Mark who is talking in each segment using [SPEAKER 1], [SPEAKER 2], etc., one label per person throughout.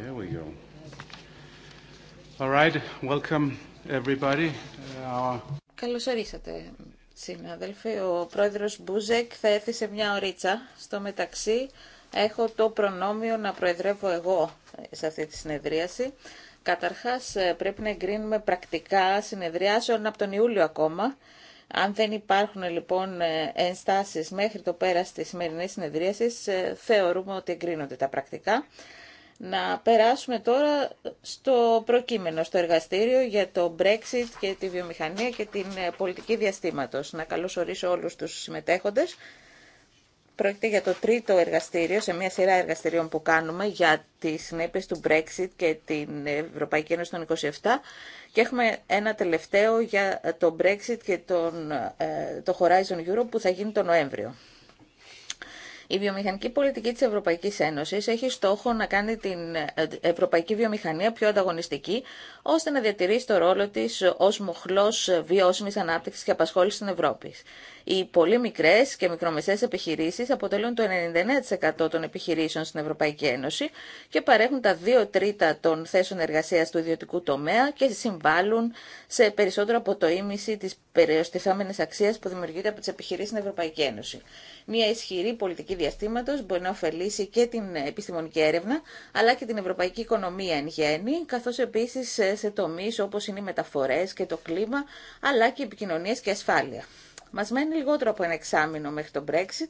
[SPEAKER 1] Here we go. All right, welcome everybody. Uh,
[SPEAKER 2] ορίσατε, συνάδελφοι. Ο πρόεδρος Μπούζεκ θα έρθει σε μια ωρίτσα. Στο μεταξύ έχω το προνόμιο να προεδρεύω εγώ σε αυτή τη συνεδρίαση. Καταρχάς ε, πρέπει να εγκρίνουμε πρακτικά συνεδριάσεων από τον Ιούλιο ακόμα. Αν δεν υπάρχουν λοιπόν ε, ενστάσεις μέχρι το πέρας της σημερινής συνεδρίασης, ε, θεωρούμε ότι εγκρίνονται τα πρακτικά να περάσουμε τώρα στο προκείμενο, στο εργαστήριο για το Brexit και τη βιομηχανία και την ε, πολιτική διαστήματος. Να καλωσορίσω όλους τους συμμετέχοντες. Πρόκειται για το τρίτο εργαστήριο, σε μια σειρά εργαστηρίων που κάνουμε για τις συνέπειες του Brexit και την Ευρωπαϊκή Ένωση των 27 και έχουμε ένα τελευταίο για το Brexit και τον, ε, το Horizon Europe που θα γίνει τον Νοέμβριο. Η βιομηχανική πολιτική της Ευρωπαϊκής Ένωσης έχει στόχο να κάνει την ευρωπαϊκή βιομηχανία πιο ανταγωνιστική, ώστε να διατηρήσει το ρόλο της ως μοχλός βιώσιμης ανάπτυξης και απασχόλησης στην Ευρώπη. Οι πολύ μικρέ και μικρομεσαίες επιχειρήσει αποτελούν το 99% των επιχειρήσεων στην Ευρωπαϊκή Ένωση και παρέχουν τα 2 τρίτα των θέσεων εργασία του ιδιωτικού τομέα και συμβάλλουν σε περισσότερο από το ίμιση της περιοριστηθάμενη αξία που δημιουργείται από τι επιχειρήσει στην Ευρωπαϊκή Ένωση. Μια ισχυρή πολιτική διαστήματο μπορεί να ωφελήσει και την επιστημονική έρευνα, αλλά και την ευρωπαϊκή οικονομία εν γέννη, καθώς επίση σε τομεί όπω είναι οι μεταφορέ και το κλίμα, αλλά και επικοινωνίε και ασφάλεια. Μας μένει λιγότερο από ένα εξάμεινο μέχρι το Brexit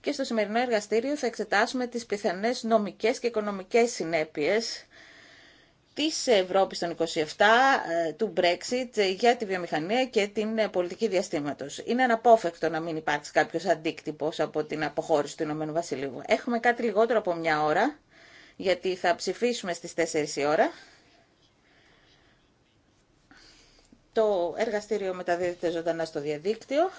[SPEAKER 2] και στο σημερινό εργαστήριο θα εξετάσουμε τις πιθανές νομικές και οικονομικές συνέπειες της Ευρώπης των 27, ε, του Brexit για τη βιομηχανία και την ε, πολιτική διαστήματος. Είναι αναπόφευκτο να μην υπάρξει κάποιος αντίκτυπος από την αποχώρηση του Ηνωμένου Βασιλείου. Έχουμε κάτι λιγότερο από μια ώρα, γιατί θα ψηφίσουμε στις 4 η ώρα. Το εργαστήριο μεταδίδεται ζωντανά στο διαδίκτυο.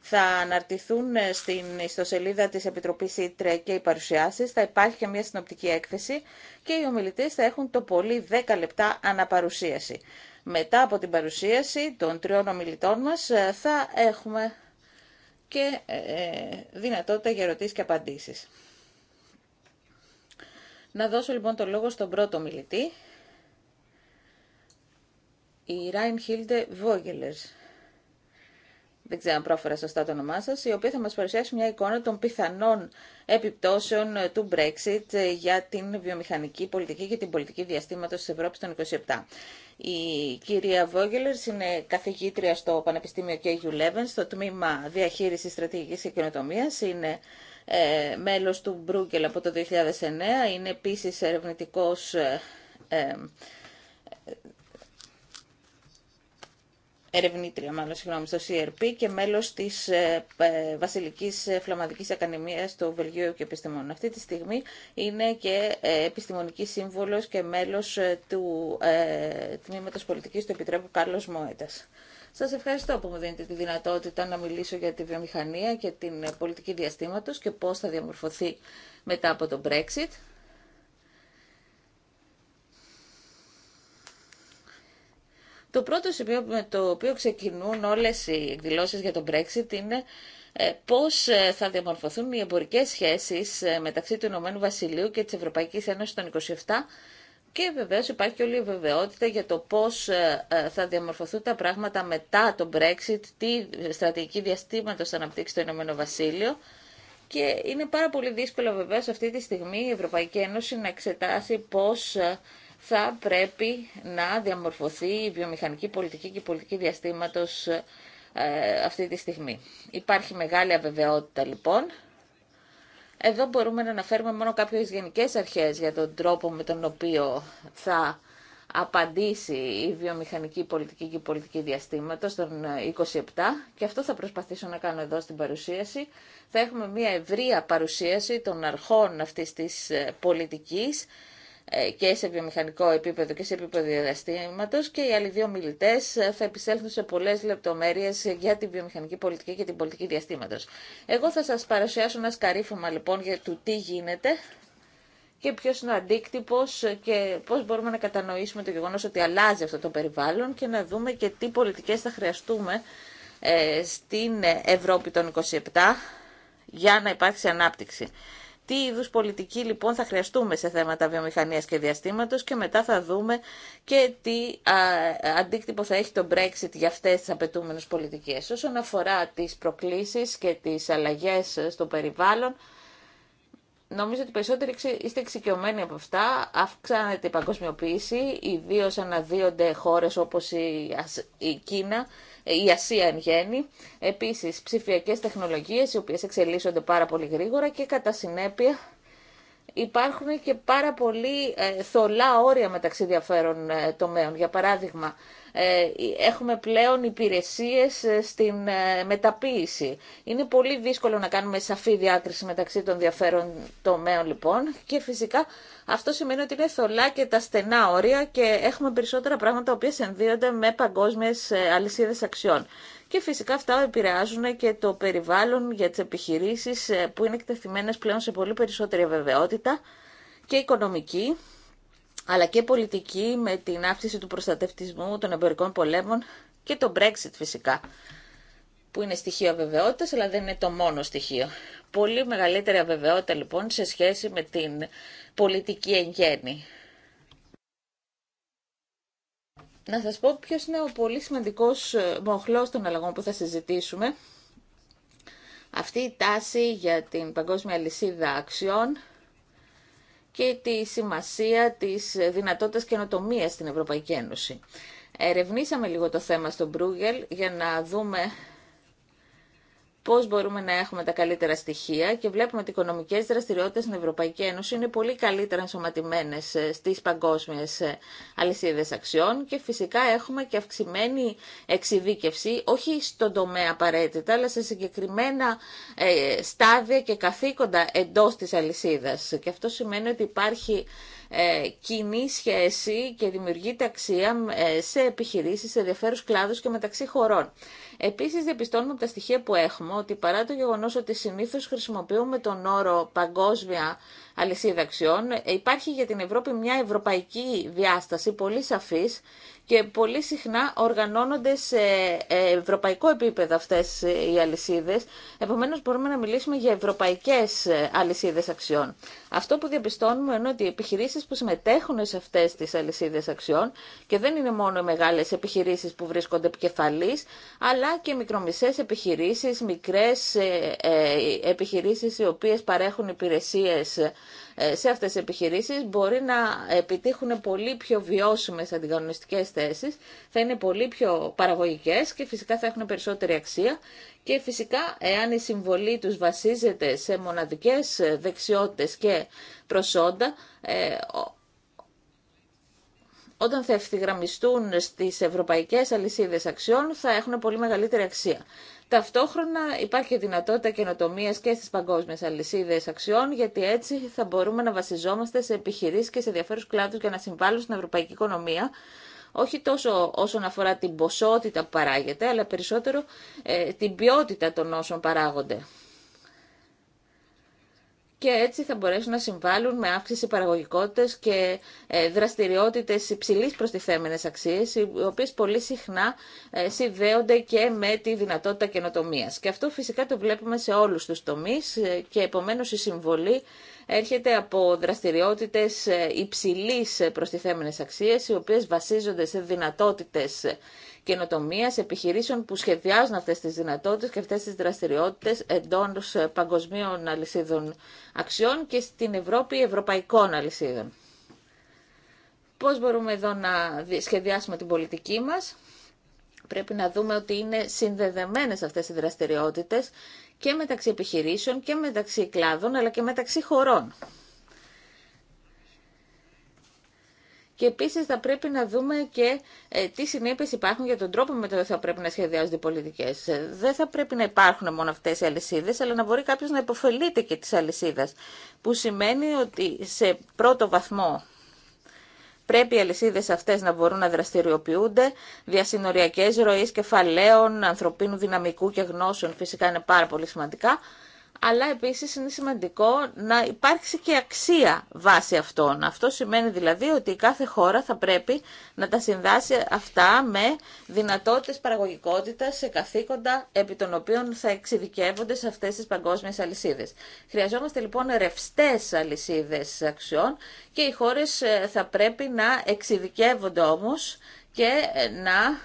[SPEAKER 2] Θα αναρτηθούν ε, στην ιστοσελίδα της Επιτροπής Ήτρε και οι παρουσιάσεις. Θα υπάρχει και μια συνοπτική έκθεση και οι ομιλητές θα έχουν το πολύ 10 λεπτά αναπαρουσίαση. Μετά από την παρουσίαση των τριών ομιλητών μας ε, θα έχουμε και ε, δυνατότητα για ερωτήσεις και απαντήσεις. Να δώσω λοιπόν το λόγο στον πρώτο ομιλητή, η Ράιν Χίλντε Βόγγελερ, δεν ξέρω αν πρόφερα σωστά το όνομά σας, η οποία θα μας παρουσιάσει μια εικόνα των πιθανών επιπτώσεων ε, του Brexit ε, για την βιομηχανική πολιτική και την πολιτική διαστήματος της Ευρώπη των 27. Η κυρία Βόγγελερ είναι καθηγήτρια στο Πανεπιστήμιο KU11, στο τμήμα διαχείρισης στρατηγικής και Κοινοτομίας. είναι ε, μέλος του Μπρούγκελ από το 2009, είναι επίσης ερευνητικός ε, ε ερευνήτρια μάλλον, συγγνώμη, στο CRP και μέλος της ε, ε, Βασιλικής ε, Φλαμαδικής Ακαδημίας του Βελγίου και Επιστημών. Αυτή τη στιγμή είναι και επιστημονική σύμβολος και μέλος του ε, Τμήματος Πολιτικής του Επιτρέπου Κάρλος Μόετας. Σας ευχαριστώ που μου δίνετε τη δυνατότητα να μιλήσω για τη βιομηχανία και την πολιτική διαστήματος και πώς θα διαμορφωθεί μετά από το Brexit. Το πρώτο σημείο με το οποίο ξεκινούν όλες οι εκδηλώσεις για τον Brexit είναι ε, πώς ε, θα διαμορφωθούν οι εμπορικές σχέσεις ε, μεταξύ του Ηνωμένου Βασιλείου και της Ευρωπαϊκής Ένωσης των 27 και βεβαίως υπάρχει όλη η βεβαιότητα για το πώς θα διαμορφωθούν τα πράγματα μετά τον Brexit, τι στρατηγική διαστήματος θα αναπτύξει το Ηνωμένο Βασίλειο. Και είναι πάρα πολύ δύσκολο βεβαίως αυτή τη στιγμή η Ευρωπαϊκή Ένωση να εξετάσει πώς θα πρέπει να διαμορφωθεί η βιομηχανική πολιτική και η πολιτική διαστήματος ε, αυτή τη στιγμή. Υπάρχει μεγάλη αβεβαιότητα λοιπόν. Εδώ μπορούμε να αναφέρουμε μόνο κάποιες γενικές αρχές για τον τρόπο με τον οποίο θα απαντήσει η βιομηχανική πολιτική και η πολιτική διαστήματος των 27 και αυτό θα προσπαθήσω να κάνω εδώ στην παρουσίαση. Θα έχουμε μια ευρεία παρουσίαση των αρχών αυτής της ε, πολιτικής ε, και σε βιομηχανικό επίπεδο και σε επίπεδο διαστήματο και οι άλλοι δύο μιλητέ ε, θα επισέλθουν σε πολλέ λεπτομέρειε για τη βιομηχανική πολιτική και την πολιτική διαστήματο. Εγώ θα σα παρουσιάσω ένα σκαρίφωμα λοιπόν για το τι γίνεται και ποιο είναι ο αντίκτυπο και πώ μπορούμε να κατανοήσουμε το γεγονό ότι αλλάζει αυτό το περιβάλλον και να δούμε και τι πολιτικέ θα χρειαστούμε ε, στην Ευρώπη των 27 για να υπάρξει ανάπτυξη τι είδους πολιτική λοιπόν θα χρειαστούμε σε θέματα βιομηχανίας και διαστήματος και μετά θα δούμε και τι αντίκτυπο θα έχει το Brexit για αυτές τις απαιτούμενες πολιτικές. Όσον αφορά τις προκλήσεις και τις αλλαγές στο περιβάλλον, Νομίζω ότι περισσότεροι είστε εξοικειωμένοι από αυτά. Αυξάνεται η παγκοσμιοποίηση, ιδίω αναδύονται χώρε όπω η Κίνα ε, η Ασία εν γέννη. Επίσης, ψηφιακές τεχνολογίες, οι οποίες εξελίσσονται πάρα πολύ γρήγορα και κατά συνέπεια υπάρχουν και πάρα πολύ ε, θολά όρια μεταξύ διαφέρων ε, τομέων. Για παράδειγμα, ε, έχουμε πλέον υπηρεσίες στην μεταποίηση. Είναι πολύ δύσκολο να κάνουμε σαφή διάκριση μεταξύ των διαφέρων τομέων λοιπόν και φυσικά αυτό σημαίνει ότι είναι θολά και τα στενά όρια και έχουμε περισσότερα πράγματα που οποία συνδύονται με παγκόσμιες αλυσίδες αξιών. Και φυσικά αυτά επηρεάζουν και το περιβάλλον για τις επιχειρήσεις ε, που είναι εκτεθειμένες πλέον σε πολύ περισσότερη αβεβαιότητα και οικονομική, αλλά και πολιτική με την αύξηση του προστατευτισμού των εμπορικών πολέμων και το Brexit φυσικά, που είναι στοιχείο αβεβαιότητας, αλλά δεν είναι το μόνο στοιχείο. Πολύ μεγαλύτερη αβεβαιότητα λοιπόν σε σχέση με την πολιτική εγγένεια να σας πω ποιος είναι ο πολύ σημαντικός ε, μοχλός των αλλαγών που θα συζητήσουμε. Αυτή η τάση για την παγκόσμια λυσίδα αξιών και τη σημασία της δυνατότητας καινοτομίας στην Ευρωπαϊκή Ένωση. Ερευνήσαμε λίγο το θέμα στον Μπρούγελ για να δούμε πώς μπορούμε να έχουμε τα καλύτερα στοιχεία και βλέπουμε ότι οι οικονομικές δραστηριότητες στην Ευρωπαϊκή Ένωση είναι πολύ καλύτερα ενσωματημένε ε, στι παγκόσμιες ε, αλυσίδες αξιών και φυσικά έχουμε και αυξημένη εξειδίκευση, όχι στον τομέα απαραίτητα, αλλά σε συγκεκριμένα ε, στάδια και καθήκοντα εντός τη αλυσίδα. Και αυτό σημαίνει ότι υπάρχει ε, κοινή σχέση και δημιουργείται αξία ε, σε επιχειρήσεις, σε ενδιαφέρου κλάδους και μεταξύ χωρών. Επίσης διαπιστώνουμε από τα στοιχεία που έχουμε ότι παρά το γεγονός ότι συνήθως χρησιμοποιούμε τον όρο παγκόσμια αλυσίδα αξιών. Ε, υπάρχει για την Ευρώπη μια ευρωπαϊκή διάσταση πολύ σαφής και πολύ συχνά οργανώνονται σε ε, ευρωπαϊκό επίπεδο αυτές ε, οι αλυσίδες. Επομένως μπορούμε να μιλήσουμε για ευρωπαϊκές αλυσίδες αξιών. Αυτό που διαπιστώνουμε είναι ότι οι επιχειρήσεις που συμμετέχουν σε αυτές τις αλυσίδες αξιών και δεν είναι μόνο οι μεγάλες επιχειρήσεις που βρίσκονται επικεφαλής, αλλά και μικρομισές επιχειρήσεις, μικρές επιχειρήσεις οι οποίες παρέχουν υπηρεσίες ε, σε αυτές τις επιχειρήσεις μπορεί να επιτύχουν πολύ πιο βιώσιμες αντικανονιστικές θέσεις, θα είναι πολύ πιο παραγωγικές και φυσικά θα έχουν περισσότερη αξία και φυσικά εάν η συμβολή τους βασίζεται σε μοναδικές δεξιότητες και προσόντα, ε, όταν θα ευθυγραμμιστούν στις ευρωπαϊκές αλυσίδες αξιών θα έχουν πολύ μεγαλύτερη αξία. Ταυτόχρονα υπάρχει δυνατότητα καινοτομία και στις παγκόσμιες αλυσίδες αξιών γιατί έτσι θα μπορούμε να βασιζόμαστε σε επιχειρήσεις και σε διαφέρους κλάδους για να συμβάλλουν στην ευρωπαϊκή οικονομία όχι τόσο όσον αφορά την ποσότητα που παράγεται, αλλά περισσότερο ε, την ποιότητα των όσων παράγονται και έτσι θα μπορέσουν να συμβάλλουν με αύξηση παραγωγικότητας και ε, δραστηριότητες υψηλής προστιθέμενες αξίες, οι οποίες πολύ συχνά ε, συνδέονται και με τη δυνατότητα καινοτομία. Και αυτό φυσικά το βλέπουμε σε όλους τους τομείς ε, και επομένως η συμβολή έρχεται από δραστηριότητες υψηλής προστιθέμενες αξίες, οι οποίες βασίζονται σε δυνατότητες καινοτομία επιχειρήσεων που σχεδιάζουν αυτέ τι δυνατότητε και αυτέ τι δραστηριότητε εντό ε, παγκοσμίων αλυσίδων αξιών και στην Ευρώπη ευρωπαϊκών αλυσίδων. Πώς μπορούμε εδώ να σχεδιάσουμε την πολιτική μας. Πρέπει να δούμε ότι είναι συνδεδεμένες αυτές οι δραστηριότητες και μεταξύ επιχειρήσεων και μεταξύ κλάδων αλλά και μεταξύ χωρών. Και επίση θα πρέπει να δούμε και ε, τι συνέπειε υπάρχουν για τον τρόπο με τον οποίο θα πρέπει να σχεδιάζονται οι πολιτικέ. Ε, δεν θα πρέπει να υπάρχουν μόνο αυτέ οι αλυσίδε, αλλά να μπορεί κάποιο να υποφελείται και τη αλυσίδα. Που σημαίνει ότι σε πρώτο βαθμό πρέπει οι αλυσίδε αυτέ να μπορούν να δραστηριοποιούνται. Διασυνοριακέ ροέ κεφαλαίων, ανθρωπίνου δυναμικού και γνώσεων φυσικά είναι πάρα πολύ σημαντικά αλλά επίσης είναι σημαντικό να υπάρξει και αξία βάση αυτών. Αυτό σημαίνει δηλαδή ότι κάθε χώρα θα πρέπει να τα συνδάσει αυτά με δυνατότητες παραγωγικότητας σε καθήκοντα επί των οποίων θα εξειδικεύονται σε αυτές τις παγκόσμιες αλυσίδες. Χρειαζόμαστε λοιπόν ρευστές αλυσίδες αξιών και οι χώρες ε, θα πρέπει να εξειδικεύονται όμως και ε, να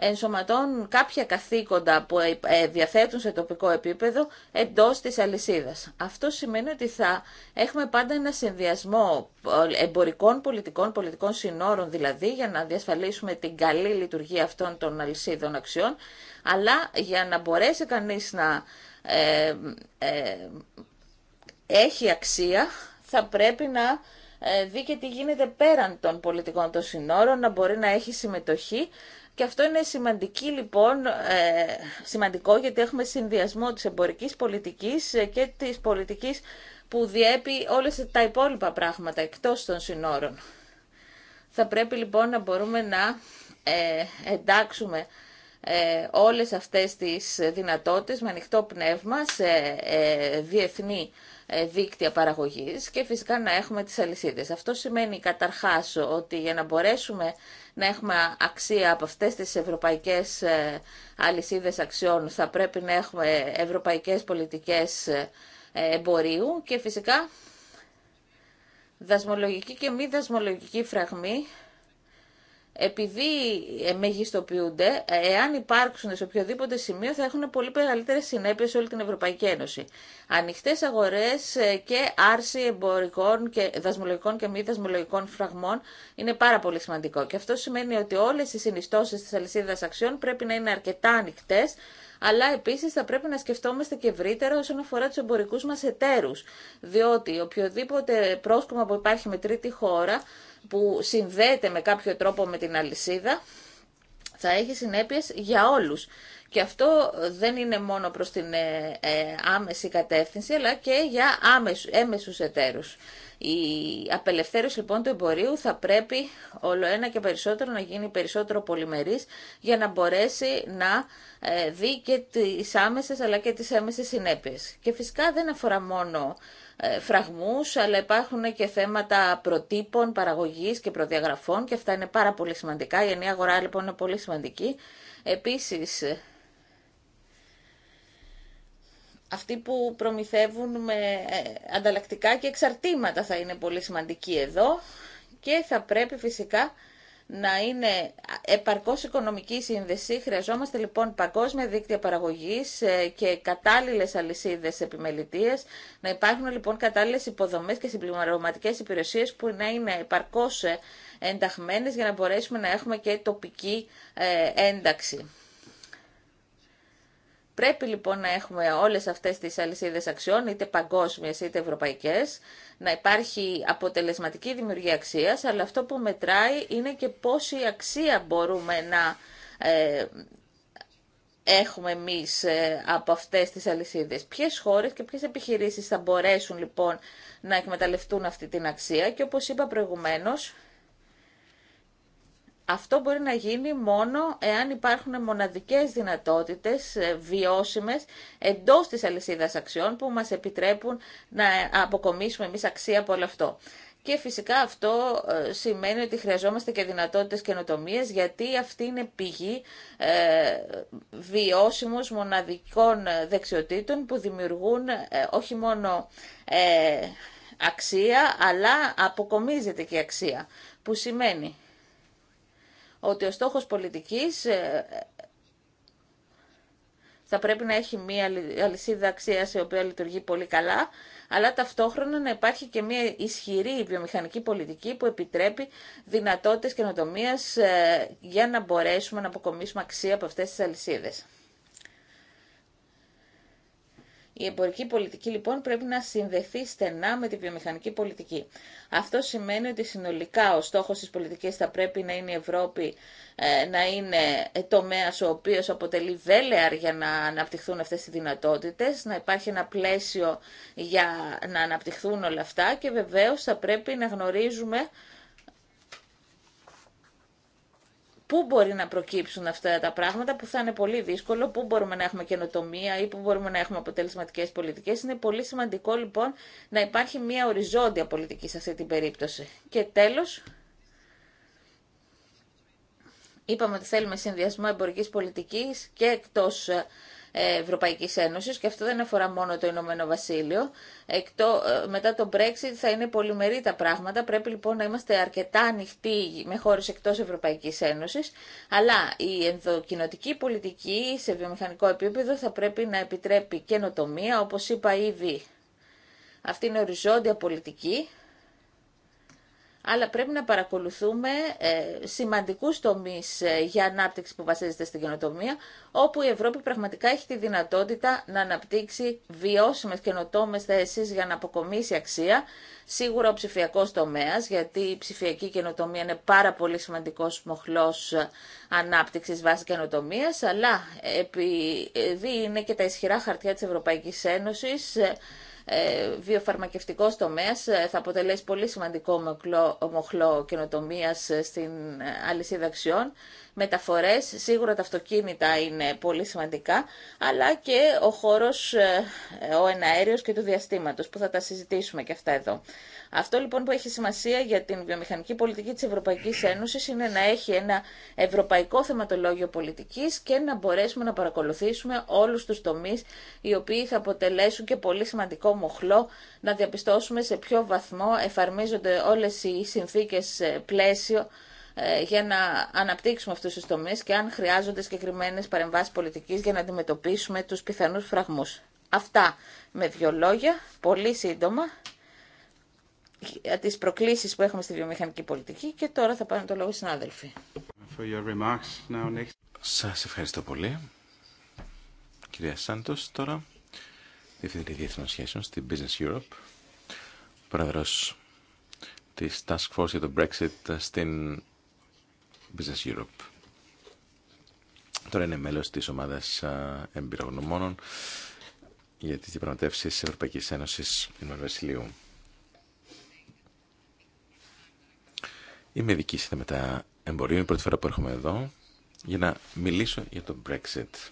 [SPEAKER 2] ενσωματώνουν κάποια καθήκοντα που ε, ε, διαθέτουν σε τοπικό επίπεδο εντός της αλυσίδας. Αυτό σημαίνει ότι θα έχουμε πάντα ένα συνδυασμό εμπορικών πολιτικών, πολιτικών συνόρων δηλαδή, για να διασφαλίσουμε την καλή λειτουργία αυτών των αλυσίδων αξιών, αλλά για να μπορέσει κανείς να ε, έχει αξία, θα πρέπει να δει και τι γίνεται πέραν των πολιτικών των συνόρων, να μπορεί να έχει συμμετοχή και αυτό είναι σημαντική, λοιπόν, ε, σημαντικό γιατί έχουμε συνδυασμό της εμπορικής πολιτικής ε, και της πολιτικής που διέπει όλες τα υπόλοιπα πράγματα εκτός των συνόρων. Θα πρέπει λοιπόν να μπορούμε να ε, εντάξουμε ε, όλες αυτές τις δυνατότητες με ανοιχτό πνεύμα σε ε, διεθνή ε, δίκτυα παραγωγής και φυσικά να έχουμε τις αλυσίδες. Αυτό σημαίνει καταρχάς ότι για να μπορέσουμε να έχουμε αξία από αυτές τις ευρωπαϊκές ε, αλυσίδες αξιών. Θα πρέπει να έχουμε ευρωπαϊκές πολιτικές ε, εμπορίου και φυσικά δασμολογική και μη δασμολογική φραγμή επειδή ε, μεγιστοποιούνται, ε, εάν υπάρξουν σε οποιοδήποτε σημείο θα έχουν πολύ μεγαλύτερε συνέπειε σε όλη την Ευρωπαϊκή Ένωση. Ανοιχτέ αγορέ ε, και άρση εμπορικών και δασμολογικών και μη δασμολογικών φραγμών είναι πάρα πολύ σημαντικό. Και αυτό σημαίνει ότι όλε οι συνιστώσει τη αλυσίδα αξιών πρέπει να είναι αρκετά ανοιχτέ, αλλά επίση θα πρέπει να σκεφτόμαστε και ευρύτερα όσον αφορά του εμπορικού μα εταίρου. Διότι οποιοδήποτε πρόσκομα που υπάρχει με τρίτη χώρα που συνδέεται με κάποιο τρόπο με την αλυσίδα θα έχει συνέπειες για όλους. Και αυτό δεν είναι μόνο προς την ε, ε, άμεση κατεύθυνση, αλλά και για άμεσους, έμεσους εταίρους. Η απελευθέρωση λοιπόν του εμπορίου θα πρέπει όλο ένα και περισσότερο να γίνει περισσότερο πολυμερής για να μπορέσει να ε, δει και τις άμεσες αλλά και τις έμεσες συνέπειες. Και φυσικά δεν αφορά μόνο ε, φραγμούς, αλλά υπάρχουν και θέματα προτύπων, παραγωγής και προδιαγραφών και αυτά είναι πάρα πολύ σημαντικά. Η νέα αγορά λοιπόν είναι πολύ σημαντική. Επίσης, αυτοί που προμηθεύουν με ε, ανταλλακτικά και εξαρτήματα θα είναι πολύ σημαντικοί εδώ και θα πρέπει φυσικά να είναι επαρκώς οικονομική σύνδεση. Χρειαζόμαστε λοιπόν παγκόσμια δίκτυα παραγωγής ε, και κατάλληλες αλυσίδες επιμελητίες. Να υπάρχουν λοιπόν κατάλληλες υποδομές και συμπληρωματικές υπηρεσίες που να είναι επαρκώς ε, ενταχμένες για να μπορέσουμε να έχουμε και τοπική ε, ένταξη. Πρέπει λοιπόν να έχουμε όλες αυτές τις αλυσίδες αξιών, είτε παγκόσμιες είτε ευρωπαϊκές, να υπάρχει αποτελεσματική δημιουργία αξίας, αλλά αυτό που μετράει είναι και πόση αξία μπορούμε να ε, έχουμε εμείς ε, από αυτές τις αλυσίδες. Ποιες χώρες και ποιες επιχειρήσεις θα μπορέσουν λοιπόν να εκμεταλλευτούν αυτή την αξία και όπως είπα προηγουμένως, αυτό μπορεί να γίνει μόνο εάν υπάρχουν μοναδικές δυνατότητες ε, βιώσιμες εντός της αλυσίδας αξιών που μας επιτρέπουν να αποκομίσουμε εμείς αξία από όλο αυτό. Και φυσικά αυτό ε, σημαίνει ότι χρειαζόμαστε και δυνατότητες καινοτομίες γιατί αυτή είναι πηγή ε, βιώσιμους μοναδικών δεξιοτήτων που δημιουργούν όχι μόνο αξία αλλά αποκομίζεται και αξία που σημαίνει ότι ο στόχος πολιτικής ε, θα πρέπει να έχει μια αλυσίδα αξία η οποία λειτουργεί πολύ καλά, αλλά ταυτόχρονα να υπάρχει και μια ισχυρή βιομηχανική πολιτική που επιτρέπει δυνατότητες καινοτομίας ε, για να μπορέσουμε να αποκομίσουμε αξία από αυτές τις αλυσίδες. Η εμπορική πολιτική λοιπόν πρέπει να συνδεθεί στενά με τη βιομηχανική πολιτική. Αυτό σημαίνει ότι συνολικά ο στόχος της πολιτικής θα πρέπει να είναι η Ευρώπη ε, να είναι ε, τομέας ο οποίος αποτελεί βέλεαρ για να αναπτυχθούν αυτές οι δυνατότητες, να υπάρχει ένα πλαίσιο για να αναπτυχθούν όλα αυτά και βεβαίως θα πρέπει να γνωρίζουμε πού μπορεί να προκύψουν αυτά τα πράγματα που θα είναι πολύ δύσκολο, πού μπορούμε να έχουμε καινοτομία ή πού μπορούμε να έχουμε αποτελεσματικέ πολιτικέ. Είναι πολύ σημαντικό λοιπόν να υπάρχει μια οριζόντια πολιτική σε αυτή την περίπτωση. Και τέλο. Είπαμε ότι θέλουμε συνδυασμό εμπορικής πολιτικής και εκτό. Ε, Ευρωπαϊκής Ένωσης και αυτό δεν αφορά μόνο το Ηνωμένο Βασίλειο. Εκτό, ε, μετά το Brexit θα είναι πολυμερή τα πράγματα, πρέπει λοιπόν να είμαστε αρκετά ανοιχτοί με χώρες εκτός Ευρωπαϊκής Ένωσης, αλλά η ενδοκοινοτική πολιτική σε βιομηχανικό επίπεδο θα πρέπει να επιτρέπει καινοτομία, όπως είπα ήδη αυτή είναι οριζόντια πολιτική αλλά πρέπει να παρακολουθούμε ε, σημαντικούς τομείς ε, για ανάπτυξη που βασίζεται στην καινοτομία, όπου η Ευρώπη πραγματικά έχει τη δυνατότητα να αναπτύξει βιώσιμες καινοτόμες θέσεις για να αποκομίσει αξία, σίγουρα ο ψηφιακός τομέας, γιατί η ψηφιακή καινοτομία είναι πάρα πολύ σημαντικός μοχλός ε, ανάπτυξης βάσει καινοτομίας, αλλά επειδή είναι και τα ισχυρά χαρτιά της Ευρωπαϊκής Ένωσης, ε, ε, βιοφαρμακευτικός τομέας ε, θα αποτελέσει πολύ σημαντικό μοχλό καινοτομίας ε, στην αλυσίδα αξιών μεταφορές, σίγουρα τα αυτοκίνητα είναι πολύ σημαντικά, αλλά και ο χώρος, ε, ο εναέριος και του διαστήματος, που θα τα συζητήσουμε και αυτά εδώ. Αυτό λοιπόν που έχει σημασία για την βιομηχανική πολιτική της Ευρωπαϊκής Ένωσης είναι να έχει ένα ευρωπαϊκό θεματολόγιο πολιτικής και να μπορέσουμε να παρακολουθήσουμε όλους τους τομείς οι οποίοι θα αποτελέσουν και πολύ σημαντικό μοχλό να διαπιστώσουμε σε ποιο βαθμό εφαρμίζονται όλες οι συνθήκες ε, πλαίσιο ε, για να αναπτύξουμε αυτούς τους τομείς και αν χρειάζονται συγκεκριμένε παρεμβάσεις πολιτικής για να αντιμετωπίσουμε τους πιθανούς φραγμούς. Αυτά με δύο λόγια, πολύ σύντομα, για τις προκλήσεις που έχουμε στη βιομηχανική πολιτική και τώρα θα πάρουν το λόγο συνάδελφοι.
[SPEAKER 1] Σας ευχαριστώ πολύ. Κυρία Σάντος τώρα, Διευθυντή Διεθνών Σχέσεων στην Business Europe, πρόεδρος της Task Force για το Brexit στην Business Europe. Τώρα είναι μέλος της ομάδας εμπειρογνωμόνων για τις διαπραγματεύσεις της Ευρωπαϊκής Ένωσης Ινωμένου Βασιλείου. Είμαι ειδική στα μετά εμπορίου, είναι η πρώτη φορά που έρχομαι εδώ για να μιλήσω για το Brexit.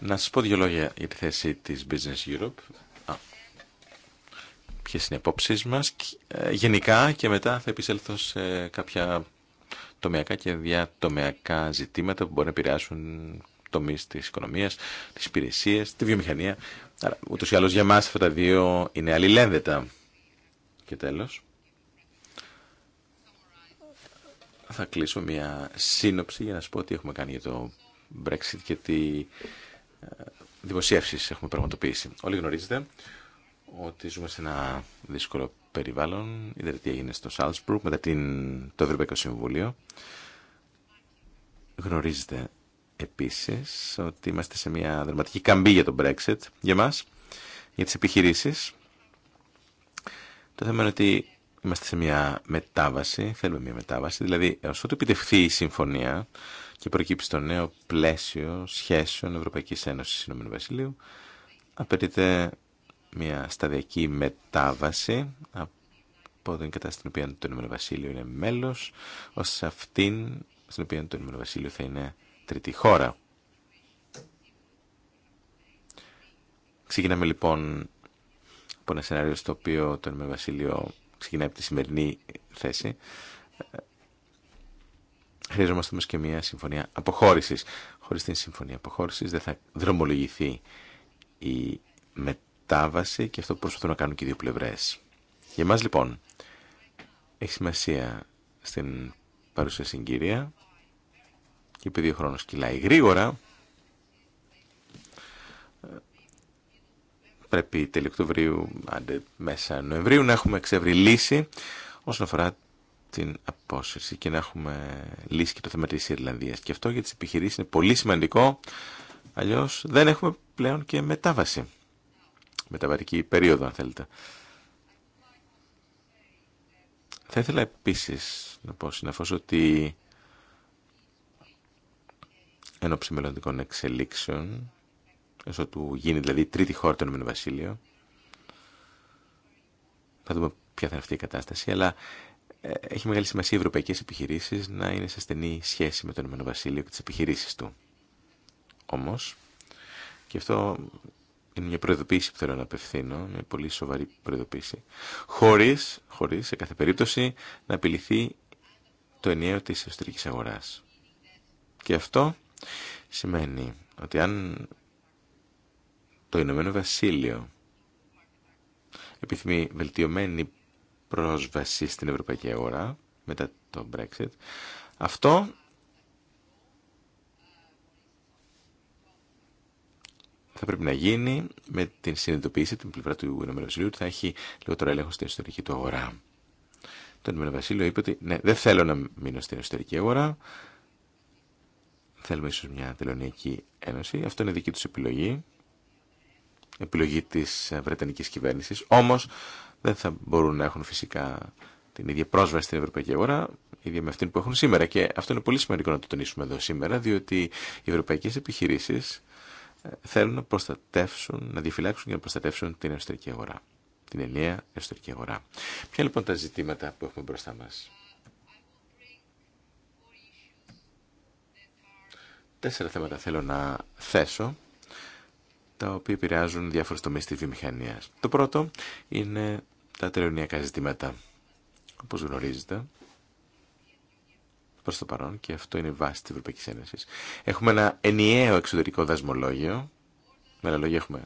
[SPEAKER 1] Να σα πω δύο λόγια για τη θέση της Business Europe ποιες είναι οι απόψεις μας ε, γενικά και μετά θα επισέλθω σε κάποια τομεακά και διατομεακά ζητήματα που μπορεί να επηρεάσουν τομείς της οικονομίας, της υπηρεσία, τη βιομηχανία. Άρα, ούτως ή άλλως για μας αυτά τα δύο είναι αλληλένδετα. Και τέλος, θα κλείσω μια σύνοψη για να σα πω τι έχουμε κάνει για το Brexit και τι ε, δημοσίευσεις έχουμε πραγματοποιήσει. Όλοι γνωρίζετε ότι ζούμε σε ένα δύσκολο περιβάλλον. Είδατε τι έγινε στο Σάλτσμπουργκ μετά την, το Ευρωπαϊκό Συμβούλιο. Γνωρίζετε επίσης ότι είμαστε σε μια δραματική καμπή για τον Brexit, για μας, για τις επιχειρήσεις. Το θέμα είναι ότι είμαστε σε μια μετάβαση, θέλουμε μια μετάβαση, δηλαδή έως ότου επιτευχθεί η συμφωνία και προκύψει το νέο πλαίσιο σχέσεων Ευρωπαϊκής Ένωσης Ηνωμένου απαιτείται μια σταδιακή μετάβαση από την κατάσταση στην οποία το Ηνωμένο Βασίλειο είναι μέλος ως αυτήν στην οποία το Ηνωμένο Βασίλειο θα είναι τρίτη χώρα. Ξεκινάμε λοιπόν από ένα σενάριο στο οποίο το Ηνωμένο Βασίλειο ξεκινάει από τη σημερινή θέση. Χρειαζόμαστε όμω και μια συμφωνία αποχώρησης. Χωρίς την συμφωνία αποχώρησης δεν θα δρομολογηθεί η μετάβαση μετάβαση και αυτό που προσπαθούν να κάνουν και οι δύο πλευρές. Για μας λοιπόν, έχει σημασία στην παρουσία συγκυρία και επειδή ο χρόνος κυλάει γρήγορα, πρέπει τέλειο Οκτωβρίου, άντε μέσα Νοεμβρίου, να έχουμε εξεύρει λύση όσον αφορά την απόσυρση και να έχουμε λύσει και το θέμα της Ιρλανδίας. Και αυτό για τις επιχειρήσεις είναι πολύ σημαντικό, αλλιώς δεν έχουμε πλέον και μετάβαση μεταβατική περίοδο, αν θέλετε. Θα ήθελα επίσης να πω συναφώς ότι ενώ ψημελωτικών εξελίξεων, του γίνει δηλαδή τρίτη χώρα του ΕΒ, θα δούμε ποια θα είναι αυτή η κατάσταση, αλλά ε, έχει μεγάλη σημασία οι ευρωπαϊκέ επιχειρήσει να είναι σε στενή σχέση με το ΕΒ και τι επιχειρήσει του. Όμω, και αυτό είναι μια προειδοποίηση που θέλω να απευθύνω, μια πολύ σοβαρή προειδοποίηση, χωρίς, χωρίς σε κάθε περίπτωση να απειληθεί το ενιαίο της εσωτερικής αγοράς. Και αυτό σημαίνει ότι αν το Ηνωμένο Βασίλειο επιθυμεί βελτιωμένη πρόσβαση στην ευρωπαϊκή αγορά μετά το Brexit, αυτό θα πρέπει να γίνει με την συνειδητοποίηση από την πλευρά του Ηνωμένου Βασιλείου ότι θα έχει λιγότερο έλεγχο στην εσωτερική του αγορά. Το Ηνωμένο Βασίλειο είπε ότι ναι, δεν θέλω να μείνω στην εσωτερική αγορά. Θέλουμε ίσω μια τελωνιακή ένωση. Αυτό είναι δική του επιλογή. Επιλογή τη Βρετανική κυβέρνηση. Όμω δεν θα μπορούν να έχουν φυσικά την ίδια πρόσβαση στην ευρωπαϊκή αγορά, ίδια με αυτήν που έχουν σήμερα. Και αυτό είναι πολύ σημαντικό να το τονίσουμε εδώ σήμερα, διότι οι ευρωπαϊκέ επιχειρήσει θέλουν να προστατεύσουν, να διαφυλάξουν και να προστατεύσουν την εσωτερική αγορά. Την ενιαία εσωτερική αγορά. Ποια λοιπόν τα ζητήματα που έχουμε μπροστά μας. Τέσσερα θέματα θέλω να θέσω, τα οποία επηρεάζουν διάφορε τομείς της βιομηχανίας. Το πρώτο είναι τα τελωνιακά ζητήματα. Όπως γνωρίζετε, προ το παρόν και αυτό είναι η βάση τη Ευρωπαϊκή Ένωση. Έχουμε ένα ενιαίο εξωτερικό δασμολόγιο. Με άλλα λόγια έχουμε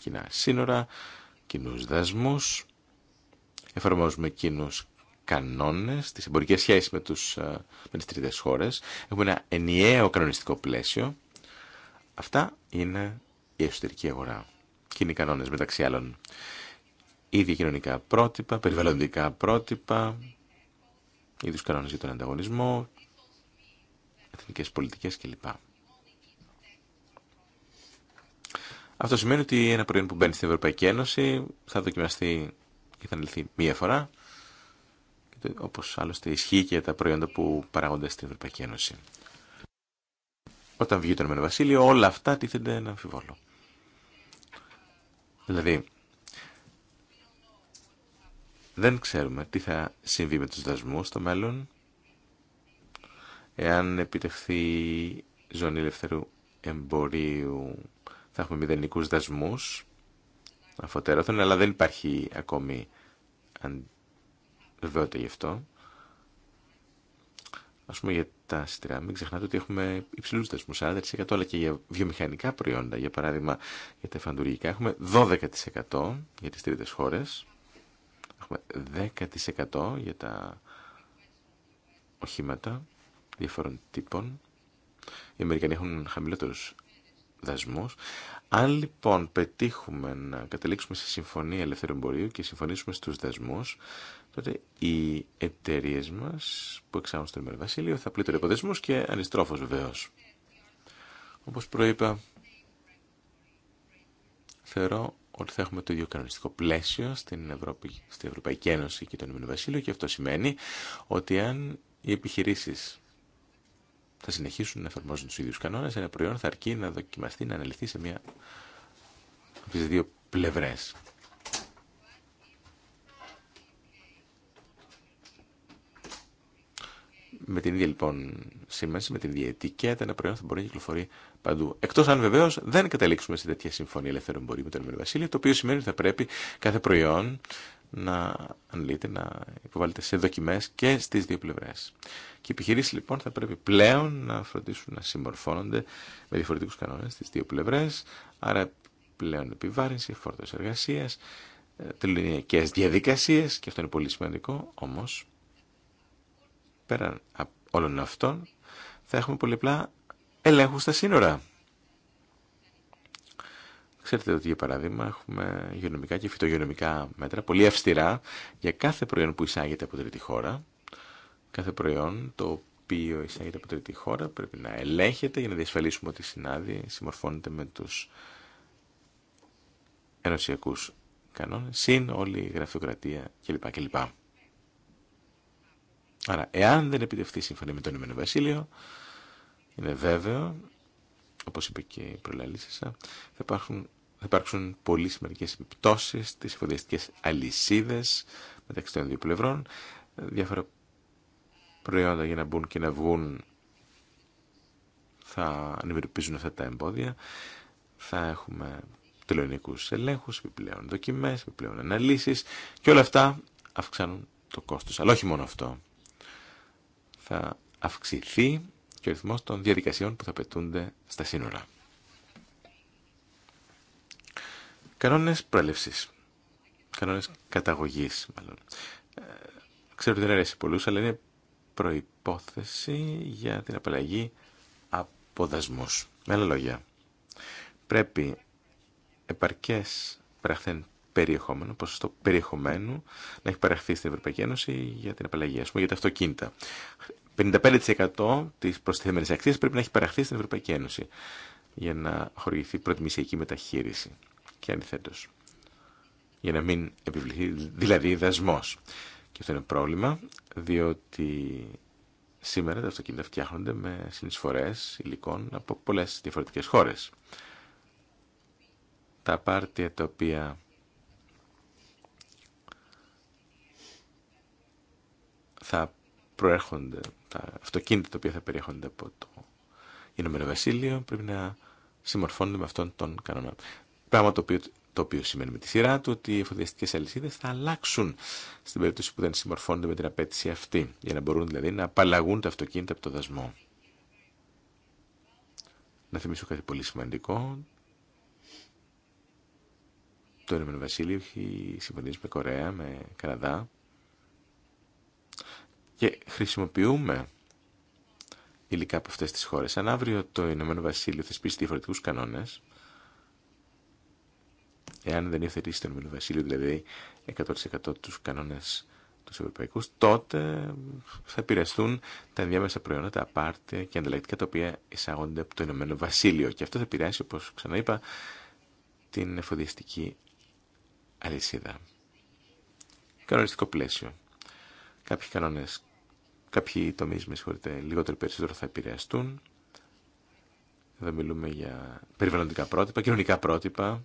[SPEAKER 1] κοινά σύνορα, κοινού δασμούς. Εφαρμόζουμε κοινού κανόνε, τι εμπορικέ σχέσει με, τους, ε, με τις χώρες. Έχουμε ένα ενιαίο κανονιστικό πλαίσιο. Αυτά είναι η εσωτερική αγορά. Κοινοί κανόνε μεταξύ άλλων. Ήδη κοινωνικά πρότυπα, περιβαλλοντικά πρότυπα, είδου κανόνε για τον ανταγωνισμό, εθνικές πολιτικές κλπ. Αυτό σημαίνει ότι ένα προϊόν που μπαίνει στην Ευρωπαϊκή Ένωση θα δοκιμαστεί και θα αναλυθεί μία φορά, όπως άλλωστε ισχύει και τα προϊόντα που παράγονται στην Ευρωπαϊκή Ένωση. Όταν βγει το Ηνωμένο Βασίλειο, όλα αυτά τίθενται ένα αμφιβόλο. Δηλαδή, δεν ξέρουμε τι θα συμβεί με τους δασμούς στο μέλλον. Εάν επιτευχθεί ζώνη ελευθερού εμπορίου θα έχουμε μηδενικούς δασμούς αφωτέρωθων, αλλά δεν υπάρχει ακόμη βεβαιότητα γι' αυτό. Ας πούμε για τα άστρα, μην ξεχνάτε ότι έχουμε υψηλούς δασμούς, 40% αλλά και για βιομηχανικά προϊόντα, για παράδειγμα για τα εφαντουργικά έχουμε 12% για τις τρίτες χώρες, έχουμε 10% για τα οχήματα, διαφόρων τύπων. Οι Αμερικανοί έχουν χαμηλότερου δασμού. Αν λοιπόν πετύχουμε να καταλήξουμε σε συμφωνία ελεύθερου εμπορίου και συμφωνήσουμε στου δασμού, τότε οι εταιρείε μα που εξάγουν στο Ηνωμένο Βασίλειο θα πλήττουν από και ανιστρόφως βεβαίω. Όπω προείπα, θεωρώ ότι θα έχουμε το ίδιο κανονιστικό πλαίσιο στην, Ευρώπη, στην Ευρωπαϊκή Ένωση και τον Ηνωμένο Βασίλειο και αυτό σημαίνει ότι αν οι επιχειρήσει θα συνεχίσουν να εφαρμόζουν του ίδιου κανόνε. Ένα προϊόν θα αρκεί να δοκιμαστεί, να αναλυθεί σε μία από τι δύο πλευρέ. Με την ίδια λοιπόν σήμανση, με την ίδια ετικέτα, ένα προϊόν θα μπορεί να κυκλοφορεί παντού. Εκτό αν βεβαίω δεν καταλήξουμε σε τέτοια συμφωνία ελευθερών μπορεί με τον Ε. το οποίο σημαίνει ότι θα πρέπει κάθε προϊόν να αναλύεται, να υποβάλλεται σε δοκιμέ και στι δύο πλευρέ. Και οι επιχειρήσει λοιπόν θα πρέπει πλέον να φροντίσουν να συμμορφώνονται με διαφορετικού κανόνε στι δύο πλευρέ, άρα πλέον επιβάρυνση, φόρτο εργασία, ε, τελειωνιακέ διαδικασίε και αυτό είναι πολύ σημαντικό, Όμω πέραν όλων αυτών θα έχουμε απλά ελέγχου στα σύνορα. Ξέρετε ότι για παράδειγμα έχουμε υγειονομικά και φυτογειονομικά μέτρα πολύ αυστηρά για κάθε προϊόν που εισάγεται από τρίτη χώρα. Κάθε προϊόν το οποίο εισάγεται από τρίτη χώρα πρέπει να ελέγχεται για να διασφαλίσουμε ότι συνάδει, συμμορφώνεται με τους ενωσιακούς κανόνες, συν όλη η γραφειοκρατία κλπ. κλπ. Άρα, εάν δεν επιτευχθεί η συμφωνία με τον Ηνωμένο Βασίλειο, είναι βέβαιο όπως είπε και η προλαλήσασα, θα υπάρχουν θα υπάρξουν πολύ σημαντικές επιπτώσεις στις εφοδιαστικές αλυσίδες μεταξύ των δύο πλευρών, διάφορα προϊόντα για να μπουν και να βγουν θα αντιμετωπίζουν αυτά τα εμπόδια, θα έχουμε τελωνικούς ελέγχους, επιπλέον δοκιμές, επιπλέον αναλύσει και όλα αυτά αυξάνουν το κόστος. Αλλά όχι μόνο αυτό. Θα αυξηθεί και ο ρυθμός των διαδικασιών που θα πετούνται στα σύνορα. Κανόνες προέλευσης. Κανόνες καταγωγής, μάλλον. Ε, ξέρω ότι δεν αρέσει πολλούς, αλλά είναι προϋπόθεση για την απαλλαγή από δασμούς. Με άλλα λόγια, πρέπει επαρκές παραχθέν περιεχόμενο, ποσοστό περιεχομένου να έχει παραχθεί στην Ευρωπαϊκή Ένωση για την απαλλαγή, α πούμε, για τα αυτοκίνητα. 55% της προστιθέμενης αξίας πρέπει να έχει παραχθεί στην Ευρωπαϊκή Ένωση για να χορηγηθεί προτιμησιακή μεταχείριση και αντίθέτω. για να μην επιβληθεί δηλαδή δασμός. Και αυτό είναι πρόβλημα διότι σήμερα τα αυτοκίνητα φτιάχνονται με συνεισφορές υλικών από πολλές διαφορετικές χώρες. Τα πάρτια τα οποία θα προέρχονται τα αυτοκίνητα τα οποία θα περιέχονται από το Ηνωμένο Βασίλειο πρέπει να συμμορφώνονται με αυτόν τον κανόνα. Πράγμα το οποίο, το οποίο σημαίνει με τη σειρά του ότι οι εφοδιαστικέ αλυσίδε θα αλλάξουν στην περίπτωση που δεν συμμορφώνονται με την απέτηση αυτή, για να μπορούν δηλαδή να απαλλαγούν τα αυτοκίνητα από το δασμό. Να θυμίσω κάτι πολύ σημαντικό. Το Ηνωμένο Βασίλειο έχει συμφωνήσει με Κορέα, με Καναδά, και χρησιμοποιούμε υλικά από αυτές τις χώρες. Αν αύριο το Ηνωμένο Βασίλειο θεσπίσει διαφορετικούς κανόνες, εάν δεν υιοθετήσει το Ηνωμένο Βασίλειο, δηλαδή 100% τους κανόνες τους ευρωπαϊκούς, τότε θα επηρεαστούν τα ενδιάμεσα προϊόντα, τα απάρτια και ανταλλακτικά τα οποία εισάγονται από το Ηνωμένο Βασίλειο. Και αυτό θα επηρεάσει, όπως ξαναείπα, την εφοδιαστική αλυσίδα. Κανονιστικό πλαίσιο. Κάποιοι κανόνες, κάποιοι τομείς, με συγχωρείτε, λιγότερο περισσότερο θα επηρεαστούν. Εδώ μιλούμε για περιβαλλοντικά πρότυπα, κοινωνικά πρότυπα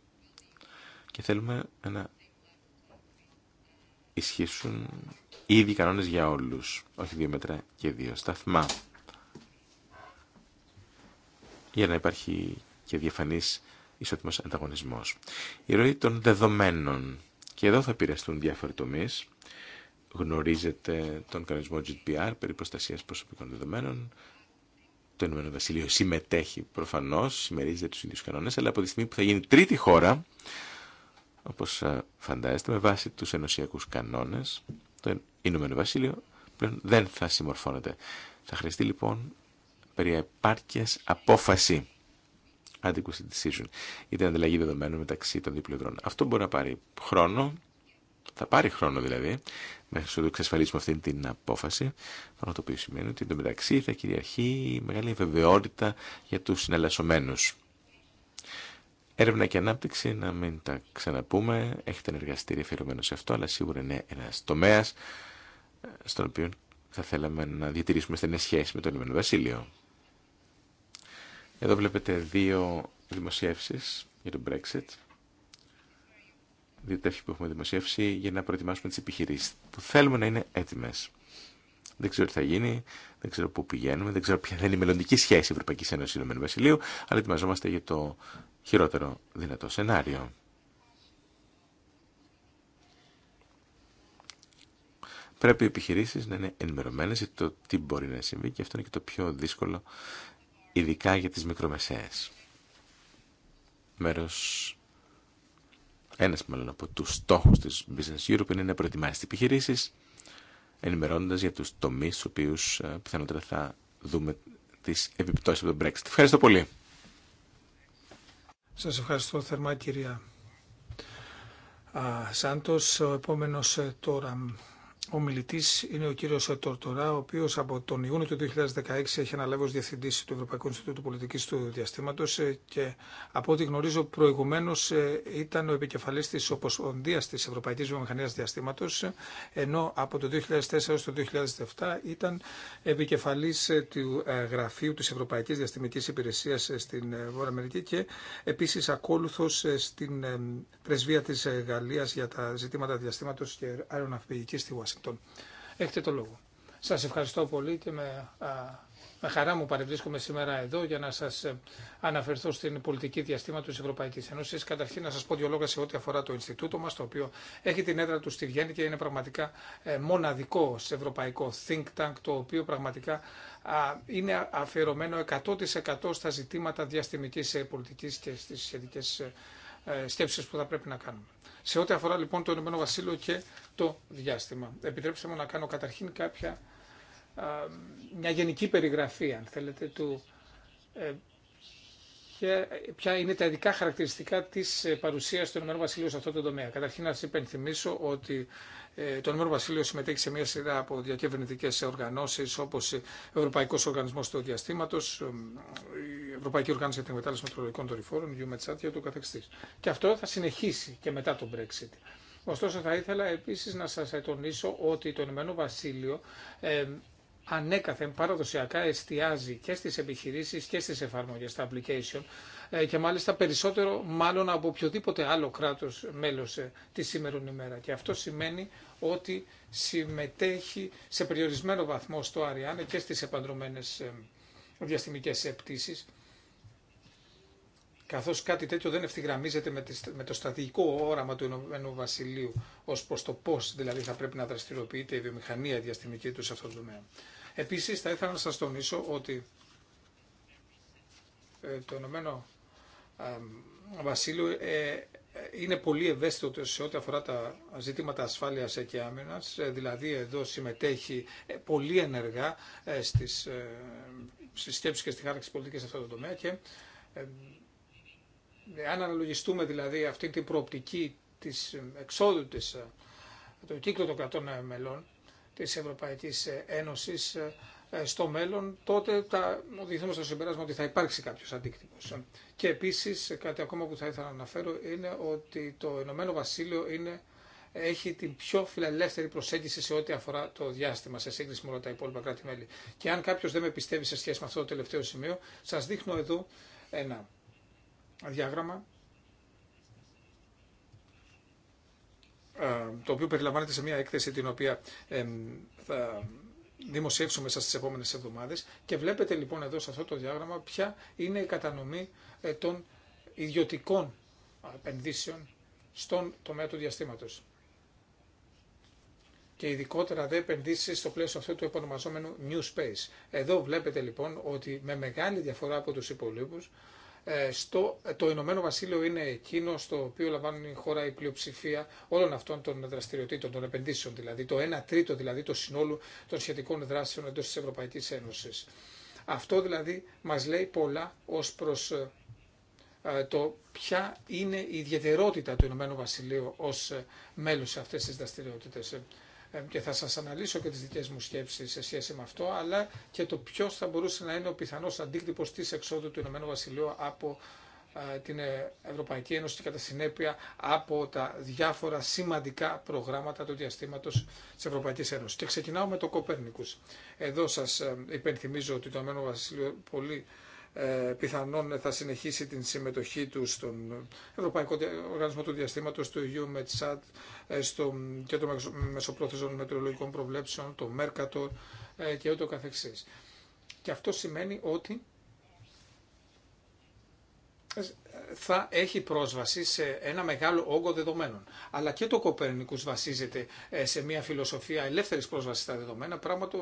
[SPEAKER 1] και θέλουμε να ισχύσουν ήδη κανόνες για όλους, όχι δύο μέτρα και δύο σταθμά. Για να υπάρχει και διαφανής ισότιμος ανταγωνισμός. Η ροή των δεδομένων. Και εδώ θα επηρεαστούν διάφοροι τομείς γνωρίζετε τον κανονισμό GDPR περί προστασίας προσωπικών δεδομένων. Το Ηνωμένο Βασίλειο συμμετέχει προφανώς, συμμερίζεται τους ίδιους κανόνες, αλλά από τη στιγμή που θα γίνει τρίτη χώρα, όπως φαντάζεστε, με βάση τους ενωσιακούς κανόνες, το Ηνωμένο Βασίλειο πλέον δεν θα συμμορφώνεται. Θα χρειαστεί λοιπόν περί επάρκειας απόφαση adequacy decision ή ανταλλαγή δεδομένων μεταξύ των διπλωδρών. Αυτό μπορεί να πάρει χρόνο, θα πάρει χρόνο δηλαδή μέχρι να εξασφαλίσουμε αυτή την απόφαση. Πράγμα το οποίο σημαίνει ότι εντωμεταξύ θα κυριαρχεί μεγάλη βεβαιότητα για του συναλλασσομένου. Έρευνα και ανάπτυξη, να μην τα ξαναπούμε. Έχετε ένα εργαστήριο αφιερωμένο σε αυτό, αλλά σίγουρα είναι ένα τομέα ε, στον οποίο θα θέλαμε να διατηρήσουμε στενέ σχέσει με το Ηνωμένο Βασίλειο. Εδώ βλέπετε δύο δημοσιεύσει για το Brexit διατρέχει που έχουμε δημοσιεύσει για να προετοιμάσουμε τις επιχειρήσεις που θέλουμε να είναι έτοιμες. Δεν ξέρω τι θα γίνει, δεν ξέρω πού πηγαίνουμε, δεν ξέρω ποια θα είναι η μελλοντική σχέση Ευρωπαϊκή Ένωση Ηνωμένου Βασιλείου, αλλά ετοιμαζόμαστε για το χειρότερο δυνατό σενάριο. Πρέπει οι επιχειρήσει να είναι ενημερωμένε για το τι μπορεί να συμβεί και αυτό είναι και το πιο δύσκολο, ειδικά για τι μικρομεσαίε. Μέρο ένα μάλλον από τους στόχους της Business Europe είναι να προετοιμάσει τις επιχειρήσεις ενημερώνοντας για τους τομείς στου οποίους ε, πιθανότερα θα δούμε τι επιπτώσει από τον Brexit. Ευχαριστώ πολύ.
[SPEAKER 3] Σας ευχαριστώ θερμά κυρία Σάντο. Ο επόμενος ε, τώρα ο μιλητή είναι ο κύριο Τορτορά, ο οποίο από τον Ιούνιο του 2016 έχει αναλάβει ω διευθυντή του Ευρωπαϊκού Ινστιτούτου Πολιτική του Διαστήματο ε, και από ό,τι γνωρίζω προηγουμένω ε, ήταν ο επικεφαλή τη Οποσπονδία τη Ευρωπαϊκή Βιομηχανία Διαστήματο, ε, ενώ από το 2004 έως το 2007 ήταν επικεφαλή του γραφείου τη Ευρωπαϊκή Διαστημική Υπηρεσία στην Βόρεια Αμερική και επίση ακόλουθο στην πρεσβεία τη Γαλλία για τα ζητήματα διαστήματο και αεροναυπηγική στη Ουάσιγκτον. Έχετε το λόγο. Σας ευχαριστώ πολύ και με, χαρά μου παρευρίσκομαι σήμερα εδώ για να σα ε, αναφερθώ στην πολιτική διαστήματος της Ευρωπαϊκής Ένωσης. Καταρχήν να σα πω δύο λόγια σε ό,τι αφορά το Ινστιτούτο μα, το οποίο έχει την έδρα του στη Βιέννη και είναι πραγματικά ε, μοναδικό σε ευρωπαϊκό think tank, το οποίο πραγματικά είναι αφιερωμένο 100% στα ζητήματα διαστημικής ε, πολιτική και στις σχετικέ. Ε, σκέψεις που θα πρέπει να κάνουμε. Σε ό,τι αφορά λοιπόν το Ηνωμένο Βασίλειο και το διάστημα. Επιτρέψτε μου να κάνω καταρχήν κάποια, μια γενική περιγραφή, αν θέλετε, του ε, ποια είναι τα ειδικά χαρακτηριστικά τη ε, παρουσία του Ενωμένου Βασιλείου σε αυτό το τομέα. Καταρχήν, να σα υπενθυμίσω ότι ε, το Ενωμένο Βασιλείο συμμετέχει σε μια σειρά από διακυβερνητικέ οργανώσει όπω ο ε, Ευρωπαϊκό Οργανισμό του Διαστήματο, η Ευρωπαϊκή Οργάνωση για την Μετάλλευση Μετρολογικών Δορυφόρων, η UMETSAT και ούτω καθεξή. Και αυτό θα συνεχίσει και μετά τον Brexit. Ωστόσο, θα ήθελα επίση να σα τονίσω ότι το ΕΒ. Βασίλειο ανέκαθεν παραδοσιακά εστιάζει και στις επιχειρήσεις και στις εφαρμογές, τα application ε, και μάλιστα περισσότερο μάλλον από οποιοδήποτε άλλο κράτος μέλος ε, τη σήμερον ημέρα. Και αυτό σημαίνει ότι συμμετέχει σε περιορισμένο βαθμό στο Αριάνε και στις επαντρωμένες ε, διαστημικές πτήσεις καθώς κάτι τέτοιο δεν ευθυγραμμίζεται με το στρατηγικό όραμα του Ηνωμένου Βασιλείου ως προς το πώς δηλαδή θα πρέπει να δραστηριοποιείται η βιομηχανία διαστημική του σε αυτό το τομέα. Επίσης θα ήθελα να σας τονίσω ότι ε, το Ηνωμένο Βασίλειο ε, ε, είναι πολύ ευαίσθητο σε ό,τι αφορά τα ζητήματα ασφάλειας και άμυνας, δηλαδή εδώ συμμετέχει πολύ ενεργά στις, στις σκέψεις και στη χάραξη πολιτικής σε αυτό το τομέα και αν αναλογιστούμε δηλαδή αυτή την προοπτική της εξόδου της, το κύκλο των κρατών μελών, της Ευρωπαϊκής Ένωσης ε, ε, στο μέλλον, τότε θα οδηγηθούμε στο συμπέρασμα ότι θα υπάρξει κάποιο αντίκτυπο. Και επίση, κάτι ακόμα που θα ήθελα να αναφέρω είναι ότι το Ηνωμένο Βασίλειο είναι, έχει την πιο φιλελεύθερη προσέγγιση σε ό,τι αφορά το διάστημα σε σύγκριση με όλα τα υπόλοιπα κράτη-μέλη. Και αν κάποιο δεν με πιστεύει σε σχέση με αυτό το τελευταίο σημείο, σα δείχνω εδώ ένα διάγραμμα το οποίο περιλαμβάνεται σε μια έκθεση την οποία θα δημοσιεύσουμε μέσα στις επόμενες εβδομάδες και βλέπετε λοιπόν εδώ σε αυτό το διάγραμμα ποια είναι η κατανομή ε, των ιδιωτικών επενδύσεων στον τομέα του διαστήματος. Και ειδικότερα δε επενδύσει στο πλαίσιο αυτού του επωνομαζόμενου New Space. Εδώ βλέπετε λοιπόν ότι με μεγάλη διαφορά από τους υπολείπους ε, στο, το Ηνωμένο Βασίλειο είναι εκείνο στο οποίο λαμβάνουν η χώρα η πλειοψηφία όλων αυτών των δραστηριοτήτων, των επενδύσεων δηλαδή, το 1 τρίτο δηλαδή το συνόλου των σχετικών δράσεων εντός της Ευρωπαϊκής Ένωσης. Αυτό δηλαδή μας λέει πολλά ως προς ε, ε, το ποια είναι η ιδιαιτερότητα του Ηνωμένου Βασιλείου ως μέλος σε αυτές τις δραστηριότητες και θα σας αναλύσω και τις δικές μου σκέψεις σε σχέση με αυτό, αλλά και το ποιος θα μπορούσε να είναι ο πιθανός αντίκτυπος της εξόδου του Ηνωμένου Βασιλείου από ε, την ε, Ευρωπαϊκή Ένωση και κατά συνέπεια από τα διάφορα σημαντικά προγράμματα του διαστήματος της Ευρωπαϊκής Ένωσης. Και ξεκινάω με το Κοπέρνικους. Εδώ σας ε, υπενθυμίζω ότι το Ηνωμένο Βασίλειο πολύ ε, πιθανόν θα συνεχίσει την συμμετοχή του στον Ευρωπαϊκό Οργανισμό του Διαστήματος, του EUMETSAT, στο ε, Κέντρο Μεσοπρόθεσων Μετρολογικών Προβλέψεων, το Mercator ε, και ούτω καθεξής. Και αυτό σημαίνει ότι θα έχει πρόσβαση σε ένα μεγάλο όγκο δεδομένων. Αλλά και το Κοπέρνικους βασίζεται ε, σε μια φιλοσοφία ελεύθερης πρόσβασης στα δεδομένα, πράγμα το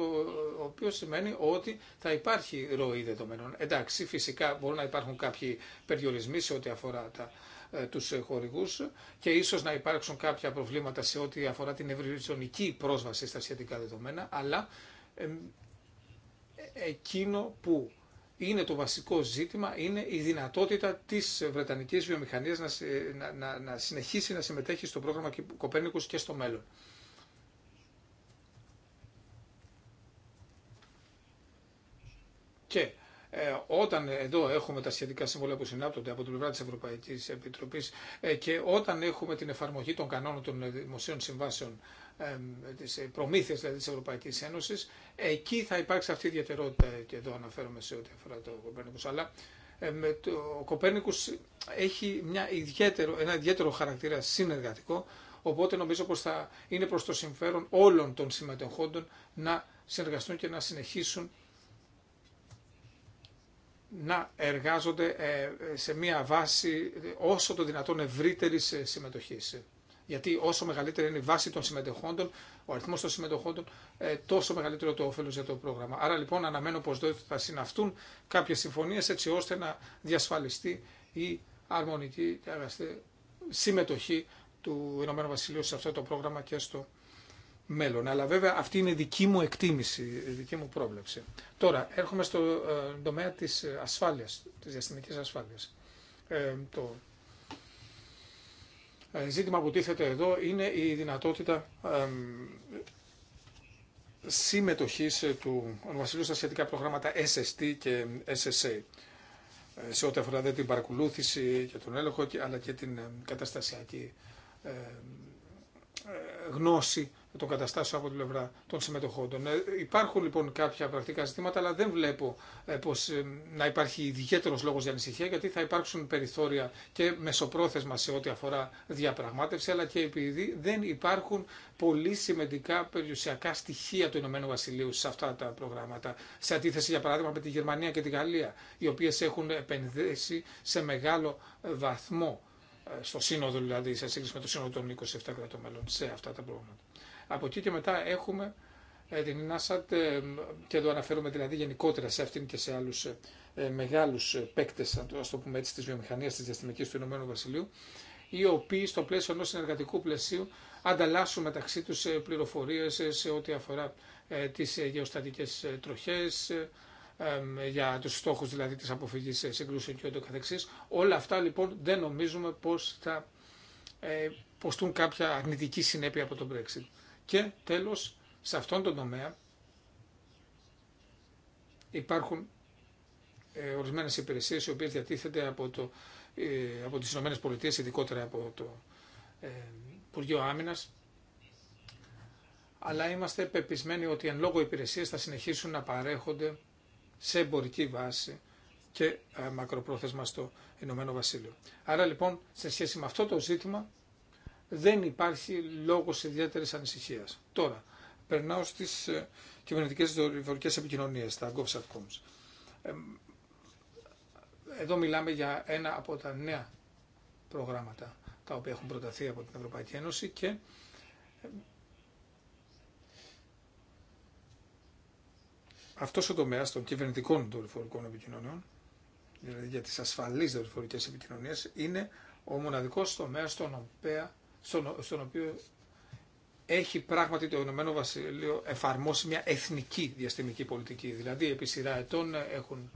[SPEAKER 3] οποίο σημαίνει ότι θα υπάρχει ροή δεδομένων. Εντάξει, φυσικά μπορούν να υπάρχουν κάποιοι περιορισμοί σε ό,τι αφορά τα, ε, τους χορηγούς και ίσως να υπάρξουν κάποια προβλήματα σε ό,τι αφορά την ευρυζωνική πρόσβαση στα σχετικά δεδομένα, αλλά ε, εκείνο που είναι το βασικό ζήτημα, είναι η δυνατότητα της Βρετανικής βιομηχανίας να, να, να, συνεχίσει να συμμετέχει στο πρόγραμμα Κοπέρνικους και στο μέλλον. Και ε, όταν εδώ έχουμε τα σχετικά σύμβολα που συνάπτονται από την πλευρά τη Ευρωπαϊκή Επιτροπή ε, και όταν έχουμε την εφαρμογή των κανόνων των δημοσίων συμβάσεων τη ε, προμήθεια δηλαδή, τη Ευρωπαϊκή Ένωση, εκεί θα υπάρξει αυτή η ιδιαιτερότητα και εδώ αναφέρομαι σε ό,τι αφορά το Κοπέρνικο. Αλλά ο Κοπέρνικο έχει μια ιδιαίτερο, ένα ιδιαίτερο χαρακτήρα συνεργατικό, οπότε νομίζω πω θα είναι προ το συμφέρον όλων των συμμετεχόντων να συνεργαστούν και να συνεχίσουν να εργάζονται ε, σε μία βάση όσο το δυνατόν ευρύτερη ε, συμμετοχή. Γιατί όσο μεγαλύτερη είναι η βάση των συμμετεχόντων, ο αριθμό των συμμετεχόντων, ε, τόσο μεγαλύτερο το όφελο για το πρόγραμμα. Άρα λοιπόν αναμένω πω θα συναυτούν κάποιε συμφωνίε έτσι ώστε να διασφαλιστεί η αρμονική συμμετοχή του Ηνωμένου Βασιλείου σε αυτό το πρόγραμμα και στο μέλλον. Αλλά βέβαια αυτή είναι δική μου εκτίμηση, δική μου πρόβλεψη. Τώρα έρχομαι στο ε, τομέα της ε, ασφάλειας, της διαστημικής ασφάλειας. Ε, το ζήτημα που τίθεται εδώ είναι η δυνατότητα ε, συμμετοχής του Βασιλού στα σχετικά προγράμματα SST και SSA σε ό,τι αφορά την παρακολούθηση και τον έλεγχο αλλά και την καταστασιακή γνώση των καταστάσεων από την πλευρά των συμμετοχών. Ε, υπάρχουν λοιπόν κάποια πρακτικά ζητήματα, αλλά δεν βλέπω ε, πως ε, να υπάρχει ιδιαίτερο λόγο για ανησυχία, γιατί θα υπάρξουν περιθώρια και μεσοπρόθεσμα σε ό,τι αφορά διαπραγμάτευση, αλλά και επειδή δεν υπάρχουν πολύ σημαντικά περιουσιακά στοιχεία του Ηνωμένου Βασιλείου σε αυτά τα προγράμματα. Σε αντίθεση, για παράδειγμα, με τη Γερμανία και τη Γαλλία, οι οποίε έχουν επενδύσει σε μεγάλο βαθμό στο σύνοδο δηλαδή, σε σύγκριση με το σύνοδο των 27 κρατών μελών σε αυτά τα προγράμματα. Από εκεί και μετά έχουμε ε, την Νάσαντ ε, και εδώ αναφέρομαι δηλαδή γενικότερα σε αυτήν και σε άλλους ε, μεγάλους παίκτες, ας το πούμε έτσι, της βιομηχανίας της διαστημικής του Ηνωμένου Βασιλείου, οι οποίοι στο πλαίσιο ενός συνεργατικού πλαισίου ανταλλάσσουν μεταξύ τους πληροφορίες σε ό,τι αφορά τις γεωστατικές τροχές, για τους στόχους δηλαδή της αποφυγής συγκρούσεων και ούτω καθεξής. Όλα αυτά λοιπόν δεν νομίζουμε πως θα ποστούν κάποια αρνητική συνέπεια από τον Brexit. Και τέλος, σε αυτόν τον τομέα υπάρχουν ε, ορισμένες υπηρεσίες οι οποίες διατίθεται από, το, ε, από τις Ηνωμένες Πολιτείες, ειδικότερα από το ε, Υπουργείο Άμυνας, αλλά είμαστε πεπισμένοι ότι εν λόγω υπηρεσίες θα συνεχίσουν να παρέχονται σε εμπορική βάση και ε, μακροπρόθεσμα στο Ηνωμένο Βασίλειο. Άρα λοιπόν, σε σχέση με αυτό το ζήτημα, δεν υπάρχει λόγος ιδιαίτερη ανησυχία. Τώρα, περνάω στις ε, κυβερνητικέ δορυφορικέ επικοινωνίε, τα GovSatcoms. Ε, εδώ μιλάμε για ένα από τα νέα προγράμματα τα οποία έχουν προταθεί από την Ευρωπαϊκή Ένωση και ε, αυτό ο τομέα των κυβερνητικών δορυφορικών επικοινωνιών, δηλαδή για τι ασφαλείς δορυφορικέ επικοινωνίες, είναι ο μοναδικός τομέας στον οποίο στον, οποίο έχει πράγματι το Ηνωμένο Βασίλειο εφαρμόσει μια εθνική διαστημική πολιτική. Δηλαδή, επί σειρά ετών έχουν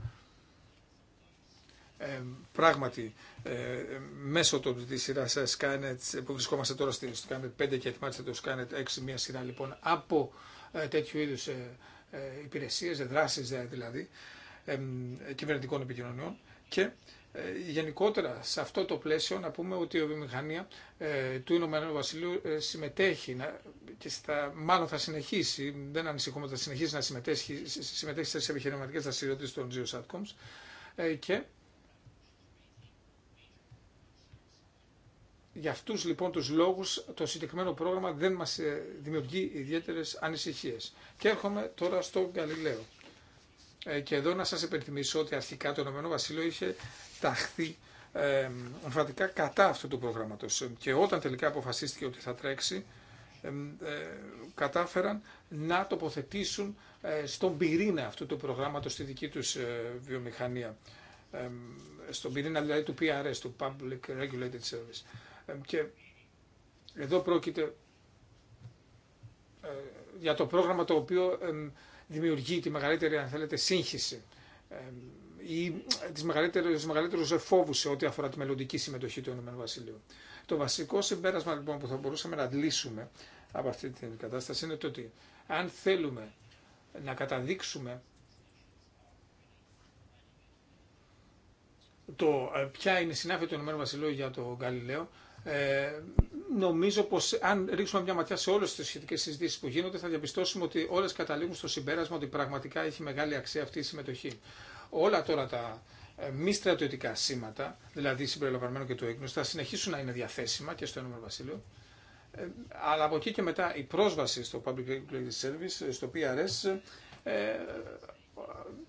[SPEAKER 3] πράγματι ε, μέσω τη σειρά Skynet που βρισκόμαστε τώρα στη Skynet 5 και ετοιμάζεται το Skynet 6, μια σειρά λοιπόν από ε, τέτοιου είδου ε, ε, υπηρεσίε, δράσει δηλαδή κυβερνητικών επικοινωνιών και ε, γενικότερα σε αυτό το πλαίσιο να πούμε ότι η βιομηχανία ε, του Ηνωμένου Βασιλείου ε, συμμετέχει και στα, μάλλον θα συνεχίσει, δεν ανησυχούμε ότι θα συνεχίσει να συμμετέχει, συμμετέχει στις επιχειρηματικές δραστηριότητες των GeoSatcoms και για αυτούς λοιπόν τους λόγους το συγκεκριμένο πρόγραμμα δεν μας δημιουργεί ιδιαίτερες ανησυχίες. Και έρχομαι τώρα στο Γαλιλαίο. Ε, και εδώ να σας υπενθυμίσω ότι αρχικά το Ηνωμένο Βασίλειο είχε ταχθεί εμφαντικά κατά αυτού του προγράμματος και όταν τελικά αποφασίστηκε ότι θα τρέξει ε, κατάφεραν να τοποθετήσουν ε, στον πυρήνα αυτού του προγράμματος στη δική τους βιομηχανία. Στον πυρήνα δηλαδή του PRS, του Public Regulated Service. Και εδώ πρόκειται για το πρόγραμμα το οποίο δημιουργεί τη μεγαλύτερη, αν θέλετε, σύγχυση ή ε, τις μεγαλύτερου μεγαλύτερους φόβους σε ό,τι αφορά τη μελλοντική συμμετοχή του ΕΒ. Βασιλείου. Το βασικό συμπέρασμα λοιπόν που θα μπορούσαμε να αντλήσουμε από αυτή την κατάσταση είναι το ότι αν θέλουμε να καταδείξουμε το ε, ποια είναι η συνάφεια του ΕΒ Βασιλείου για το Γαλιλαίο, ε, νομίζω πως αν ρίξουμε μια ματιά σε όλες τις σχετικές συζητήσεις που γίνονται θα διαπιστώσουμε ότι όλες καταλήγουν στο συμπέρασμα ότι πραγματικά έχει μεγάλη αξία αυτή η συμμετοχή. Όλα τώρα τα ε, μη στρατιωτικά σήματα, δηλαδή συμπεριλαμβανομένου και του έγκνους, θα συνεχίσουν να είναι διαθέσιμα και στο ένωμα Βασίλειο. Ε, αλλά από εκεί και μετά η πρόσβαση στο Public Regulatory Service, στο PRS, ε,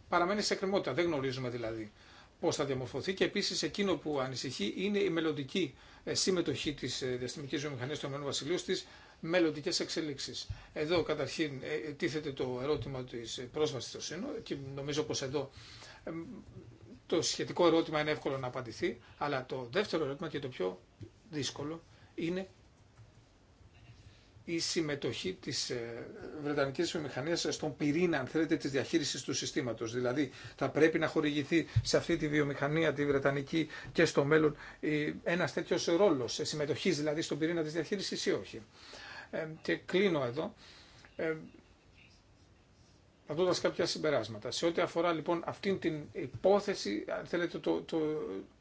[SPEAKER 3] παραμένει σε κρεμότητα. Δεν γνωρίζουμε δηλαδή πώς θα διαμορφωθεί και επίση εκείνο που ανησυχεί είναι η μελλοντική ε, συμμετοχή της ε, Διαστημική μηχανής του Ηνωμένου Βασιλείου στις μελλοντικές εξελίξεις. Εδώ καταρχήν ε, τίθεται το ερώτημα της πρόσβασης στο ΣΥΝΟ και νομίζω πω εδώ το σχετικό ερώτημα είναι εύκολο να απαντηθεί, αλλά το δεύτερο ερώτημα και το πιο δύσκολο είναι η συμμετοχή της ε, Βρετανικής βιομηχανίας στον πυρήνα, αν θέλετε, της διαχείρισης του συστήματος. Δηλαδή, θα πρέπει να χορηγηθεί σε αυτή τη βιομηχανία, τη Βρετανική και στο μέλλον, ε, ένας τέτοιος ρόλος, ε, συμμετοχής δηλαδή στον πυρήνα της διαχείρισης ή όχι. Και κλείνω εδώ δώντας κάποια συμπεράσματα. Σε ό,τι αφορά λοιπόν αυτήν την υπόθεση, θέλετε, το, το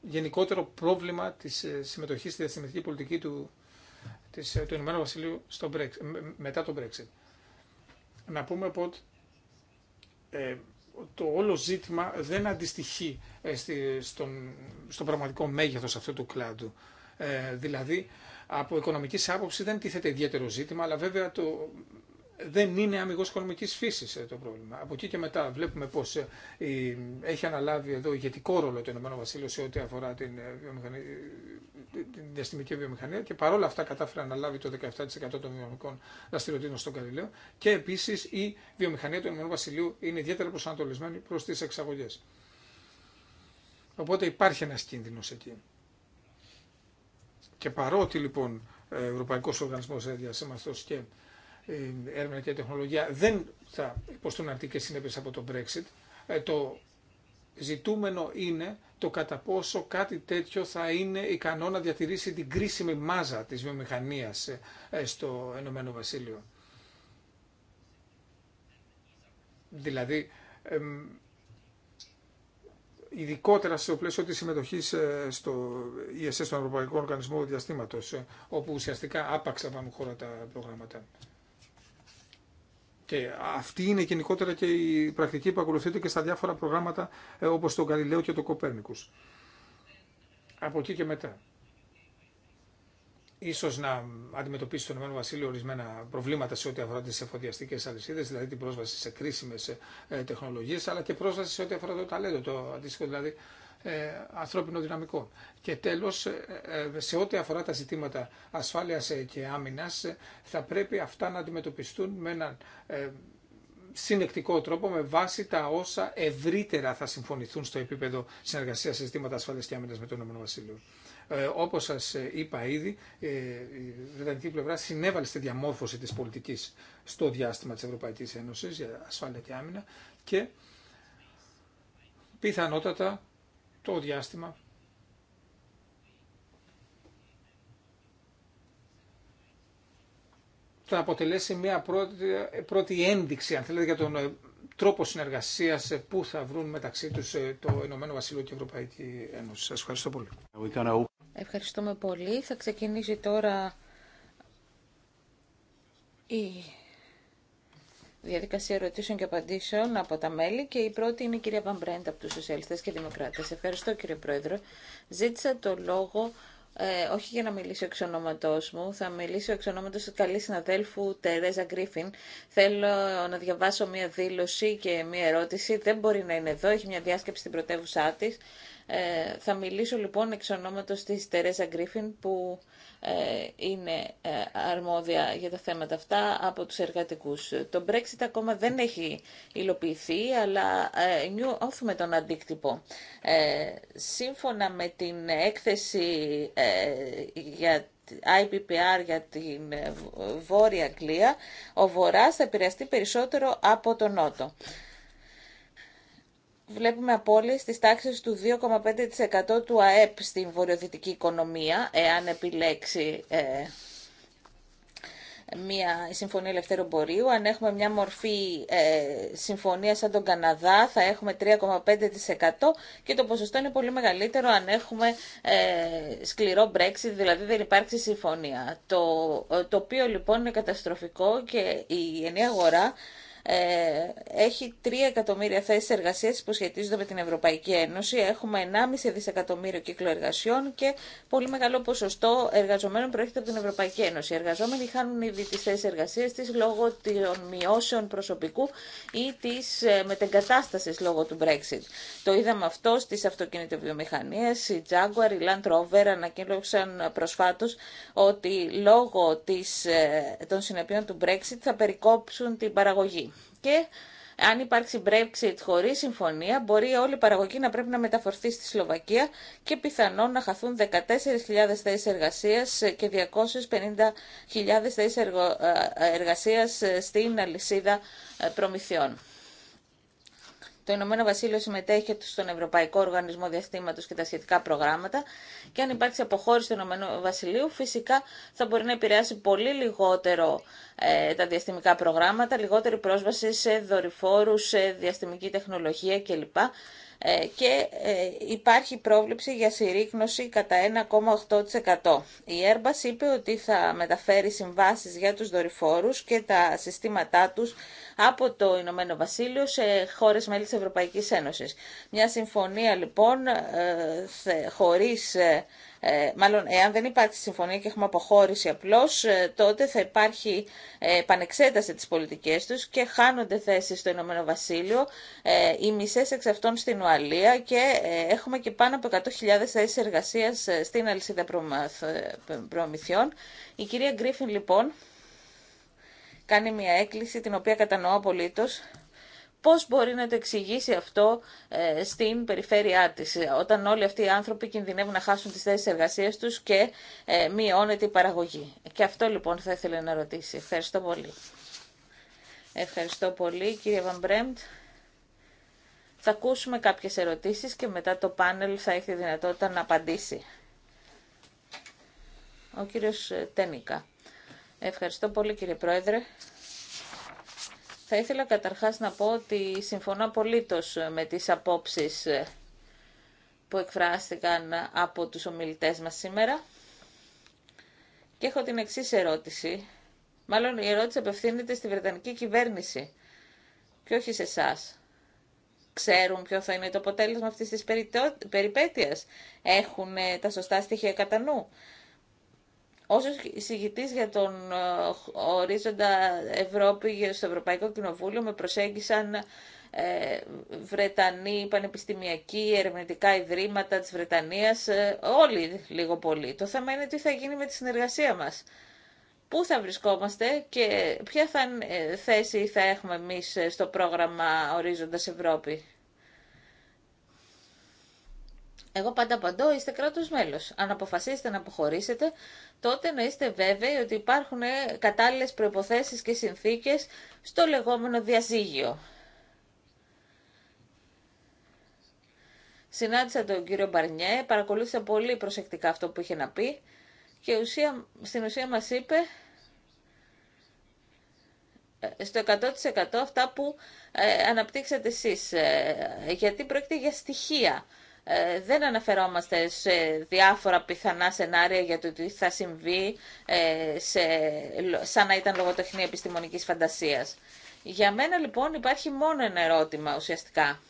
[SPEAKER 3] γενικότερο πρόβλημα της συμμετοχής στη διαστημική πολιτική του της, ε, του Ηνωμένου Βασιλείου ε, μετά το Brexit. Να πούμε ότι ε, το όλο ζήτημα δεν αντιστοιχεί ε, στη, στον, στο πραγματικό μέγεθος αυτού του κλάδου. Ε, δηλαδή, από οικονομική άποψη δεν τίθεται ιδιαίτερο ζήτημα, αλλά βέβαια το δεν είναι αμυγός οικονομικής φύσης ε, το πρόβλημα. Από εκεί και μετά βλέπουμε πως ε, έχει αναλάβει εδώ ηγετικό ρόλο το Ηνωμένο Βασίλειο σε ό,τι αφορά την, ε, βιομηχανία, την διαστημική βιομηχανία και παρόλα αυτά κατάφερε να αναλάβει το 17% των βιομηχανικών δραστηριοτήτων στον Καλιλαίο και επίσης η βιομηχανία του Ηνωμένου Βασιλείου είναι ιδιαίτερα προσανατολισμένη προς τις εξαγωγές. Οπότε υπάρχει ένας κίνδυνος εκεί. Και παρότι λοιπόν Ευρωπαϊκός Οργανισμός Οργανισμό και έρευνα και τεχνολογία δεν θα υποστούν αρτικε συνέπειε από το Brexit. Ε, το ζητούμενο είναι το κατά πόσο κάτι τέτοιο θα είναι ικανό να διατηρήσει την κρίσιμη μάζα της βιομηχανίας ε, στο Ενωμένο Βασίλειο. Δηλαδή, ειδικότερα στο πλαίσιο της συμμετοχής ε, στο ISS, στον Ευρωπαϊκό Οργανισμό Διαστήματος, όπου ουσιαστικά άπαξα πάνω χώρα τα προγράμματα. Και αυτή είναι γενικότερα και η πρακτική που ακολουθείται και στα διάφορα προγράμματα ε, όπως το Γαλιλαίο και το Κοπέρνικους. Από εκεί και μετά ίσως να αντιμετωπίσει το ΕΒ ορισμένα προβλήματα σε ό,τι αφορά τις εφοδιαστικές αλυσίδες, δηλαδή την πρόσβαση σε κρίσιμες ε, τεχνολογίες, αλλά και πρόσβαση σε ό,τι αφορά το ταλέντο, το αντίστοιχο δηλαδή ε, ανθρώπινο δυναμικό. Και τέλος, ε, ε, σε ό,τι αφορά τα ζητήματα ασφάλειας και άμυνας, θα πρέπει αυτά να αντιμετωπιστούν με έναν συνεκτικό τρόπο με βάση τα όσα ευρύτερα θα συμφωνηθούν στο επίπεδο συνεργασίας σε ζητήματα ασφάλειας και άμυνας με τον Ηνωμένο Βασίλειο. Ε, όπως σας είπα ήδη, η Βρετανική πλευρά συνέβαλε στη διαμόρφωση της πολιτικής στο διάστημα της Ευρωπαϊκής Ένωσης για ασφάλεια και άμυνα και πιθανότατα το διάστημα θα αποτελέσει μια πρώτη, πρώτη ένδειξη, αν θέλετε, για τον ε, τρόπο συνεργασίας ε, που θα βρουν μεταξύ τους ε, το Ηνωμένο Βασίλειο και η Ευρωπαϊκή Ένωση. Σας ευχαριστώ πολύ.
[SPEAKER 2] Ευχαριστούμε πολύ. Θα ξεκινήσει τώρα η διαδικασία ερωτήσεων και απαντήσεων από τα μέλη και η πρώτη είναι η κυρία Βαμπρέντα από τους Σοσιαλιστές και Δημοκράτες. Ευχαριστώ κύριε Πρόεδρο. Ζήτησα το λόγο ε, όχι για να μιλήσω εξ ονόματός μου, θα μιλήσω εξ ονόματος του καλή συναδέλφου Τερέζα Γκρίφιν. Θέλω να διαβάσω μία δήλωση και μία ερώτηση. Δεν μπορεί να είναι εδώ, έχει μια διάσκεψη στην πρωτεύουσά της. Ε, θα μιλήσω λοιπόν εξ ονόματος της Τερέζα Γκρίφιν που ε, είναι ε, αρμόδια για τα θέματα αυτά από τους εργατικούς. Το Brexit ακόμα δεν έχει υλοποιηθεί αλλά ε, νιώθουμε τον αντίκτυπο. Σύμφωνα με την έκθεση για IPPR για την Βόρεια Αγγλία, ο Βορράς θα επηρεαστεί περισσότερο από τον Νότο βλέπουμε απόλυση της τάξη του 2,5% του ΑΕΠ στην βορειοδυτική οικονομία, εάν επιλέξει ε, μια συμφωνία ελευθέρου εμπορίου. Αν έχουμε μια μορφή ε, συμφωνία σαν τον Καναδά θα έχουμε 3,5% και το ποσοστό είναι πολύ μεγαλύτερο αν έχουμε ε, σκληρό Brexit, δηλαδή δεν υπάρξει συμφωνία. Το, το οποίο λοιπόν είναι καταστροφικό και η ενιαία αγορά ε, έχει 3 εκατομμύρια θέσει εργασία που σχετίζονται με την Ευρωπαϊκή Ένωση. Έχουμε 1,5 δισεκατομμύριο κύκλο εργασιών και πολύ μεγάλο ποσοστό εργαζομένων προέρχεται από την Ευρωπαϊκή Ένωση. Οι εργαζόμενοι χάνουν ήδη τις θέσει εργασία τη λόγω των μειώσεων προσωπικού ή της ε, μετεγκατάσταση λόγω του Brexit. Το είδαμε αυτό στι αυτοκινητοβιομηχανίε. η Jaguar, η Land Rover ανακοίνωσαν προσφάτω ότι λόγω της, ε, των συνεπειών του Brexit θα περικόψουν την παραγωγή και αν υπάρξει Brexit χωρί συμφωνία, μπορεί όλη η παραγωγή να πρέπει να μεταφορθεί στη Σλοβακία και πιθανόν να χαθούν 14.000 θέσει εργασία και 250.000 θέσει εργασία στην αλυσίδα ε, προμηθειών. Το Ηνωμένο Βασίλειο συμμετέχει στον Ευρωπαϊκό Οργανισμό Διαστήματος και τα σχετικά προγράμματα και αν υπάρξει αποχώρηση του Ηνωμένου Βασιλείου φυσικά θα μπορεί να επηρεάσει πολύ λιγότερο ε, τα διαστημικά προγράμματα, λιγότερη πρόσβαση σε δορυφόρους, σε διαστημική τεχνολογία κλπ. Ε, και ε, υπάρχει πρόβλεψη για συρρήκνωση κατά 1,8%. Η Airbus είπε ότι θα μεταφέρει συμβάσεις για τους δορυφόρους και τα συστήματά τους από το Ηνωμένο Βασίλειο σε χώρες μέλη της Ευρωπαϊκής Ένωσης. Μια συμφωνία λοιπόν ε, χωρίς ε, μάλλον, εάν δεν υπάρχει συμφωνία και έχουμε αποχώρηση απλώς, ε, τότε θα υπάρχει ε, πανεξέταση της πολιτικής τους και χάνονται θέσεις στο Ηνωμένο Βασίλειο, ε, οι μισές εξ αυτών στην Ουαλία και έχουμε και πάνω από 100.000 θέσεις εργασίας στην αλυσίδα προμηθειών. Η κυρία Γκρίφιν, λοιπόν, κάνει μια έκκληση την οποία κατανοώ απολύτως πώς μπορεί να το εξηγήσει αυτό ε, στην περιφέρειά της, ε, όταν όλοι αυτοί οι άνθρωποι κινδυνεύουν να χάσουν τις θέσεις εργασίας τους και ε, μειώνεται η παραγωγή. Και αυτό λοιπόν θα ήθελα να ρωτήσει. Ευχαριστώ πολύ. Ευχαριστώ πολύ κύριε Βανμπρέμπτ. Θα ακούσουμε κάποιες ερωτήσεις και μετά το πάνελ θα έχει δυνατότητα να απαντήσει. Ο κύριος Τένικα. Ευχαριστώ πολύ κύριε Πρόεδρε. Θα ήθελα καταρχάς να πω ότι συμφωνώ απολύτως με τις απόψεις που εκφράστηκαν από τους ομιλητές μας σήμερα. Και έχω την εξής ερώτηση. Μάλλον η ερώτηση απευθύνεται στη Βρετανική κυβέρνηση και όχι σε εσά. Ξέρουν ποιο θα είναι το αποτέλεσμα αυτής της περιπέτειας. Έχουν τα σωστά στοιχεία κατά νου. Όσο συγητής για τον ε, ορίζοντα Ευρώπη στο Ευρωπαϊκό Κοινοβούλιο με προσέγγισαν ε, Βρετανοί, πανεπιστημιακοί, ερευνητικά ιδρύματα της Βρετανίας, ε, όλοι λίγο πολύ. Το θέμα είναι τι θα γίνει με τη συνεργασία μας. Πού θα βρισκόμαστε και ποια θα, είναι θέση θα έχουμε εμείς ε, στο πρόγραμμα Ορίζοντας Ευρώπη. Εγώ πάντα απαντώ, είστε κράτος μέλος. Αν αποφασίσετε να αποχωρήσετε, τότε να είστε βέβαιοι ότι υπάρχουν ε, κατάλληλες προϋποθέσεις και συνθήκες στο λεγόμενο διαζύγιο. Συνάντησα τον κύριο Μπαρνιέ, παρακολούθησα πολύ προσεκτικά αυτό που είχε να πει και ουσία, στην ουσία μας είπε ε, στο 100% αυτά που ε, αναπτύξατε εσείς, ε, γιατί πρόκειται για στοιχεία. Ε, δεν αναφερόμαστε σε διάφορα πιθανά σενάρια για το τι θα συμβεί ε, σε, σαν να ήταν λογοτεχνία επιστημονικής φαντασίας. Για μένα λοιπόν υπάρχει μόνο ένα ερώτημα ουσιαστικά.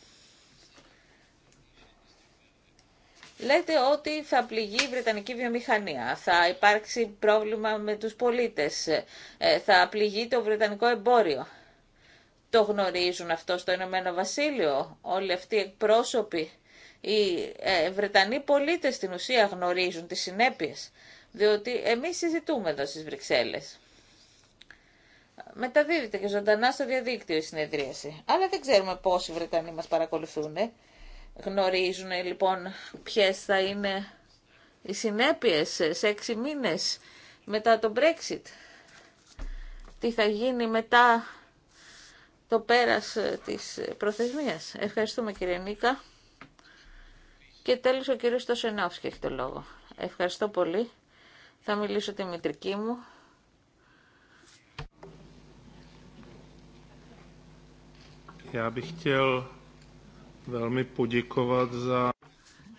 [SPEAKER 2] Λέτε ότι θα πληγεί η Βρετανική βιομηχανία, θα υπάρξει πρόβλημα με τους πολίτες, ε, θα πληγεί το Βρετανικό εμπόριο. Το γνωρίζουν αυτό στο Ηνωμένο Βασίλειο, όλοι αυτοί οι εκπρόσωποι οι ε, Βρετανοί πολίτες στην ουσία γνωρίζουν τις συνέπειες, διότι εμείς συζητούμε εδώ στις Βρυξέλλες. Μεταδίδεται και ζωντανά στο διαδίκτυο η συνεδρίαση. Αλλά δεν ξέρουμε πόσοι Βρετανοί μας παρακολουθούν. Ε. Γνωρίζουν ε, λοιπόν ποιες θα είναι οι συνέπειες σε έξι μήνες μετά το Brexit. Τι θα γίνει μετά το πέρας της προθεσμίας. Ευχαριστούμε κύριε Νίκα. Και τέλος ο κύριος και έχει το λόγο. Ευχαριστώ πολύ. Θα μιλήσω τη μητρική μου.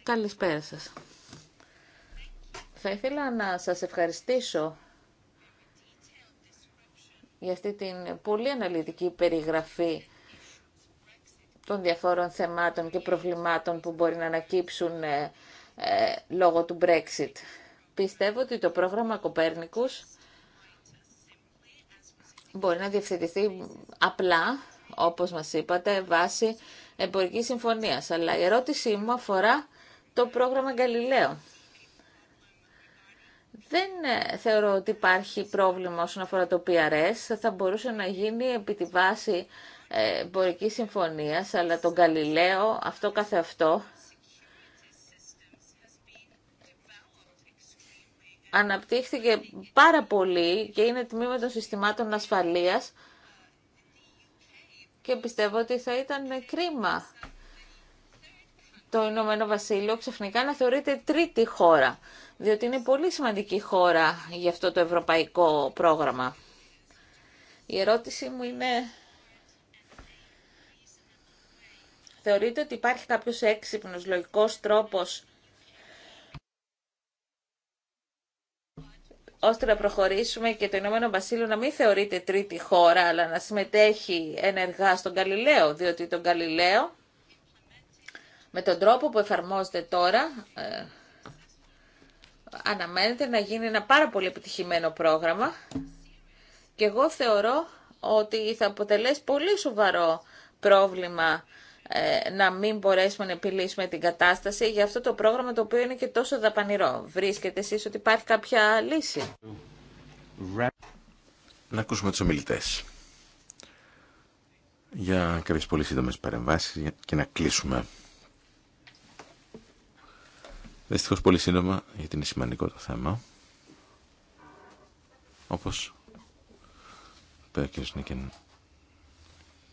[SPEAKER 2] Καλησπέρα σας. Θα ήθελα να σας ευχαριστήσω για αυτή την πολύ αναλυτική περιγραφή των διαφόρων θεμάτων και προβλημάτων που μπορεί να ανακύψουν ε, ε, λόγω του Brexit. Πιστεύω ότι το πρόγραμμα Κοπέρνικους μπορεί να διευθετηθεί απλά, όπως μας είπατε, βάσει εμπορικής συμφωνίας. Αλλά η ερώτησή μου αφορά το πρόγραμμα Γαλιλαίο. Δεν ε, θεωρώ ότι υπάρχει πρόβλημα όσον αφορά το PRS. Θα μπορούσε να γίνει επί τη βάση ε, εμπορική συμφωνίας, αλλά τον Γαλιλαίο αυτό καθε αυτό αναπτύχθηκε πάρα πολύ και είναι τμήμα των συστημάτων ασφαλείας και πιστεύω ότι θα ήταν κρίμα το Ηνωμένο Βασίλειο ξαφνικά να θεωρείται τρίτη χώρα, διότι είναι πολύ σημαντική χώρα για αυτό το ευρωπαϊκό πρόγραμμα. Η ερώτηση μου είναι Θεωρείτε ότι υπάρχει κάποιος έξυπνος, λογικός τρόπος ώστε να προχωρήσουμε και το Ηνωμένο Βασίλειο να μην θεωρείται τρίτη χώρα, αλλά να συμμετέχει ενεργά στον Καλλιλέο, διότι τον Καλλιλέο με τον τρόπο που εφαρμόζεται τώρα ε, αναμένεται να γίνει ένα πάρα πολύ επιτυχημένο πρόγραμμα και εγώ θεωρώ ότι θα αποτελέσει πολύ σοβαρό πρόβλημα ε, να μην μπορέσουμε να επιλύσουμε την κατάσταση για αυτό το πρόγραμμα το οποίο είναι και τόσο δαπανηρό. Βρίσκετε εσεί ότι υπάρχει κάποια λύση.
[SPEAKER 1] Να ακούσουμε τους ομιλητές για κάποιες πολύ σύντομε παρεμβάσεις και να κλείσουμε. Δυστυχώ πολύ σύντομα, γιατί είναι σημαντικό το θέμα. Όπως και ο Σνίκεν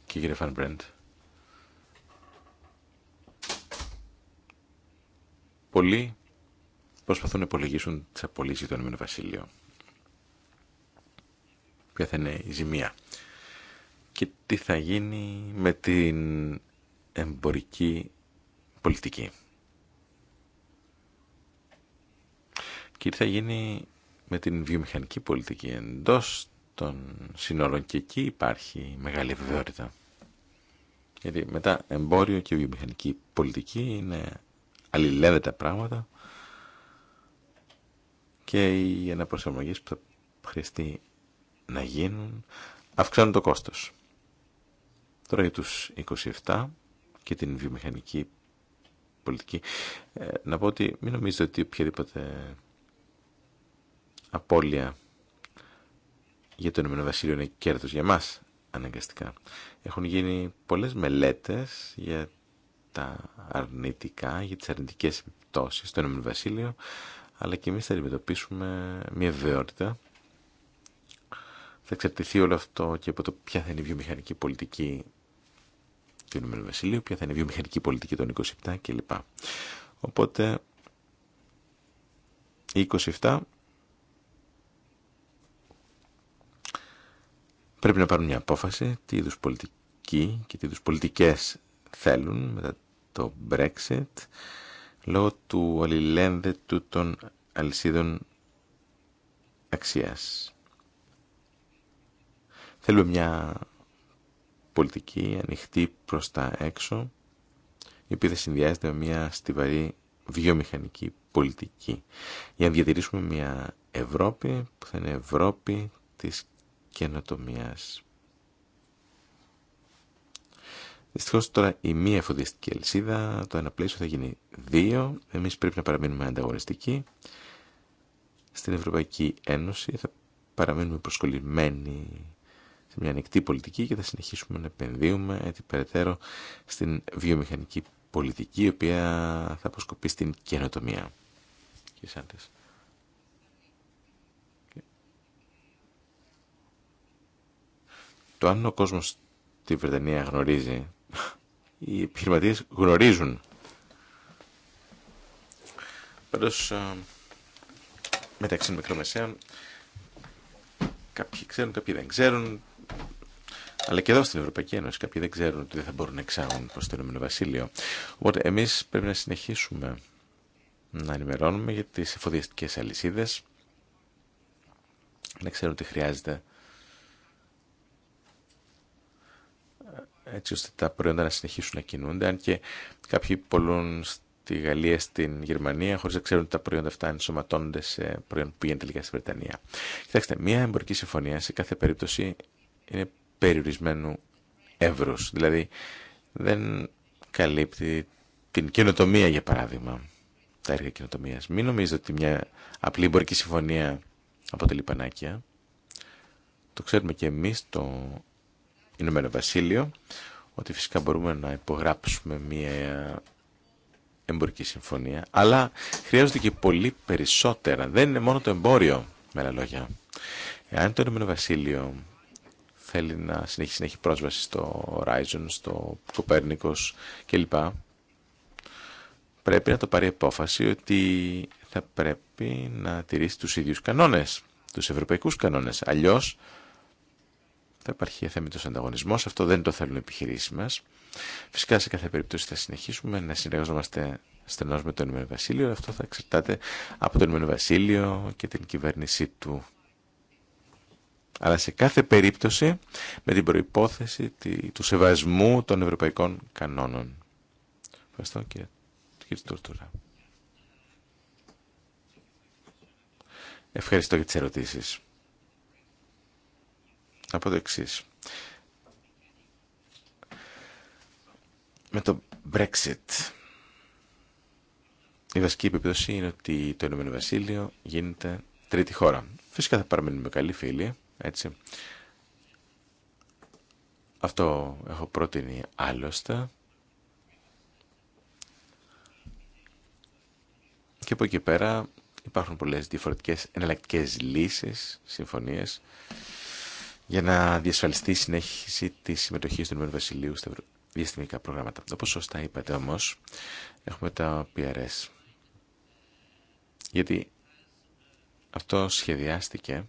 [SPEAKER 1] και η Φανμπρέντ. Πολλοί προσπαθούν να υπολογίσουν τι απολύσει του Ηνωμένου Βασίλειου. Ποια θα είναι η ζημία. Και τι θα γίνει με την εμπορική πολιτική. Και τι θα γίνει με την βιομηχανική πολιτική εντός των σύνορων και εκεί υπάρχει μεγάλη βεβαιότητα. Γιατί μετά εμπόριο και βιομηχανική πολιτική είναι αλληλεύεται τα πράγματα και οι αναπροσαρμογές που θα χρειαστεί να γίνουν αυξάνουν το κόστος. Τώρα για τους 27 και την βιομηχανική πολιτική ε, να πω ότι μην νομίζετε ότι οποιαδήποτε απώλεια για το Ηνωμένο Βασίλειο είναι κέρδος για μας αναγκαστικά. Έχουν γίνει πολλές μελέτες για τα αρνητικά, για τις αρνητικές επιπτώσεις στον Ηνωμένο Βασίλειο, αλλά και εμείς θα αντιμετωπίσουμε μια βεβαιότητα. Θα εξαρτηθεί όλο αυτό και από το ποια θα είναι η βιομηχανική πολιτική του Ηνωμένου ποια θα είναι η βιομηχανική πολιτική των 27 κλπ. Οπότε, οι 27 πρέπει να πάρουν μια απόφαση τι είδους πολιτική και τι είδους πολιτικές θέλουν μετά το Brexit λόγω του αλληλένδετου των αλυσίδων αξίας. Θέλουμε μια πολιτική ανοιχτή προς τα έξω η οποία θα συνδυάζεται με μια στιβαρή βιομηχανική πολιτική για να διατηρήσουμε μια Ευρώπη που θα είναι Ευρώπη της καινοτομίας. Δυστυχώς τώρα η μία εφοδιαστική αλυσίδα, το ένα πλαίσιο θα γίνει δύο. Εμείς πρέπει να παραμείνουμε ανταγωνιστικοί. Στην Ευρωπαϊκή Ένωση θα παραμείνουμε προσκολλημένοι σε μια ανοιχτή πολιτική και θα συνεχίσουμε να επενδύουμε έτσι περαιτέρω στην βιομηχανική πολιτική η οποία θα αποσκοπεί στην καινοτομία. Το αν ο κόσμος τη Βρετανία γνωρίζει οι επιχειρηματίε γνωρίζουν. Πάντω, ε, μεταξύ των μικρομεσαίων, κάποιοι ξέρουν, κάποιοι δεν ξέρουν, αλλά και εδώ στην Ευρωπαϊκή Ένωση κάποιοι δεν ξέρουν ότι δεν θα μπορούν να εξάγουν προς το Ηνωμένο Βασίλειο. Οπότε εμεί πρέπει να συνεχίσουμε να ενημερώνουμε για τι εφοδιαστικέ αλυσίδε. να ξέρουν τι χρειάζεται έτσι ώστε τα προϊόντα να συνεχίσουν να κινούνται, αν και κάποιοι πολλούν στη Γαλλία, στην Γερμανία, χωρίς να ξέρουν ότι τα προϊόντα αυτά ενσωματώνονται σε προϊόν που πήγαινε τελικά στη Βρετανία. Κοιτάξτε, μια εμπορική συμφωνία σε κάθε περίπτωση είναι περιορισμένου εύρου. δηλαδή δεν καλύπτει την καινοτομία, για παράδειγμα, τα έργα καινοτομία. Μην νομίζετε ότι μια απλή εμπορική συμφωνία αποτελεί πανάκια. Το ξέρουμε και εμείς το Ηνωμένο Βασίλειο ότι φυσικά μπορούμε να υπογράψουμε μια εμπορική συμφωνία, αλλά χρειάζονται και πολύ περισσότερα. Δεν είναι μόνο το εμπόριο, με άλλα λόγια. Εάν το Ηνωμένο Βασίλειο θέλει να συνεχίσει να έχει πρόσβαση στο Horizon, στο Κοπέρνικος κλπ. Πρέπει να το πάρει απόφαση ότι θα πρέπει να τηρήσει τους ίδιους κανόνες, τους ευρωπαϊκούς κανόνες. Αλλιώς θα υπάρχει αθέμητος ανταγωνισμός. Αυτό δεν το θέλουν οι επιχειρήσεις μας. Φυσικά σε κάθε περίπτωση θα συνεχίσουμε να συνεργαζόμαστε στενώς με τον Ηνωμένο Βασίλειο. Αυτό θα εξαρτάται από τον Ηνωμένο Βασίλειο και την κυβέρνησή του. Αλλά σε κάθε περίπτωση με την προϋπόθεση του σεβασμού των ευρωπαϊκών κανόνων. Ευχαριστώ κύριε, κύριε Τουρτούρα. Ευχαριστώ για τις ερωτήσεις να το εξή. Με το Brexit, η βασική επιπτώση είναι ότι το Ηνωμένο Βασίλειο γίνεται τρίτη χώρα. Φυσικά θα παραμείνουμε καλοί φίλοι, έτσι. Αυτό έχω πρότεινει άλλωστε. Και από εκεί πέρα υπάρχουν πολλές διαφορετικές εναλλακτικές λύσεις, συμφωνίες για να διασφαλιστεί η συνέχιση τη συμμετοχή του Ηνωμένου Βασιλείου στα διαστημικά προγράμματα. Όπω σωστά είπατε όμω, έχουμε τα PRS. Γιατί αυτό σχεδιάστηκε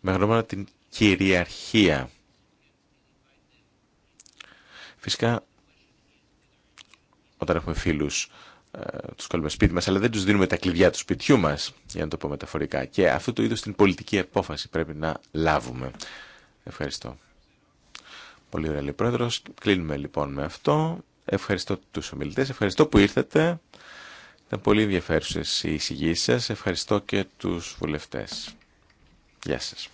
[SPEAKER 1] με γνώμονα την κυριαρχία. Φυσικά, όταν έχουμε φίλους ε, του κόλλουμε σπίτι μα, αλλά δεν του δίνουμε τα κλειδιά του σπιτιού μας, για να το πω μεταφορικά. Και αυτό το είδο την πολιτική απόφαση πρέπει να λάβουμε. Ευχαριστώ. Πολύ ωραία, λέει πρόεδρο. Κλείνουμε λοιπόν με αυτό. Ευχαριστώ τους ομιλητέ, ευχαριστώ που ήρθατε. Ήταν πολύ ενδιαφέρουσε οι εισηγήσει σα. Ευχαριστώ και του βουλευτέ. Γεια σας.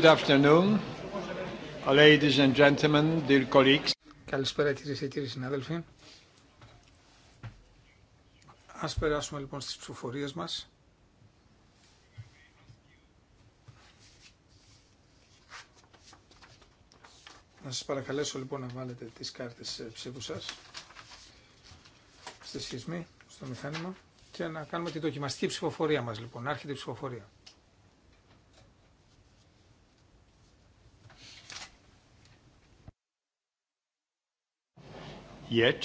[SPEAKER 3] Καλησπέρα κυρίε και κύριοι συνάδελφοι. Α περάσουμε λοιπόν στις ψηφοφορίε μας. Να σας παρακαλέσω λοιπόν να βάλετε τις κάρτες ψήφου σα στη σχισμή, στο μηχάνημα και να κάνουμε τη δοκιμαστική ψηφοφορία μας λοιπόν. Άρχεται η ψηφοφορία. yet.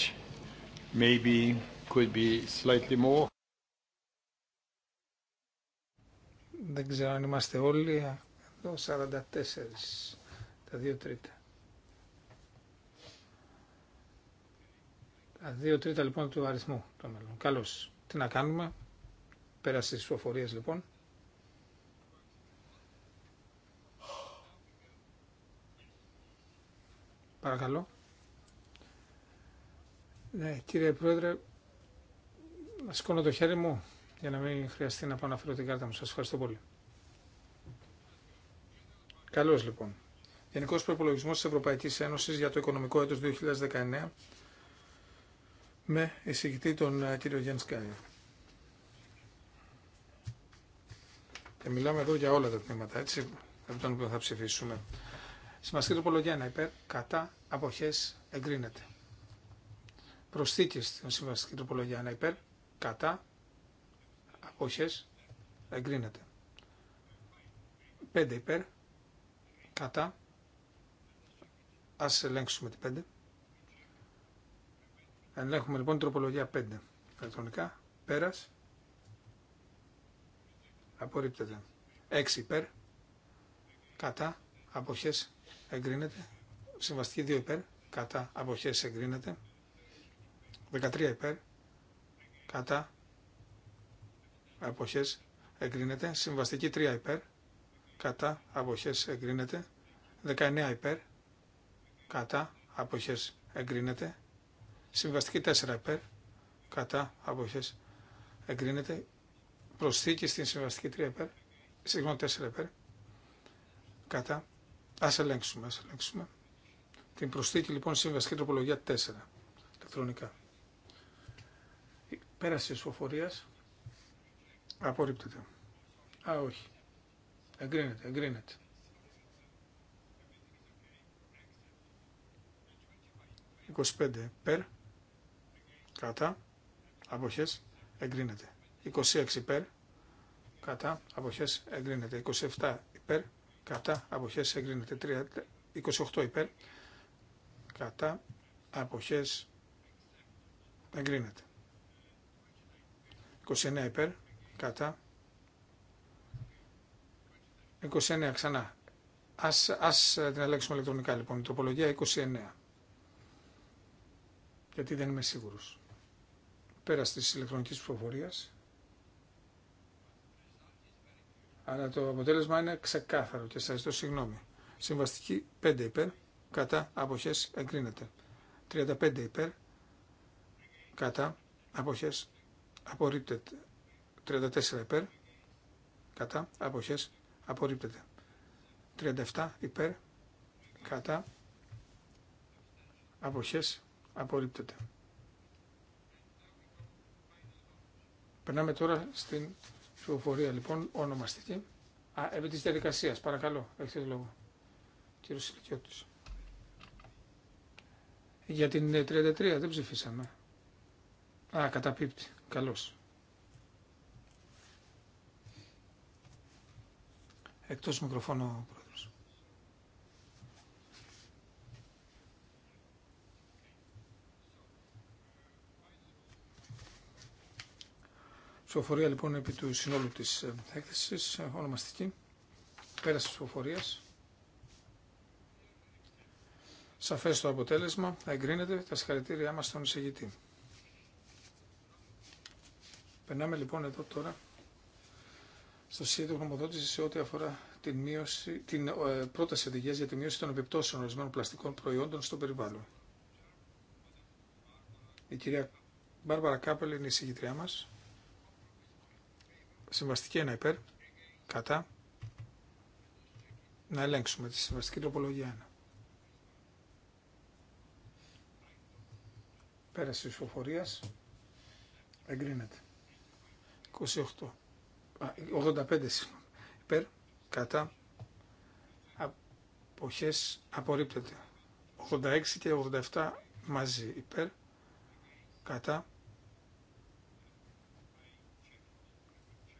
[SPEAKER 3] Maybe could be slightly more. Δεν ξέρω αν είμαστε όλοι εδώ 44, τα δύο τρίτα. Τα δύο τρίτα λοιπόν του αριθμού των μελών. Καλώς. Τι να κάνουμε. Πέρασε στις ψηφοφορίες λοιπόν. Παρακαλώ. Ναι, κύριε Πρόεδρε, σηκώνω το χέρι μου για να μην χρειαστεί να πάω να φέρω την κάρτα μου. Σας ευχαριστώ πολύ. Καλώς λοιπόν. Γενικός Προπολογισμός της Ευρωπαϊκής Ένωσης για το οικονομικό έτος 2019 με εισηγητή τον ε, κύριο Γιάννη Και μιλάμε εδώ για όλα τα τμήματα, έτσι, από τον οποίο θα ψηφίσουμε. Σημασία τροπολογία υπέρ, κατά, αποχές, εγκρίνεται. Προσθήκε στην συμβαστική τροπολογία. να υπέρ, κατά, απόχέ, εγκρίνεται. 5 υπέρ, κατά, ας ελέγξουμε τη 5. Ελέγχουμε λοιπόν την τροπολογία 5 ηλεκτρονικά, πέρας, απορρίπτεται. 6 υπέρ, κατά, αποχές, εγκρίνεται. Συμβαστική 2 υπέρ, κατά, αποχές, εγκρίνεται. 13 υπέρ, κατά, αποχές εγκρίνεται. Συμβαστική 3 υπέρ, κατά, αποχές εγκρίνεται. 19 υπέρ, κατά, αποχές εγκρίνεται. Συμβαστική 4 υπέρ, κατά, αποχές εγκρίνεται. Προσθήκη στην συμβαστική 3 υπέρ, συγγνώμη 4 υπέρ, κατά. Ας ελέγξουμε, ας ελέγξουμε. Την προσθήκη λοιπόν συμβαστική τροπολογία 4, ηλεκτρονικά. Πέραση τη φοφορία, Απορρίπτεται. Α, όχι. Εγκρίνεται, εγκρίνεται. «25 περ, κατά, αποχές, εγκρίνεται. 26 περ κατά, αποχές, εγκρίνεται. 27 υπέρ, κατά, αποχές, εγκρίνεται. 28 υπέρ, κατά, αποχές, εγκρίνεται. 29 υπέρ, κατά. 29 ξανά. Ας, ας ε, την αλλάξουμε ηλεκτρονικά λοιπόν. Η τροπολογία 29. Γιατί δεν είμαι σίγουρος. Πέρα της ηλεκτρονικής προφορίας. Αλλά το αποτέλεσμα είναι ξεκάθαρο και σας ζητώ συγγνώμη. Συμβαστική 5 υπέρ, κατά αποχές εγκρίνεται. 35 υπέρ, κατά αποχές απορρίπτεται. 34 υπέρ, κατά, αποχές, απορρίπτεται. 37 υπέρ, κατά, αποχές, απορρίπτεται. Περνάμε τώρα στην ψηφοφορία λοιπόν, ονομαστική. Α, επί της διαδικασίας, παρακαλώ, έχετε το λόγο. Κύριο Σιλικιώτης. Για την 33 ε, δεν ψηφίσαμε. Α, καταπίπτει. Καλώς. Εκτός μικροφώνου, πρόεδρος. Ψηφοφορία λοιπόν επί του συνόλου της ε, έκθεσης, ε, ονομαστική, πέραση ψηφοφορίας. Σαφές το αποτέλεσμα, εγκρίνεται τα συγχαρητήριά μας στον εισηγητή. Περνάμε λοιπόν εδώ τώρα στο σχέδιο γνωμοδότηση σε ό,τι αφορά την, μείωση, την ε, πρόταση οδηγία για τη μείωση των επιπτώσεων ορισμένων πλαστικών προϊόντων στο περιβάλλον. Η κυρία Μπάρμπαρα Κάπελ είναι η συγγητριά μα. Συμβαστική ένα υπέρ. Κατά. Να ελέγξουμε τη συμβαστική τροπολογία ένα. Πέραση τη εγκρίνεται. 28. 85 Υπέρ, κατά, αποχές απορρίπτεται. 86 και 87 μαζί. Υπέρ, κατά,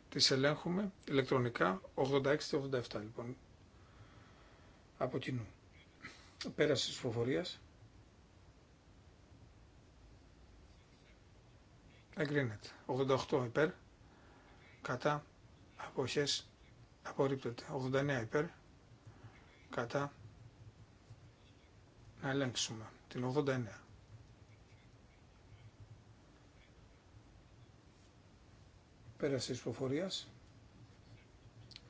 [SPEAKER 3] τις ελέγχουμε ηλεκτρονικά 86 και 87 λοιπόν. Από κοινού. Πέραση της φοβορίας. Εγκρίνεται. 88 υπέρ κατά αποχές απορρίπτεται. 89 υπέρ κατά να ελέγξουμε την 89. Πέραση της προφορίας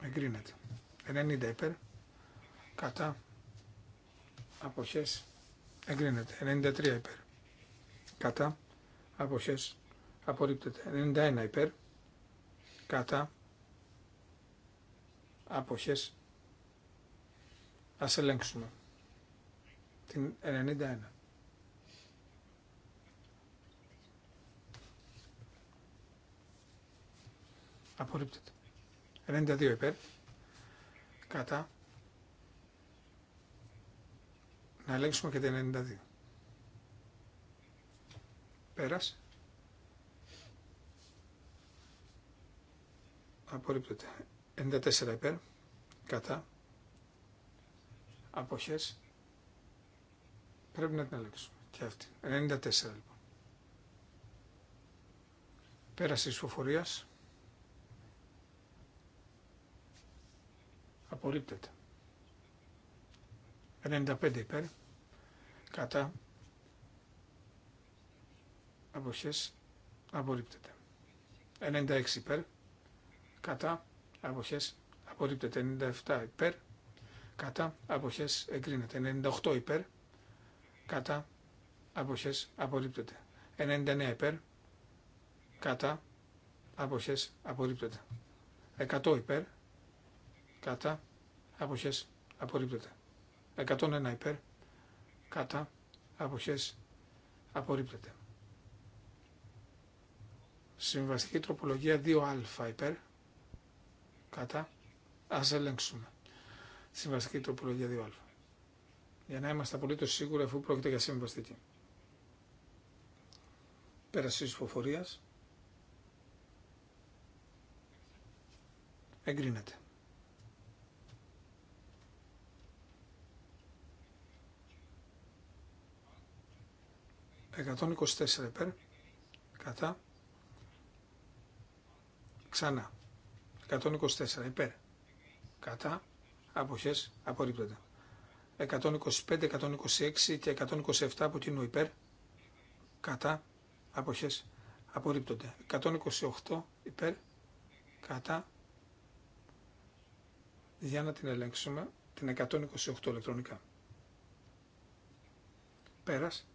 [SPEAKER 3] εγκρίνεται. 90 υπέρ κατά αποχές εγκρίνεται. 93 υπέρ κατά αποχές απορρίπτεται. 91 υπέρ κατά αποχές ας ελέγξουμε την 91 απορρίπτεται 92 υπέρ κατά να ελέγξουμε και την 92 πέρασε απορρίπτεται. 94 υπέρ, κατά, αποχές, πρέπει να την αλλάξουμε και αυτή. 94 λοιπόν. Πέραση της φοφορίας, απορρίπτεται. 95 υπέρ, κατά, αποχές, απορρίπτεται. 96 υπέρ, κατά αποχές απορρίπτεται 97 υπέρ κατά αποχές εγκρίνεται 98 υπέρ κατά αποχές απορρίπτεται 99 υπέρ κατά αποχές απορρίπτεται 100 υπέρ κατά αποχές απορρίπτεται 101 υπέρ κατά αποχές απορρίπτεται συμβαστική τροπολογία 2α υπέρ Κατά. Ας ελέγξουμε. Συμβαστική τροπολογία 2α. Για να είμαστε απολύτως σίγουροι αφού πρόκειται για συμβαστική. Πέραση της φοφορίας. Εγκρίνεται. Εκατόν υπέρ. Κατά. Ξανά. 124 υπέρ. Κατά. Αποχές. απορρίπτονται 125, 126 και 127 από κοινού υπέρ. Κατά. Αποχές. Απορρίπτονται. 128 υπέρ. Κατά. Για να την ελέγξουμε. Την 128 ηλεκτρονικά. Πέρας.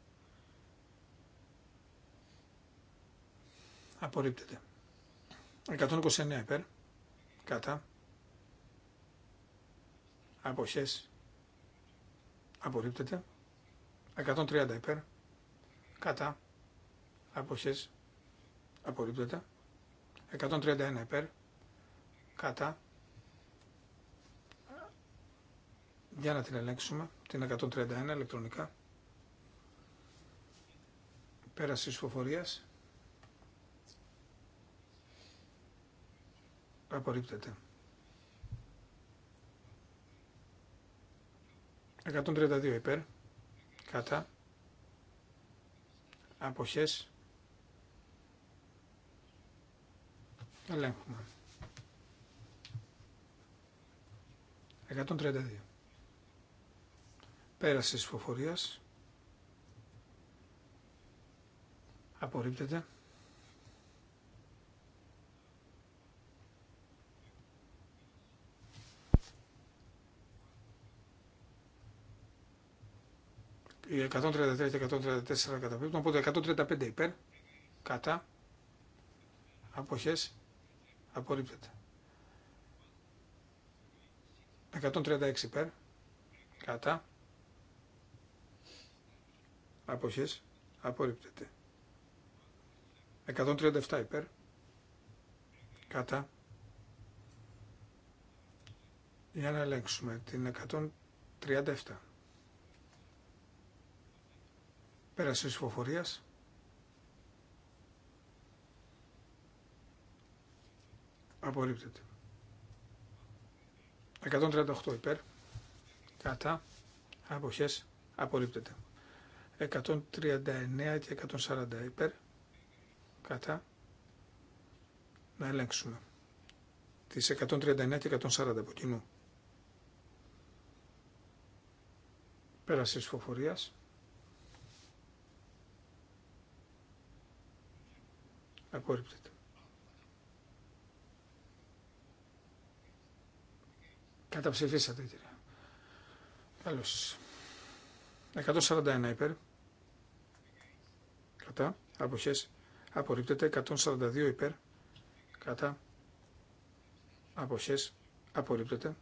[SPEAKER 3] Απορρίπτεται. 129 υπέρ κατά αποχές απορρίπτεται 130 υπέρ κατά αποχές απορρίπτεται 131 υπέρ κατά για να την ελέγξουμε την 131 ηλεκτρονικά πέραση σφοφορίας Απορρίπτεται. 132 υπέρ. Κατά. Αποχές. Ελέγχουμε. 132. Πέραση της φοφορίας. Απορρίπτεται. Οι 133 και 134 καταπίπτουν, οπότε 135 υπέρ, κατά, αποχές, απορρίπτεται. 136 υπέρ, κατά, αποχές, απορρίπτεται. 137 υπέρ, κατά, για να ελέγξουμε την 137. Πέρασε της σφοφορία. Απορρίπτεται. 138 υπέρ. Κατά. Αποχέ. Απορρίπτεται. 139 και 140 υπέρ. Κατά. Να ελέγξουμε. Τις 139 και 140 από κοινού. Πέρασε τη Απορρίπτεται. Καταψηφίσατε κύριε. Καλώς. 141 υπέρ. Κατά. Αποχές. Απορρίπτεται. 142 υπέρ. Κατά. Αποχές. Απορρίπτεται.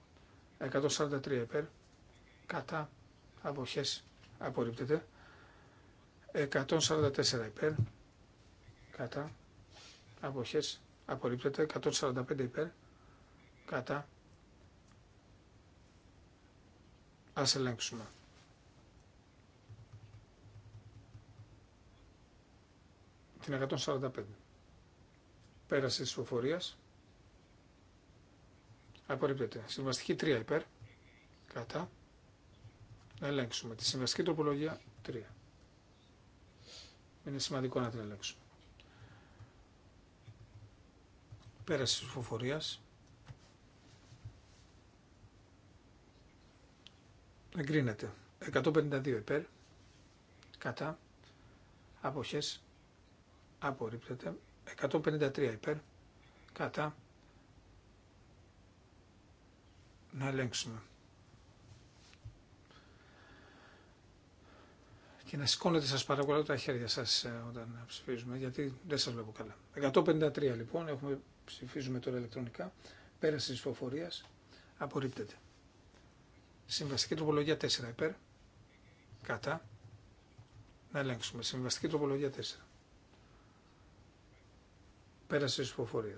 [SPEAKER 3] 143 υπέρ. Κατά. Αποχές. Απορρίπτεται. 144 υπέρ. Κατά αποχές απορρίπτεται 145 υπέρ κατά ας ελέγξουμε την 145 πέραση της φοφορίας απορρίπτεται συμβαστική 3 υπέρ κατά να ελέγξουμε τη συμβαστική τροπολογία 3 είναι σημαντικό να την ελέγξουμε Πέραση της ψηφοφορίας. Εγκρίνεται. 152 υπέρ. Κατά. Αποχές. Απορρίπτεται. 153 υπέρ. Κατά. Να ελέγξουμε. Και να σηκώνετε σας παρακολουθώ τα χέρια σας ε, όταν ψηφίζουμε, γιατί δεν σας βλέπω καλά. 153 λοιπόν, έχουμε Ψηφίζουμε τώρα ηλεκτρονικά. Πέραση της ψηφοφορία. Απορρίπτεται. Συμβαστική τροπολογία 4 υπέρ. Κατά. Να ελέγξουμε. Συμβαστική τροπολογία 4. Πέραση της ψηφοφορία.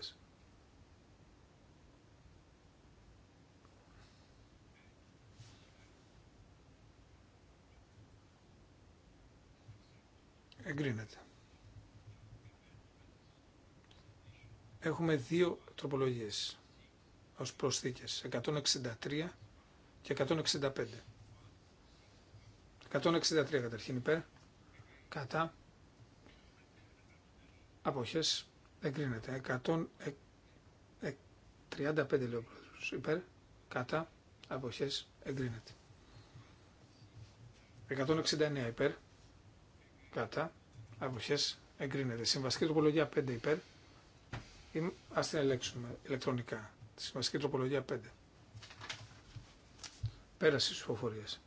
[SPEAKER 3] Εγκρίνεται. έχουμε δύο τροπολογίες ως προσθήκες, 163 και 165. 163 καταρχήν υπέρ, κατά, αποχές, εγκρίνεται. 135 ε, ε, λέω ο υπέρ, κατά, αποχές, εγκρίνεται. 169 υπέρ, κατά, αποχές, εγκρίνεται. Συμβαστική τροπολογία 5 υπέρ, Ας την ελέγξουμε ηλεκτρονικά. Τη σημασική τροπολογία 5. Πέραση στις ψηφοφορίας.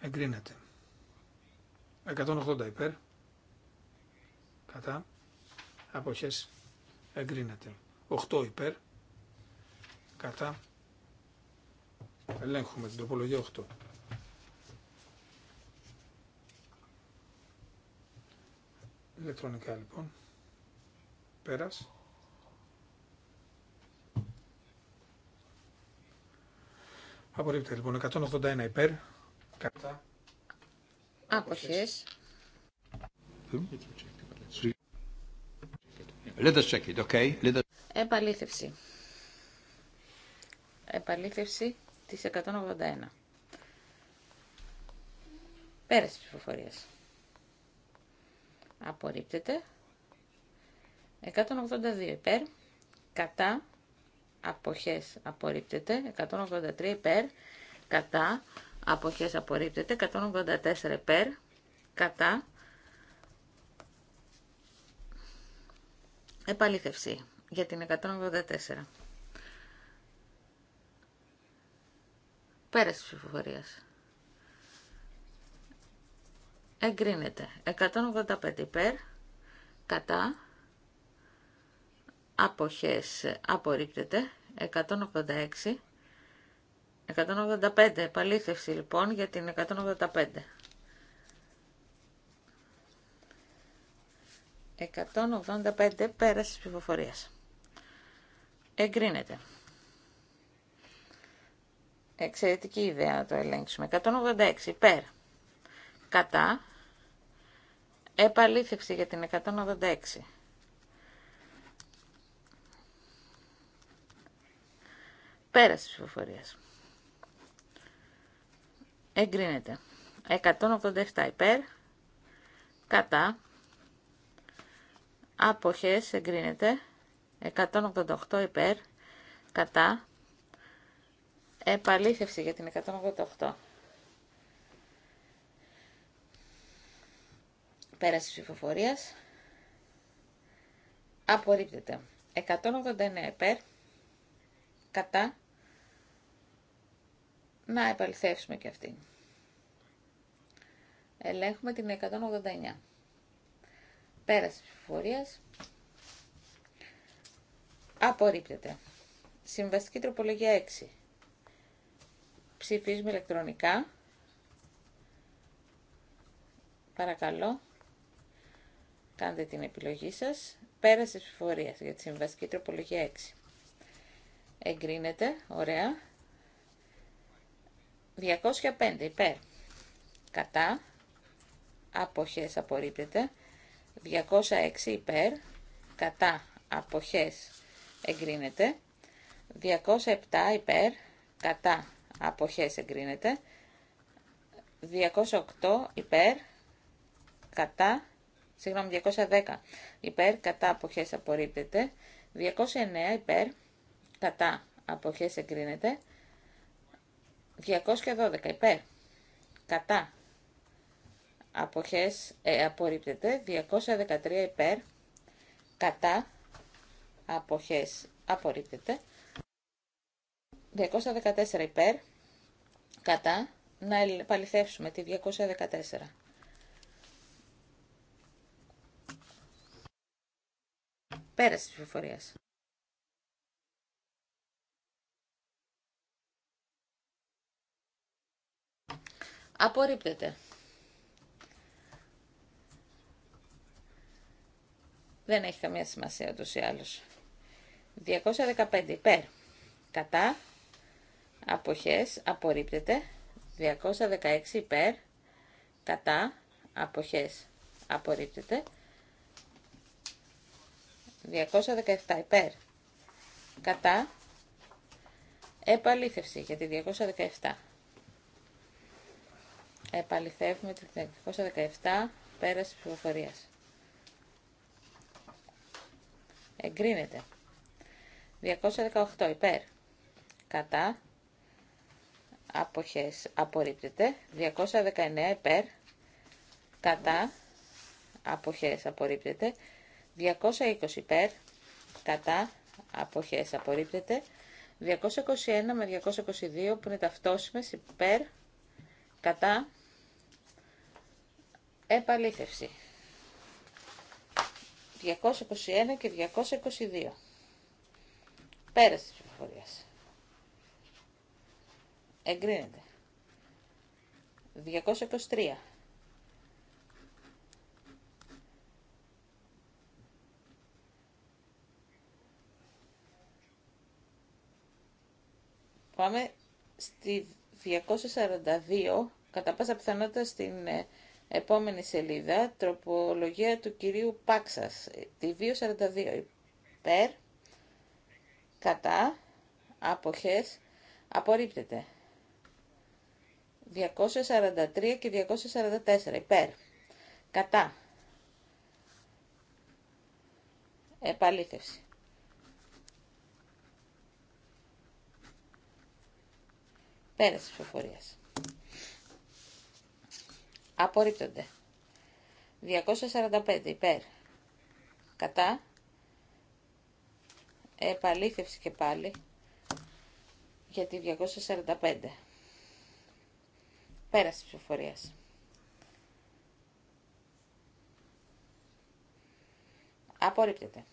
[SPEAKER 3] Εγκρίνεται. 180 υπέρ. Κατά. Αποχές. Εγκρίνεται. 8 υπέρ. Κατά. Ελέγχουμε την τροπολογία 8. Ηλεκτρονικά λοιπόν. Πέρας. Απορρίπτεται λοιπόν 181 υπέρ.
[SPEAKER 2] Κατά. Αποχές. Επαλήθευση. Επαλήθευση της 181. Πέρας της ψηφοφορίας απορρίπτεται. 182 υπέρ, κατά, αποχές απορρίπτεται. 183 υπέρ, κατά, αποχές απορρίπτεται. 184 υπέρ, κατά, επαλήθευση για την 184. Πέρας της ψηφοφορίας εγκρίνεται. 185 υπέρ, κατά, αποχές απορρίπτεται. 186, 185, επαλήθευση λοιπόν για την 185. 185 πέρας της ψηφοφορίας. Εγκρίνεται. Εξαιρετική ιδέα να το ελέγξουμε. 186 υπέρ. Κατά. Επαλήθευση για την 186. Πέραση της ψηφοφορίας. Εγκρίνεται. 187 υπέρ. Κατά. Αποχές εγκρίνεται. 188 υπέρ. Κατά. Επαλήθευση για την 188. Πέραση ψηφοφορία. Απορρίπτεται. 189 υπέρ. Κατά. Να επαληθεύσουμε και αυτή. Ελέγχουμε την 189. Πέραση ψηφοφορία. Απορρίπτεται. Συμβαστική τροπολογία 6. Ψηφίζουμε ηλεκτρονικά. Παρακαλώ. Κάντε την επιλογή σας. Πέρασε της ψηφορίας για τη συμβαστική τροπολογία 6. Εγκρίνεται. Ωραία. 205 υπέρ. Κατά. Αποχές απορρίπτεται. 206 υπέρ. Κατά. Αποχές εγκρίνεται. 207 υπέρ. Κατά. Αποχές εγκρίνεται. 208 υπέρ. Κατά συγγνώμη, 210 υπέρ, κατά αποχές απορρίπτεται, 209 υπέρ, κατά αποχές εγκρίνεται, 212 υπέρ, κατά αποχές ε, απορρίπτεται, 213 υπέρ, κατά αποχές απορρίπτεται, 214 υπέρ, κατά, να παληθεύσουμε τη 214. Πέραση της ψηφοφορίας. Απορρίπτεται. Δεν έχει καμία σημασία ούτως ή άλλως. 215 υπέρ. Κατά. Αποχές. Απορρίπτεται. 216 υπέρ. Κατά. Αποχές. Απορρίπτεται. 217 υπέρ. Κατά. Επαλήθευση για τη 217. Επαληθεύουμε τη 217 πέρα της ψηφοφορίας. Εγκρίνεται. 218 υπέρ. Κατά. Αποχές απορρίπτεται. 219 υπέρ. Κατά. Αποχές απορρίπτεται. 220 περ κατά, αποχές απορρίπτεται. 221 με 222 που είναι ταυτόσιμες υπέρ, κατά, επαλήθευση. 221 και 222. Πέρασε της ψηφοφορία. Εγκρίνεται. 223. πάμε στη 242, κατά πάσα πιθανότητα στην ε, επόμενη σελίδα, τροπολογία του κυρίου Πάξας, τη 242, υπέρ, κατά, αποχές, απορρίπτεται. 243 και 244, υπέρ, κατά, επαλήθευση. Πέρας ψηφοφορία. ψηφοφορίας. Απορρίπτονται. 245 υπέρ. Κατά. Επαλήθευση και πάλι για τη 245. Πέραση τη ψηφοφορίας. Απορρίπτεται.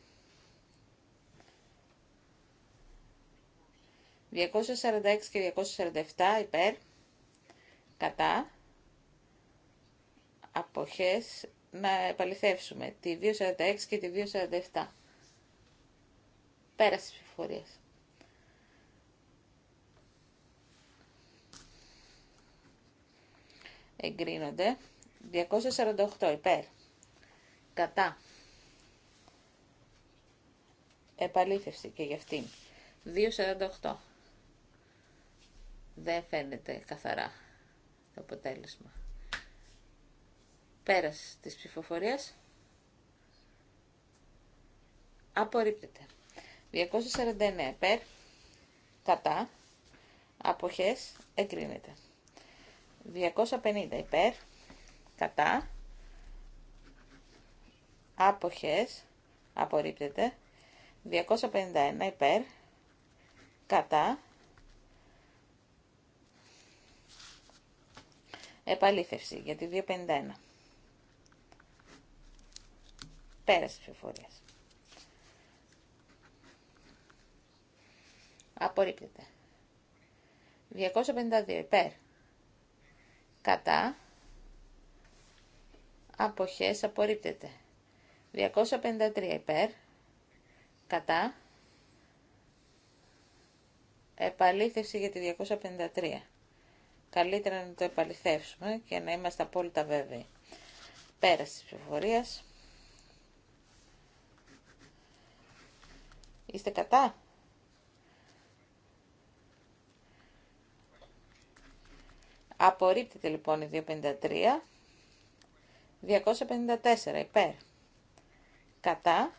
[SPEAKER 2] 246 και 247 υπέρ, κατά, αποχές, να επαληθεύσουμε τη 246 και τη 247. Πέραση της ψηφοφορίας. Εγκρίνονται. 248 υπέρ. Κατά. Επαλήθευση και για αυτήν. 248. Δεν φαίνεται καθαρά το αποτέλεσμα. Πέρας της ψηφοφορίας. Απορρίπτεται. 249 περ. Κατά. Αποχές. Εγκρίνεται. 250 υπέρ. Κατά. Αποχές. Απορρίπτεται. 251 υπέρ. Κατά. Επαλήθευση για τη 251. Πέρασε ψηφοφορία. Απορρίπτεται. 252 υπέρ. Κατά. Αποχές απορρίπτεται. 253 υπέρ. Κατά. Επαλήθευση για τη 253. Καλύτερα να το επαληθεύσουμε και να είμαστε απόλυτα βέβαιοι. Πέραση της ψηφοφορίας. Είστε κατά? Απορρίπτεται λοιπόν η 253. 254 υπέρ. Κατά.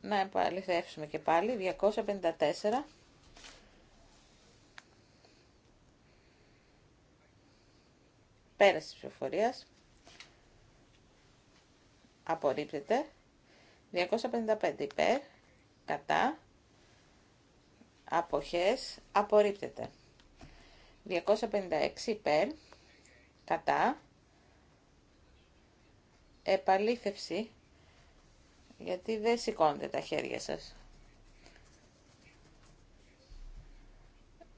[SPEAKER 2] Να επαληθεύσουμε και πάλι. 254. Πέραση της ψηφοφορίας. Απορρίπτεται. 255 υπέρ. Κατά. Αποχές. Απορρίπτεται. 256 υπέρ. Κατά. Επαλήθευση. Γιατί δεν σηκώνετε τα χέρια σας.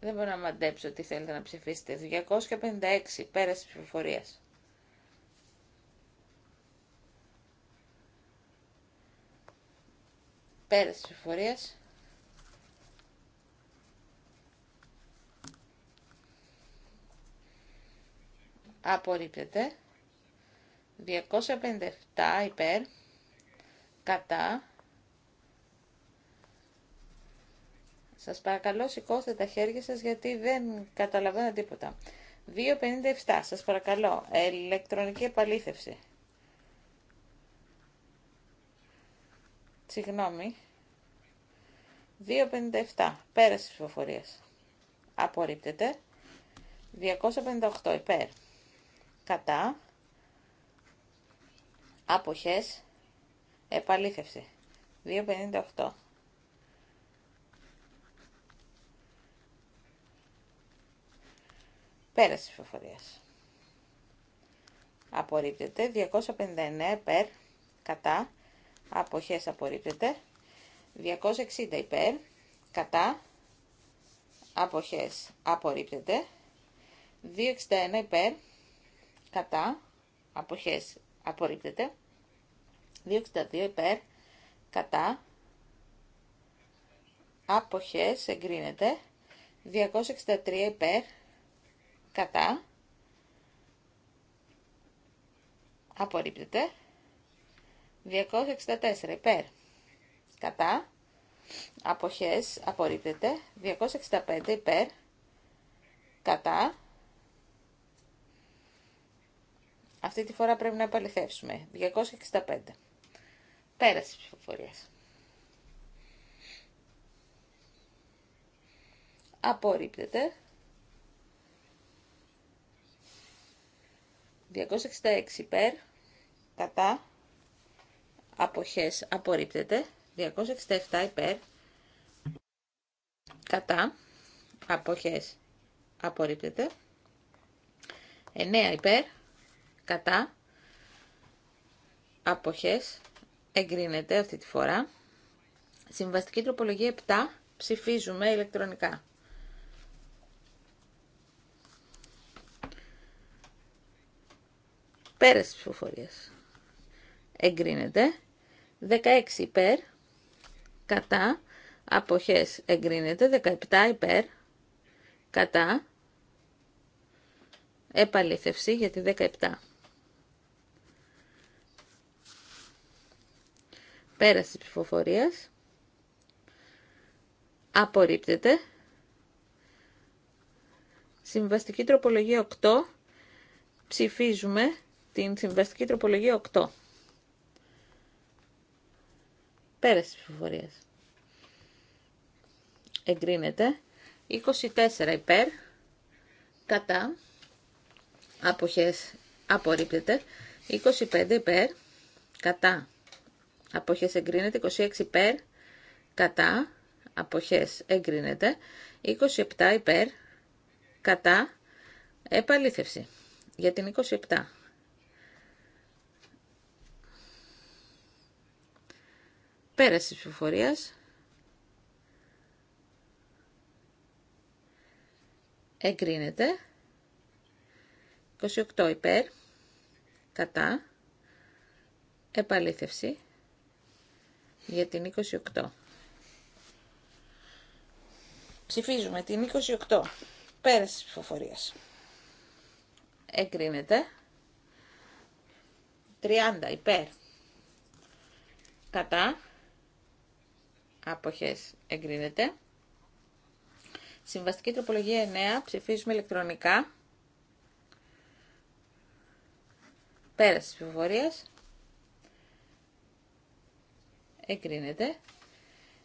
[SPEAKER 2] Δεν μπορώ να μαντέψω τι θέλετε να ψηφίσετε. 256, πέραση της ψηφοφορίας. Πέραση τη ψηφοφορίας. Απορρίπτεται. 257 υπέρ. Κατά. Σας παρακαλώ σηκώστε τα χέρια σας γιατί δεν καταλαβαίνω τίποτα. 2.57. Σας παρακαλώ. Ηλεκτρονική επαλήθευση. Συγγνώμη. 2.57. Πέραση της ψηφοφορίες. Απορρίπτεται. 258 υπέρ. Κατά. Αποχές. Επαλήθευση. 2.58. Πέρας της ψηφοφορίας. Απορρίπτεται. 259 υπέρ. Κατά. Αποχές απορρίπτεται. 260 υπέρ. Κατά. Αποχές απορρίπτεται. 261 υπέρ. Κατά. Αποχές απορρίπτεται. 262 υπέρ. Κατά. Αποχές εγκρίνεται. 263 υπέρ κατά, απορρίπτεται, 264 υπέρ, κατά, αποχές, απορρίπτεται, 265 υπέρ, κατά, αυτή τη φορά πρέπει να επαληθεύσουμε, 265, πέρασε της ψηφοφορίας. Απορρίπτεται. 266 υπέρ, κατά, αποχές απορρίπτεται. 267 υπέρ, κατά, αποχές απορρίπτεται. 9 υπέρ, κατά, αποχές εγκρίνεται αυτή τη φορά. Συμβαστική τροπολογία 7 ψηφίζουμε ηλεκτρονικά. Πέρας της ψηφοφορίας. Εγκρίνεται. 16 υπέρ. Κατά. Αποχές εγκρίνεται. 17 υπέρ. Κατά. Επαλήθευση για τη 17. Πέρας της ψηφοφορίας. Απορρίπτεται. Συμβαστική τροπολογία 8. Ψηφίζουμε την συμβαστική τροπολογία 8. Πέραση της ψηφοφορίας. Εγκρίνεται. 24 υπέρ. Κατά. Αποχές. Απορρίπτεται. 25 υπέρ. Κατά. Αποχές εγκρίνεται. 26 υπέρ. Κατά. Αποχές εγκρίνεται. 27 υπέρ. Κατά. Επαλήθευση. Για την 27. Πέραση ψηφοφορίας. Εγκρίνεται. 28 υπέρ. Κατά. Επαλήθευση. Για την 28. Ψηφίζουμε την 28. Πέραση ψηφοφορίας. Εγκρίνεται. 30 υπέρ. Κατά αποχές εγκρίνεται. Συμβαστική τροπολογία 9, ψηφίζουμε ηλεκτρονικά. Πέραση της ψηφοφορίας. Εγκρίνεται.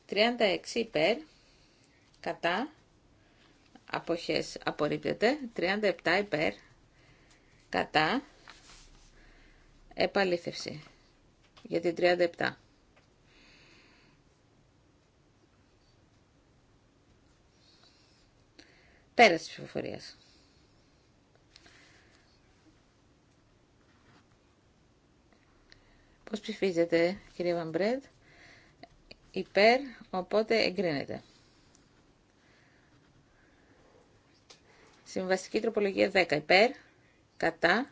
[SPEAKER 2] 36 υπέρ, κατά, αποχές απορρίπτεται. 37 υπέρ, κατά, επαλήθευση Γιατί 37. Πέρα τη ψηφοφορία. Πώς ψηφίζετε, κύριε Βαμπρέντ, υπέρ, οπότε εγκρίνεται. Συμβαστική τροπολογία 10 υπέρ, κατά.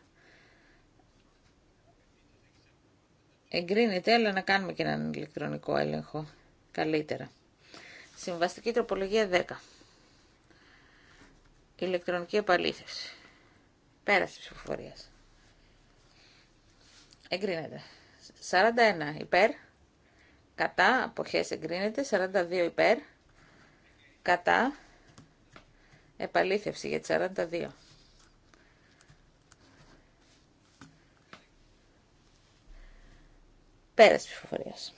[SPEAKER 2] Εγκρίνεται, αλλά να κάνουμε και έναν ηλεκτρονικό έλεγχο καλύτερα. Συμβαστική τροπολογία 10 ηλεκτρονική επαλήθευση. Πέρασε της ψηφοφορία. Εγκρίνεται. 41 υπέρ. Κατά. Αποχές εγκρίνεται. 42 υπέρ. Κατά. Επαλήθευση για 42. Πέρας ψηφοφορίας.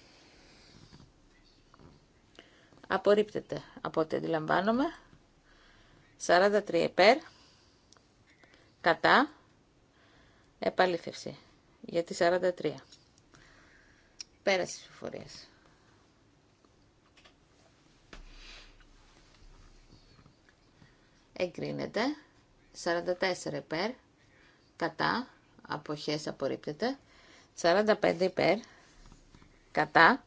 [SPEAKER 2] Απορρίπτεται από ό,τι αντιλαμβάνομαι. 43 υπέρ, κατά, επαλήθευση για τη 43. Πέραση της φορές. Εγκρίνεται. 44 υπέρ, κατά, αποχές απορρίπτεται. 45 υπέρ, κατά,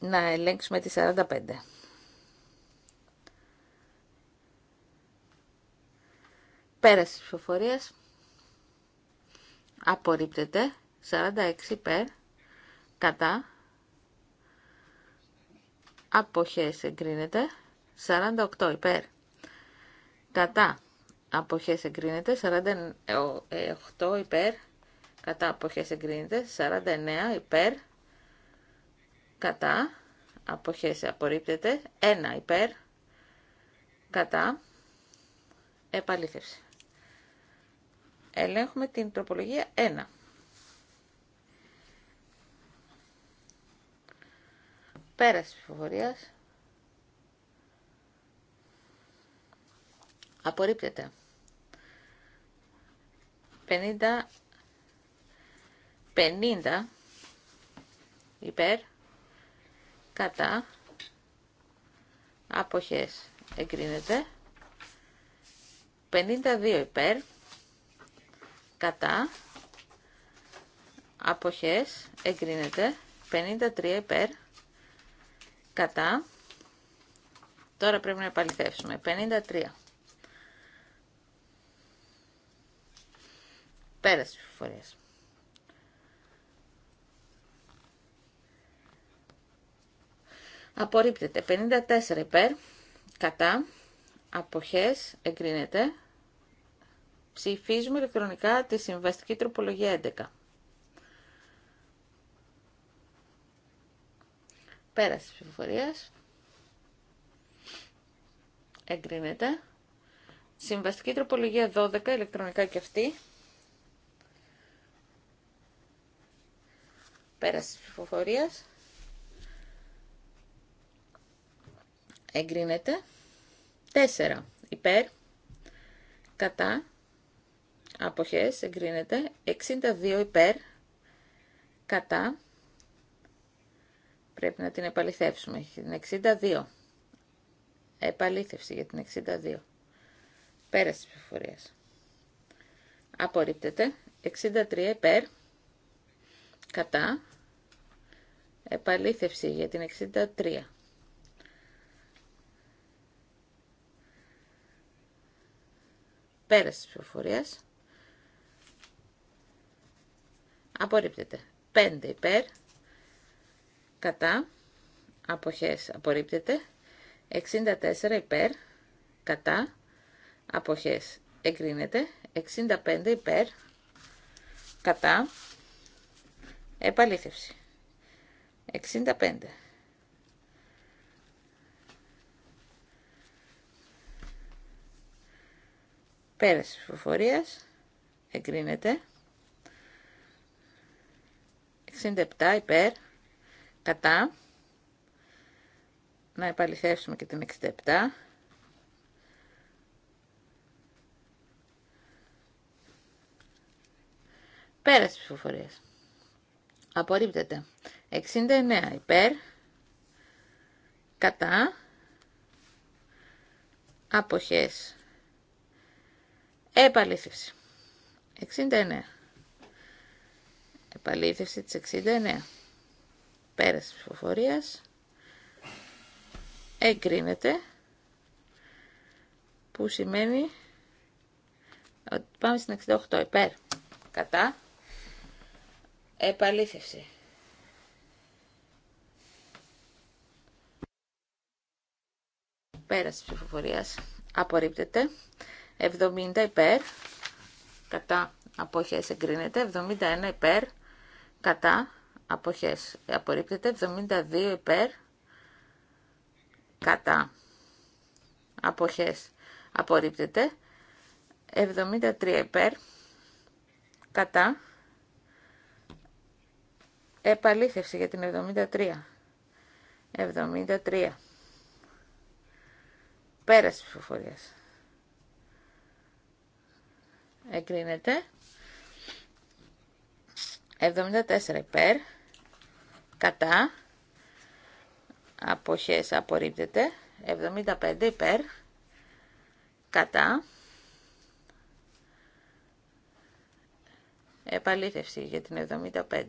[SPEAKER 2] να ελέγξουμε τη 45. Πέραση της ψηφοφορίας. Απορρίπτεται. 46 υπέρ. Κατά. Αποχές εγκρίνεται. 48 υπέρ. Κατά. Αποχές εγκρίνεται. 48 υπέρ. Κατά. Αποχές εγκρίνεται. 49 υπέρ. Κατά. Αποχές απορρίπτεται. 1 υπέρ. Κατά. Επαλήθευση. Ελέγχουμε την τροπολογία 1. Πέραση ψηφοφορίας. Απορρίπτεται. 50, 50 υπέρ, κατά, αποχές εγκρίνεται, 52 υπέρ, κατά, αποχές, εγκρίνεται, 53 υπέρ, κατά, τώρα πρέπει να επαληθεύσουμε, 53. Πέρασε φορές ψηφοφορίες. Απορρίπτεται 54 υπέρ, κατά, αποχές, εγκρίνεται, Ψηφίζουμε ηλεκτρονικά τη συμβαστική τροπολογία 11. Πέραση της ψηφοφορίας. Εγκρίνεται. Συμβαστική τροπολογία 12, ηλεκτρονικά και αυτή. Πέραση της ψηφοφορίας. Εγκρίνεται. 4. Υπέρ. Κατά αποχές εγκρίνεται 62 υπέρ κατά πρέπει να την επαληθεύσουμε την 62 επαλήθευση για την 62 πέρας της ψηφοφορίας απορρίπτεται 63 υπέρ κατά επαλήθευση για την 63 πέρας της ψηφοφορίας απορρίπτεται. 5 υπέρ, κατά, αποχές, απορρίπτεται. 64 υπέρ, κατά, αποχές, εγκρίνεται. 65 υπέρ, κατά, επαλήθευση. 65. Πέραση ψηφοφορίας εγκρίνεται. 67 υπέρ, κατά. Να επαληθεύσουμε και την 67. πέρασε της ψηφοφορίες. Απορρίπτεται. 69 υπέρ, κατά, αποχές, επαλήθευση. 69. Επαλήθευση της 69. πέραση της ψηφοφορίας. Εγκρίνεται. Που σημαίνει ότι πάμε στην 68. Υπέρ. Κατά. Επαλήθευση. Πέραση της ψηφοφορίας. Απορρίπτεται. 70 υπέρ. Κατά αποχές εγκρίνεται. 71 υπέρ κατά, αποχές απορρίπτεται, 72 υπέρ, κατά, αποχές απορρίπτεται, 73 υπέρ, κατά, επαλήθευση για την 73, 73, πέρας ψηφοφορίας. Εγκρίνεται. 74 υπέρ, κατά, αποχές απορρίπτεται, 75 υπέρ, κατά, επαλήθευση για την 75.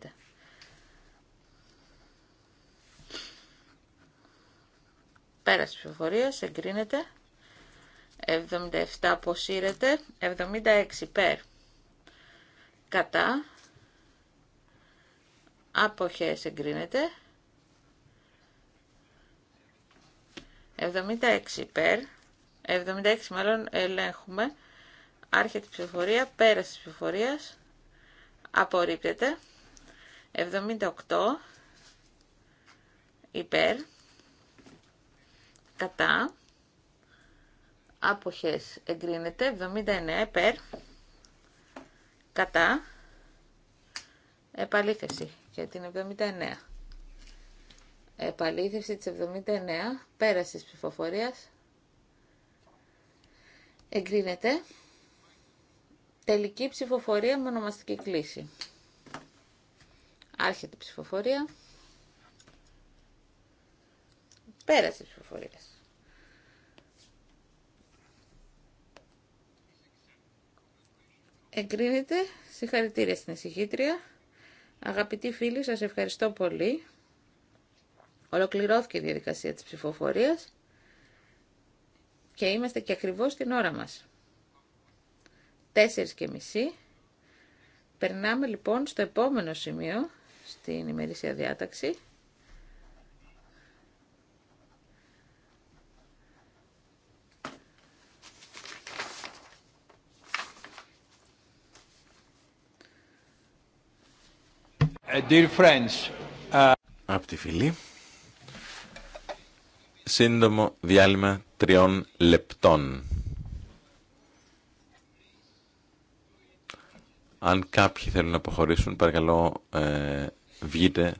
[SPEAKER 2] Πέρας ψηφοφορίας, εγκρίνεται, 77 αποσύρεται, 76 υπέρ, κατά, αποχές εγκρίνεται. 76 υπέρ, 76 μάλλον ελέγχουμε, άρχεται η ψηφοφορία, πέρασε της ψηφοφορίας, απορρίπτεται, 78 υπέρ, κατά, άποχες εγκρίνεται, 79 υπέρ, κατά, επαλήθεση για την 79. Επαλήθευση της 79, πέραση της ψηφοφορίας. Εγκρίνεται. Τελική ψηφοφορία με ονομαστική κλίση. Άρχεται η ψηφοφορία. Πέραση ψηφοφορίας. Εγκρίνεται. Συγχαρητήρια στην εισηγήτρια. Αγαπητοί φίλοι, σας ευχαριστώ πολύ. Ολοκληρώθηκε η διαδικασία της ψηφοφορίας και είμαστε και ακριβώς την ώρα μας. Τέσσερις και μισή. Περνάμε λοιπόν στο επόμενο σημείο στην ημερήσια διάταξη.
[SPEAKER 1] Dear friends, uh... φίλη. Σύντομο διάλειμμα τριών λεπτών. Αν κάποιοι θέλουν να αποχωρήσουν, παρακαλώ ε, βγείτε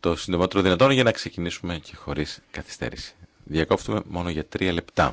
[SPEAKER 1] το συντομότερο δυνατόν για να ξεκινήσουμε και χωρίς καθυστέρηση. Διακόπτουμε μόνο για τρία λεπτά.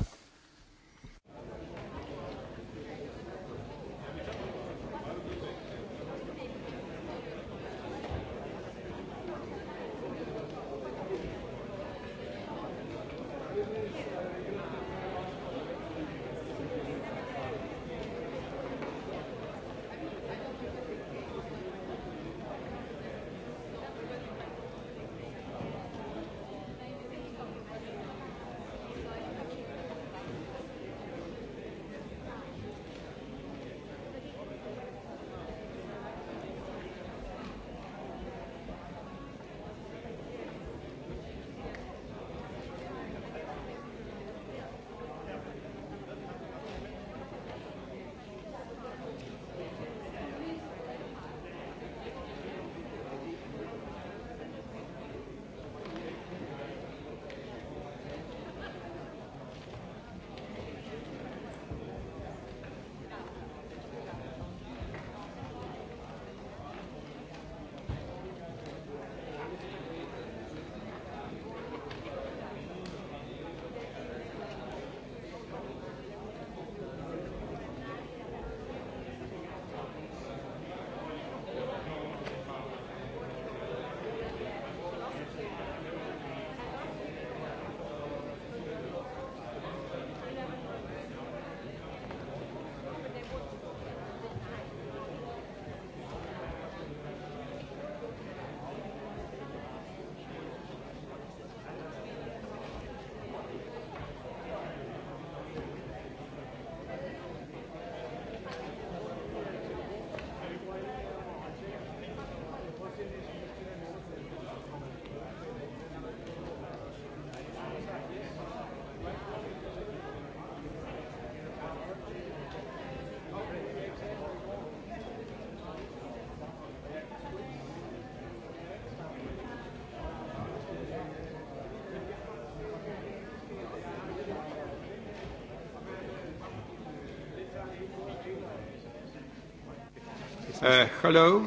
[SPEAKER 1] start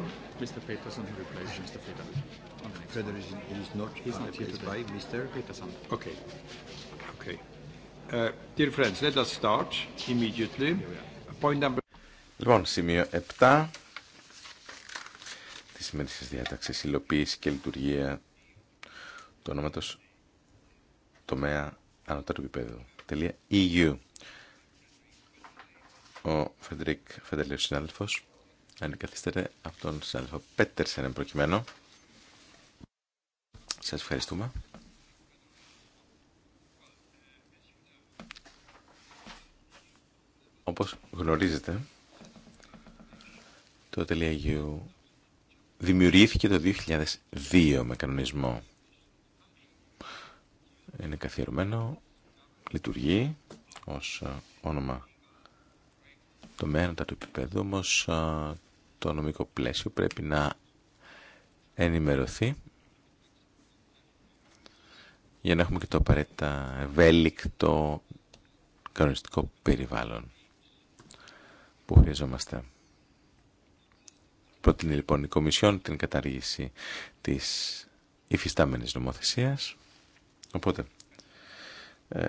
[SPEAKER 1] Λοιπόν, σημείο 7 της σημερινής διάταξη υλοποίηση και λειτουργία του ονόματο τομέα ανωτέρου επίπεδου. EU. Ο Φεντρικ Φεντελίος συνάδελφο, καθίστερε από τον συνάδελφο Πέτερσεν εμπροκειμένο. Σας ευχαριστούμε. Όπως γνωρίζετε, το τελείο δημιουργήθηκε το 2002 με κανονισμό. Είναι καθιερωμένο, λειτουργεί ως όνομα το τα του επίπεδου, όμως το νομικό πλαίσιο πρέπει να ενημερωθεί για να έχουμε και το απαραίτητα ευέλικτο κανονιστικό περιβάλλον που χρειαζόμαστε. Προτείνει λοιπόν η Κομισιόν την καταργήση της υφιστάμενης νομοθεσίας. Οπότε, ε,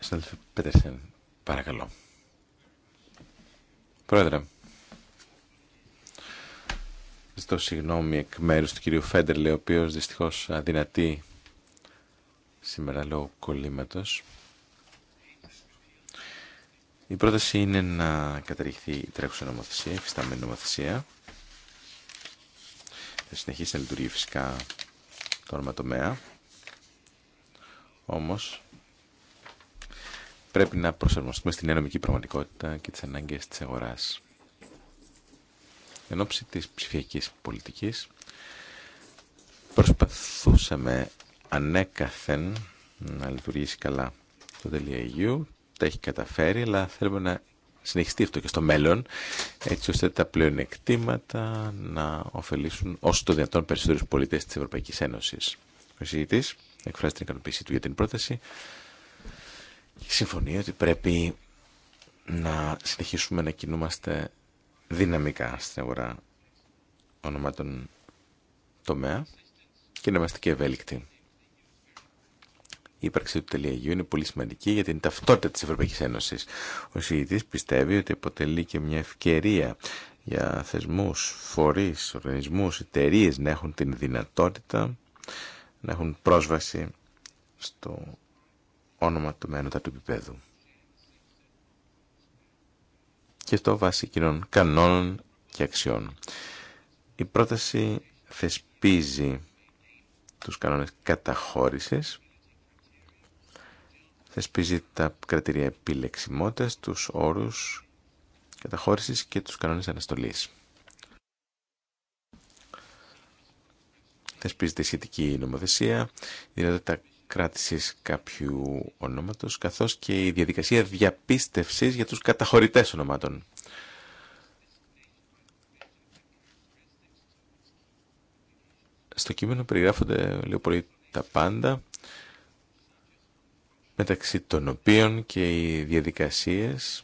[SPEAKER 1] συνάδελφε Πέτερσεν, παρακαλώ. Πρόεδρε, Ζητώ συγγνώμη εκ μέρους του κυρίου Φέντερλε, ο οποίος δυστυχώς αδυνατεί σήμερα λόγω κολλήματος. Η πρόταση είναι να καταργηθεί η τρέχουσα νομοθεσία, η φυσταμένη νομοθεσία. Θα συνεχίσει να λειτουργεί φυσικά το όνομα Όμως, πρέπει να προσαρμοστούμε στην ενομική πραγματικότητα και τις ανάγκες της αγοράς. Εν ώψη της ψηφιακής πολιτικής προσπαθούσαμε ανέκαθεν να λειτουργήσει καλά το .eu. Τα έχει καταφέρει, αλλά θέλουμε να συνεχιστεί αυτό και στο μέλλον, έτσι ώστε τα πλεονεκτήματα να ωφελήσουν όσο το δυνατόν περισσότερους πολίτες της Ευρωπαϊκής Ένωσης. Ο συζητητής εκφράζει την ικανοποίησή του για την πρόταση και συμφωνεί ότι πρέπει να συνεχίσουμε να κινούμαστε δυναμικά στην αγορά ονομάτων τομέα και να είμαστε και ευέλικτοι. Η ύπαρξη του τελείου είναι πολύ σημαντική για την ταυτότητα της Ευρωπαϊκής Ένωσης. Ο συγητής πιστεύει ότι αποτελεί και μια ευκαιρία για θεσμούς, φορείς, οργανισμούς, εταιρείε να έχουν την δυνατότητα να έχουν πρόσβαση στο όνομα του μένοντα του επίπεδου και αυτό βάσει κοινών κανόνων και αξιών. Η πρόταση θεσπίζει τους κανόνες καταχώρησης, θεσπίζει τα κρατηρία επιλεξιμότητας, τους όρους καταχώρησης και τους κανόνες αναστολής. Θεσπίζεται η σχετική νομοθεσία, η δυνατότητα κράτησης κάποιου ονόματος, καθώς και η διαδικασία διαπίστευση για τους καταχωρητέ ονομάτων. Στο κείμενο περιγράφονται λίγο πολύ τα πάντα, μεταξύ των οποίων και οι διαδικασίες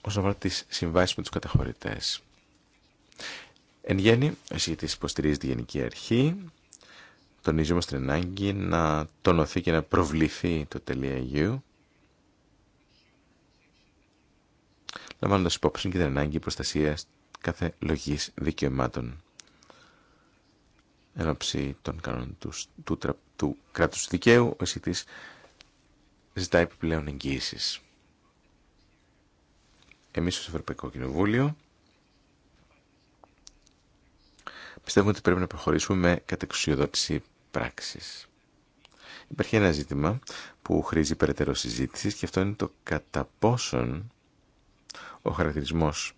[SPEAKER 1] όσον αφορά τις συμβάσεις με τους καταχωρητές. Εν γέννη, ο εισηγητής υποστηρίζει τη Γενική Αρχή. τονίζουμε στην ανάγκη να τονωθεί και να προβληθεί το .eu. Λαμβάνοντας υπόψη και την ανάγκη προστασίας κάθε λογής δικαιωμάτων. Εν ώψη των κανόνων του, του, κράτους δικαίου, ο εισηγητής ζητά επιπλέον εγγύησεις. Εμείς ως Ευρωπαϊκό Κοινοβούλιο Πιστεύουμε ότι πρέπει να προχωρήσουμε με κατεξουσιοδότηση πράξης. Υπάρχει ένα ζήτημα που χρήζει περαιτέρω συζήτηση και αυτό είναι το κατά πόσον ο χαρακτηρισμός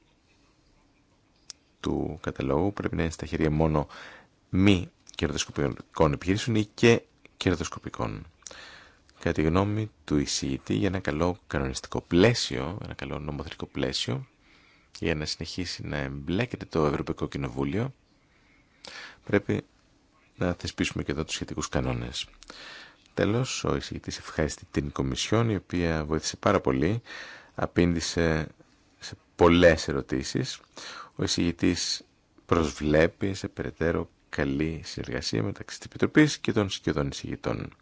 [SPEAKER 1] του καταλόγου πρέπει να είναι στα χέρια μόνο μη κερδοσκοπικών επιχειρήσεων ή και κερδοσκοπικών. Κατά τη γνώμη του εισηγητή για ένα καλό κανονιστικό πλαίσιο, ένα καλό νομοθετικό πλαίσιο για να συνεχίσει να εμπλέκεται το Ευρωπαϊκό Κοινοβούλιο Πρέπει να θεσπίσουμε και εδώ τους σχετικούς κανόνες. Τέλος, ο εισηγητής ευχαριστεί την Κομισιόν, η οποία βοήθησε πάρα πολύ, απήντησε σε πολλές ερωτήσεις. Ο εισηγητής προσβλέπει σε περαιτέρω καλή συνεργασία μεταξύ της Επιτροπής και των σχεδόν εισηγητών.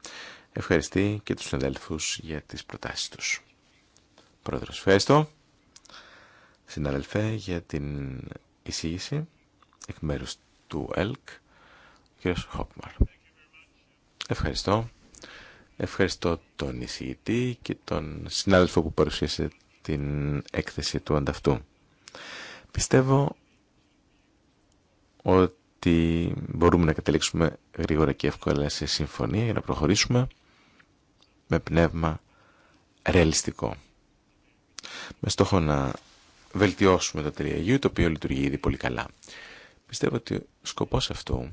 [SPEAKER 1] Ευχαριστεί και τους συναδέλφους για τις προτάσεις τους. Πρόεδρος, ευχαριστώ. Συναδελφέ για την εισήγηση εκ του ΕΛΚ, ο κ. Χόπμαρ. Ευχαριστώ. Ευχαριστώ τον εισηγητή και τον συνάδελφο που παρουσίασε την έκθεση του ανταυτού. Πιστεύω ότι μπορούμε να καταλήξουμε γρήγορα και εύκολα σε συμφωνία για να προχωρήσουμε με πνεύμα ρεαλιστικό. Με στόχο να βελτιώσουμε το 3U, το οποίο λειτουργεί ήδη πολύ καλά. Πιστεύω ότι ο σκοπός αυτού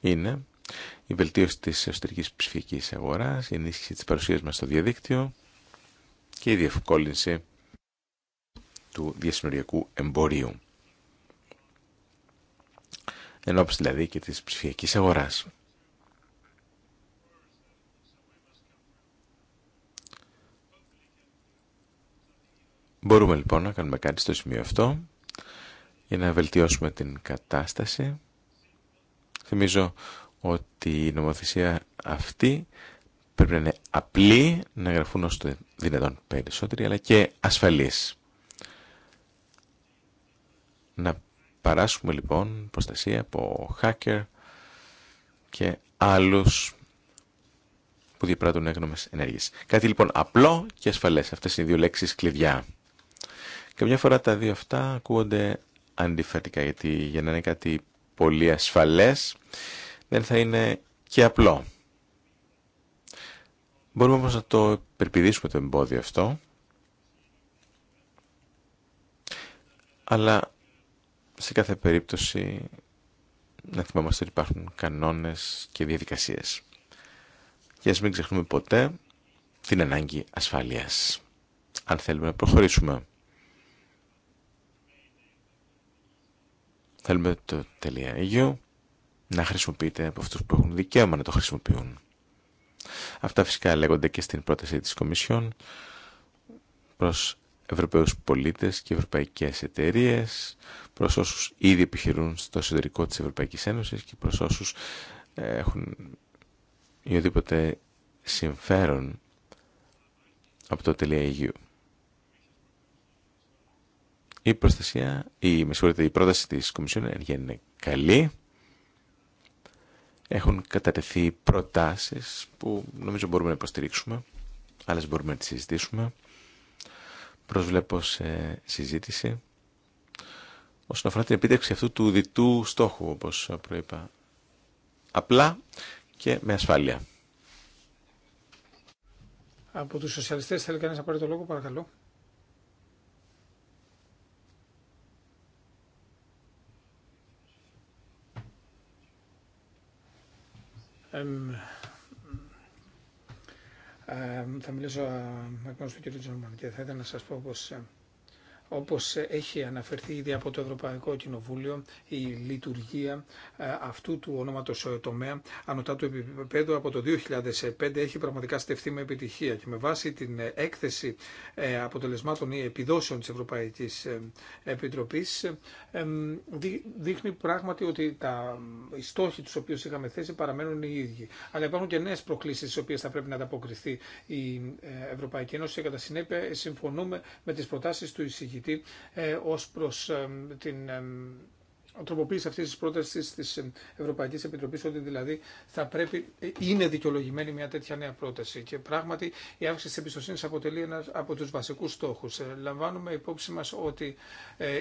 [SPEAKER 1] είναι η βελτίωση της εσωτερικής ψηφιακής αγοράς, η ενίσχυση της παρουσίας μας στο διαδίκτυο και η διευκόλυνση του διασυνοριακού εμπορίου. Ενώπιση δηλαδή και της ψηφιακής αγοράς. Μπορούμε λοιπόν να κάνουμε κάτι στο σημείο αυτό για να βελτιώσουμε την κατάσταση. Θυμίζω ότι η νομοθεσία αυτή πρέπει να είναι απλή, να γραφούν ως δυνατόν περισσότεροι, αλλά και ασφαλής. Να παράσχουμε λοιπόν προστασία από hacker και άλλους που διαπράττουν έγνομες ενέργειες. Κάτι λοιπόν απλό και ασφαλές. Αυτές είναι οι δύο λέξεις κλειδιά. Καμιά φορά τα δύο αυτά ακούγονται αντιφατικά, γιατί για να είναι κάτι πολύ ασφαλές δεν θα είναι και απλό. Μπορούμε όμως να το περπηδήσουμε το εμπόδιο αυτό, αλλά σε κάθε περίπτωση να θυμάμαστε ότι υπάρχουν κανόνες και διαδικασίες. Και ας μην ξεχνούμε ποτέ την ανάγκη ασφαλείας, αν θέλουμε να προχωρήσουμε. Θέλουμε το .eu να χρησιμοποιείται από αυτούς που έχουν δικαίωμα να το χρησιμοποιούν. Αυτά φυσικά λέγονται και στην πρόταση της Κομισιόν προς Ευρωπαίους πολίτες και ευρωπαϊκές εταιρείες, προς όσους ήδη επιχειρούν στο εσωτερικό της Ευρωπαϊκής Ένωσης και προς όσους ε, έχουν οτιδήποτε συμφέρον από το .eu. Η προστασία, η, με συγχωρείτε, η πρόταση της Κομισιόν Ενέργεια είναι καλή. Έχουν κατατεθεί προτάσεις που νομίζω μπορούμε να υποστηρίξουμε, άλλε μπορούμε να τι συζητήσουμε. Προσβλέπω σε συζήτηση όσον αφορά την επίτευξη αυτού του διτού στόχου, όπως προείπα. Απλά και με ασφάλεια.
[SPEAKER 3] Από τους σοσιαλιστές θέλει κανείς να πάρει το λόγο, παρακαλώ. θα μιλήσω εκ μέρους του κ. Τζορμαν και θα ήθελα να σα πω πως όπως έχει αναφερθεί ήδη από το Ευρωπαϊκό Κοινοβούλιο, η λειτουργία ε, αυτού του ονόματος ε, τομέα ανωτά του επίπεδου από το 2005 έχει πραγματικά στεφθεί με επιτυχία και με βάση την ε, έκθεση αποτελεσμάτων ή επιδόσεων της Ευρωπαϊκής Επιτροπής δείχνει πράγματι ότι τα, οι στόχοι τους οποίους είχαμε θέσει παραμένουν οι ίδιοι. Αλλά υπάρχουν και νέες προκλήσεις στις οποίες θα πρέπει να ανταποκριθεί η Ευρωπαϊκή Ένωση και κατά συνέπεια συμφωνούμε με τις προτάσεις του εισηγητή ε, ως προς ε, την τροποποίηση αυτή τη πρόταση τη ε, Ευρωπαϊκή Επιτροπή, ότι δηλαδή θα πρέπει, ε, είναι δικαιολογημένη μια τέτοια νέα πρόταση. Και πράγματι η αύξηση τη εμπιστοσύνη αποτελεί ένα από του βασικού στόχου. Ε, λαμβάνουμε υπόψη μα ότι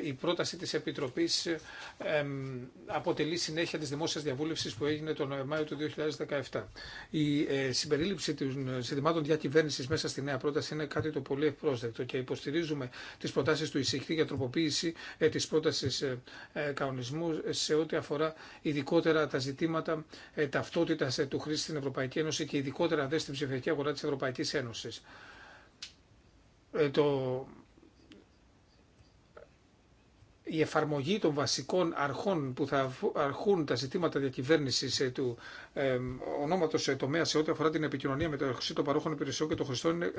[SPEAKER 3] η πρόταση τη Επιτροπή αποτελεί συνέχεια τη δημόσια διαβούλευση που έγινε τον Μάιο του 2017. Η συμπερίληψη των συνδυμάτων διακυβέρνηση μέσα στη νέα πρόταση είναι κάτι το πολύ ευπρόσδεκτο και υποστηρίζουμε τι προτάσει του εισηγητή για τροποποίηση τη πρόταση κανονισμού σε ό,τι αφορά ειδικότερα τα ζητήματα ε, ταυτότητα ε, του χρήστη στην Ευρωπαϊκή Ένωση και ειδικότερα δε στην ψηφιακή αγορά τη Ευρωπαϊκή Ένωση. Ε, το... Η εφαρμογή των βασικών αρχών που θα αρχούν τα ζητήματα διακυβέρνηση του ε, ονόματο τομέα σε ό,τι αφορά την επικοινωνία μεταξύ των παρόχων υπηρεσιών και των χρηστών είναι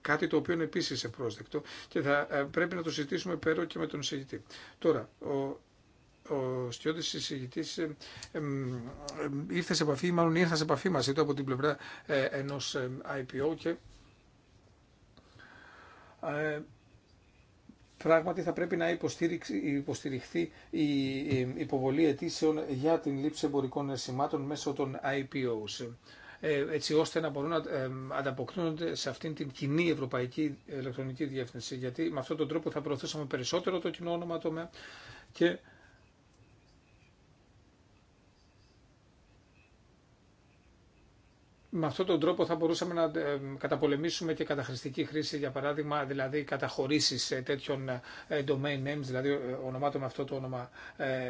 [SPEAKER 3] κάτι το οποίο είναι επίση ευπρόσδεκτο και θα πρέπει να το συζητήσουμε πέρα και με τον εισηγητή. Τώρα, ο ο στιώτης ε, ήρθε σε επαφή, μάλλον ήρθε σε επαφή μαζί του από την πλευρά ε, ενός IPO ε, και ε, πράγματι θα πρέπει να υποστηριχθεί η υποβολή αιτήσεων για την λήψη εμπορικών σημάτων μέσω των IPOs έτσι ώστε να μπορούν να ανταποκρίνονται σε αυτήν την κοινή ευρωπαϊκή ηλεκτρονική διεύθυνση. Γιατί με αυτόν τον τρόπο θα προωθήσουμε περισσότερο το κοινό όνομα τομέα και με αυτόν τον τρόπο θα μπορούσαμε να ε, καταπολεμήσουμε και καταχρηστική χρήση, για παράδειγμα, δηλαδή καταχωρήσει τέτοιων ε, domain names, δηλαδή ε, ονομάτων με αυτό το όνομα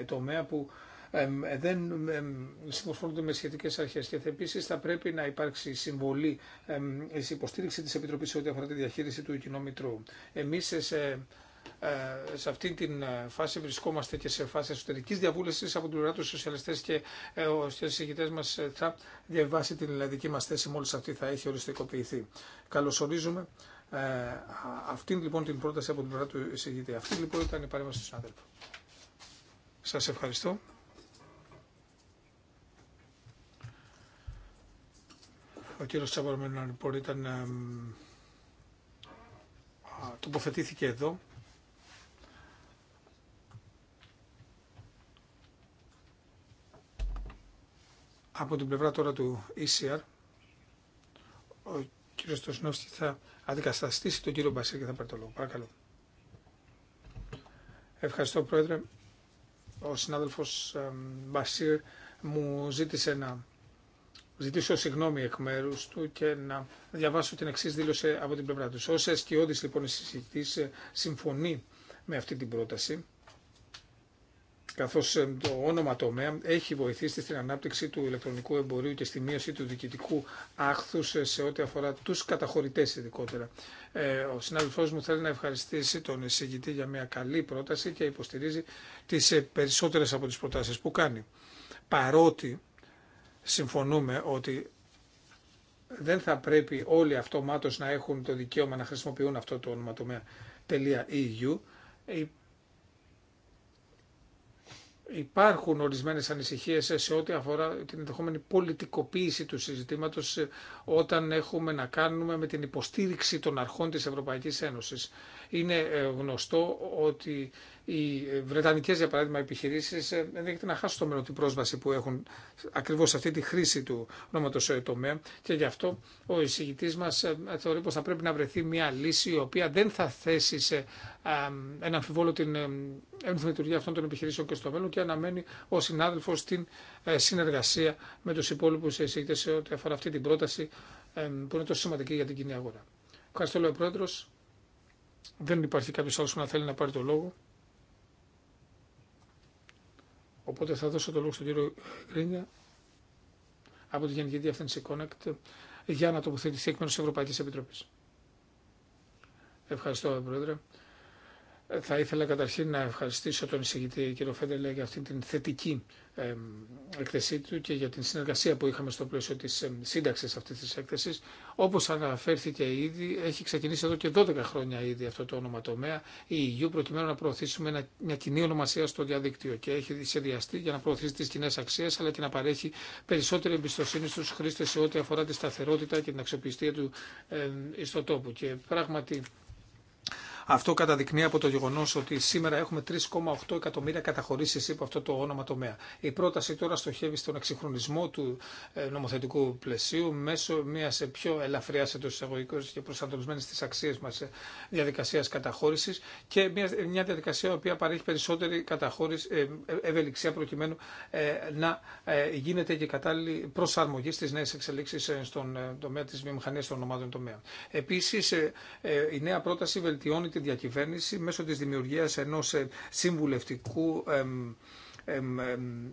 [SPEAKER 3] τομέα που δεν συμμορφώνονται με σχετικέ αρχέ. και επίση θα πρέπει να υπάρξει συμβολή υποστήριξη της Επιτροπής σε ό,τι αφορά τη διαχείριση του κοινόμητρου. Ε, σε αυτή την ε, φάση βρισκόμαστε και σε φάση εσωτερική διαβούλευση από την πλευρά του σοσιαλιστέ και ε, ο συζητητέ μα θα διαβάσει την δηλαδή, δική μα θέση μόλι αυτή θα έχει οριστικοποιηθεί. Καλωσορίζουμε ε, λοιπόν την πρόταση από την πλευρά του εισηγητή. Αυτή λοιπόν ήταν η παρέμβαση του συνάδελφου. Σα ευχαριστώ. Ο κύριο Τσαβαρμένα λοιπόν ήταν, ε, τοποθετήθηκε εδώ Από την πλευρά τώρα του ECR, ο κύριο Στοσνόφσκι θα αντικαταστήσει τον κύριο Μπασίρ και θα πάρει το λόγο. Παρακαλώ. Ευχαριστώ, Πρόεδρε. Ο συνάδελφο Μπασίρ μου ζήτησε να ζητήσω συγγνώμη εκ μέρου του και να διαβάσω την εξή δήλωση από την πλευρά του. και αισκιώδη λοιπόν συζητητή συμφωνεί με αυτή την πρόταση καθώς ε, το όνομα τομέα έχει βοηθήσει στην ανάπτυξη του ηλεκτρονικού εμπορίου και στη μείωση του διοικητικού άχθους ε, σε ό,τι αφορά τους καταχωρητέ ειδικότερα. Ε, ο συνάδελφός μου θέλει να ευχαριστήσει τον εισηγητή για μια καλή πρόταση και υποστηρίζει τι περισσότερες από τις προτάσεις που κάνει. Παρότι συμφωνούμε ότι δεν θα πρέπει όλοι αυτομάτως να έχουν το δικαίωμα να χρησιμοποιούν αυτό το όνομα τομέα.eu υπάρχουν ορισμένες ανησυχίες σε ό,τι αφορά την ενδεχόμενη πολιτικοποίηση του συζητήματος ε, όταν έχουμε να κάνουμε με την υποστήριξη των αρχών της Ευρωπαϊκής Ένωσης. Είναι ε, γνωστό ότι οι βρετανικέ, για παράδειγμα επιχειρήσεις ε, ενδέχεται να χάσουν το μέλλον την πρόσβαση που έχουν ακριβώ σε αυτή τη χρήση του νόματος ε, τομέα και γι' αυτό ο εισηγητή μα ε, θεωρεί πω θα πρέπει να βρεθεί μια λύση η οποία δεν θα θέσει σε ένα αμφιβόλο την ένθυμη λειτουργία αυτών των επιχειρήσεων και στο μέλλον και αναμένει ο συνάδελφο την συνεργασία με του υπόλοιπου εισηγητέ σε ό,τι αφορά αυτή την πρόταση που είναι τόσο σημαντική για την κοινή αγορά. Ευχαριστώ, Λέω Δεν υπάρχει κάποιο άλλο που να θέλει να πάρει το λόγο. Οπότε θα δώσω το λόγο στον κύριο Γκρίνια από τη Γενική Διευθύνση Connect για να τοποθετηθεί εκ μέρου τη Ευρωπαϊκή Επιτροπή. Ευχαριστώ, Πρόεδρε. Θα ήθελα καταρχήν να ευχαριστήσω τον εισηγητή κύριο Φέντελε για αυτή την θετική εκθεσή του και για την συνεργασία που είχαμε στο πλαίσιο της σύνταξης αυτής της έκθεσης. Όπως αναφέρθηκε ήδη, έχει ξεκινήσει εδώ και 12 χρόνια ήδη αυτό το όνομα τομέα, η EU, προκειμένου να προωθήσουμε μια κοινή ονομασία στο διαδίκτυο και έχει σχεδιαστεί για να προωθήσει τις κοινέ αξίες, αλλά και να παρέχει περισσότερη εμπιστοσύνη στους χρήστες σε ό,τι αφορά τη σταθερότητα και την αξιοπιστία του ιστοτόπου. Και πράγματι, αυτό καταδεικνύει από το γεγονό ότι σήμερα έχουμε 3,8 εκατομμύρια καταχωρήσει υπό αυτό το όνομα τομέα. Η πρόταση τώρα στοχεύει στον εξυγχρονισμό του ε, νομοθετικού πλαισίου μέσω μια ε, πιο ελαφριά εντό εισαγωγικών και προσανατολισμένη στι αξίε μα ε, διαδικασία καταχώρηση και μια, διαδικασία η οποία παρέχει περισσότερη καταχώρηση, ευελιξία προκειμένου να γίνεται και κατάλληλη προσαρμογή στι νέε εξελίξει στον τομέα τη βιομηχανία των ομάδων τομέα. Επίση, η νέα πρόταση βελτιώνει διακυβέρνηση μέσω της δημιουργίας ενός ε, συμβουλευτικού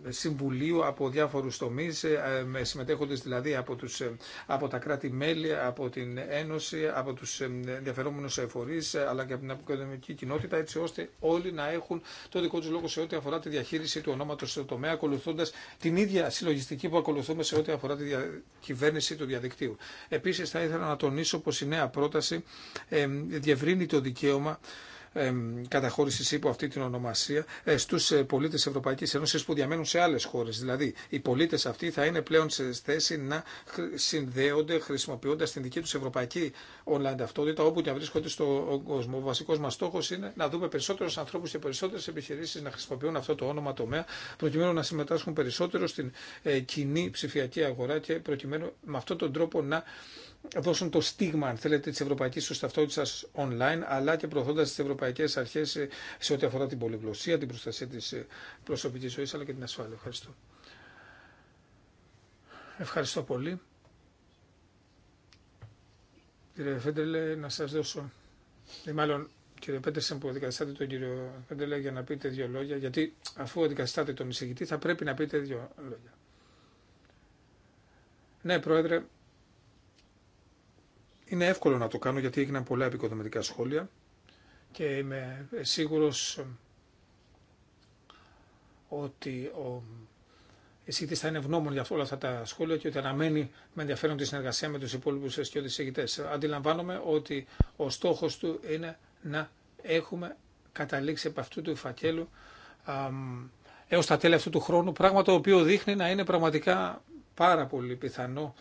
[SPEAKER 3] συμβουλίου από διάφορους τομείς, ε, συμμετέχοντες δηλαδή από, τους, ε, από τα κράτη-μέλη, από την Ένωση, από τους ενδιαφερόμενους εφορείς, ε, αλλά και από την οικονομική κοινότητα, έτσι ώστε όλοι να έχουν το δικό τους λόγο σε ό,τι αφορά τη διαχείριση του ονόματος στο τομέα, ακολουθώντας την ίδια συλλογιστική που ακολουθούμε σε ό,τι αφορά τη κυβέρνηση του διαδικτύου. Επίσης, θα ήθελα να τονίσω πως η νέα πρόταση διευρύνει το δικαίωμα καταχώρηση υπό αυτή την ονομασία ε, στους ε, πολίτε Ευρωπαϊκή Ένωση που διαμένουν σε άλλε χώρε. Δηλαδή, οι πολίτε αυτοί θα είναι πλέον σε θέση να συνδέονται χρησιμοποιώντα την δική του ευρωπαϊκή online ταυτότητα όπου και βρίσκονται στον κόσμο. Ο βασικό μα στόχο είναι να δούμε περισσότερου ανθρώπου και περισσότερε επιχειρήσει να χρησιμοποιούν αυτό το όνομα τομέα προκειμένου να συμμετάσχουν περισσότερο στην ε, κοινή ψηφιακή αγορά και προκειμένου με αυτόν τον τρόπο να δώσουν το στίγμα, αν θέλετε, τη ευρωπαϊκή του ταυτότητα online, αλλά και προωθώντα τι ευρωπαϊκέ αρχέ σε ό,τι αφορά την πολυγλωσία, την προστασία τη προσωπική ζωή, αλλά και την ασφάλεια. Ευχαριστώ. Ευχαριστώ πολύ. Κύριε Φέντελε, να σας δώσω, ή ε, μάλλον κύριε Πέτερσεν που αντικαταστάτε τον κύριο Φέντελε για να πείτε δύο λόγια, γιατί αφού αντικαταστάτε τον εισηγητή θα πρέπει να πείτε δύο λόγια. Ναι, Πρόεδρε, είναι εύκολο να το κάνω γιατί έγιναν πολλά επικοδομητικά σχόλια και είμαι σίγουρος ότι ο εισηγητή θα είναι ευγνώμων για όλα αυτά τα σχόλια και ότι αναμένει με ενδιαφέρον τη συνεργασία με του υπόλοιπου αισιώδει εισηγητέ. Αντιλαμβάνομαι ότι ο στόχο του είναι να έχουμε καταλήξει από αυτού του φακέλου έω τα τέλη αυτού του χρόνου, πράγμα το οποίο δείχνει να είναι πραγματικά πάρα πολύ πιθανό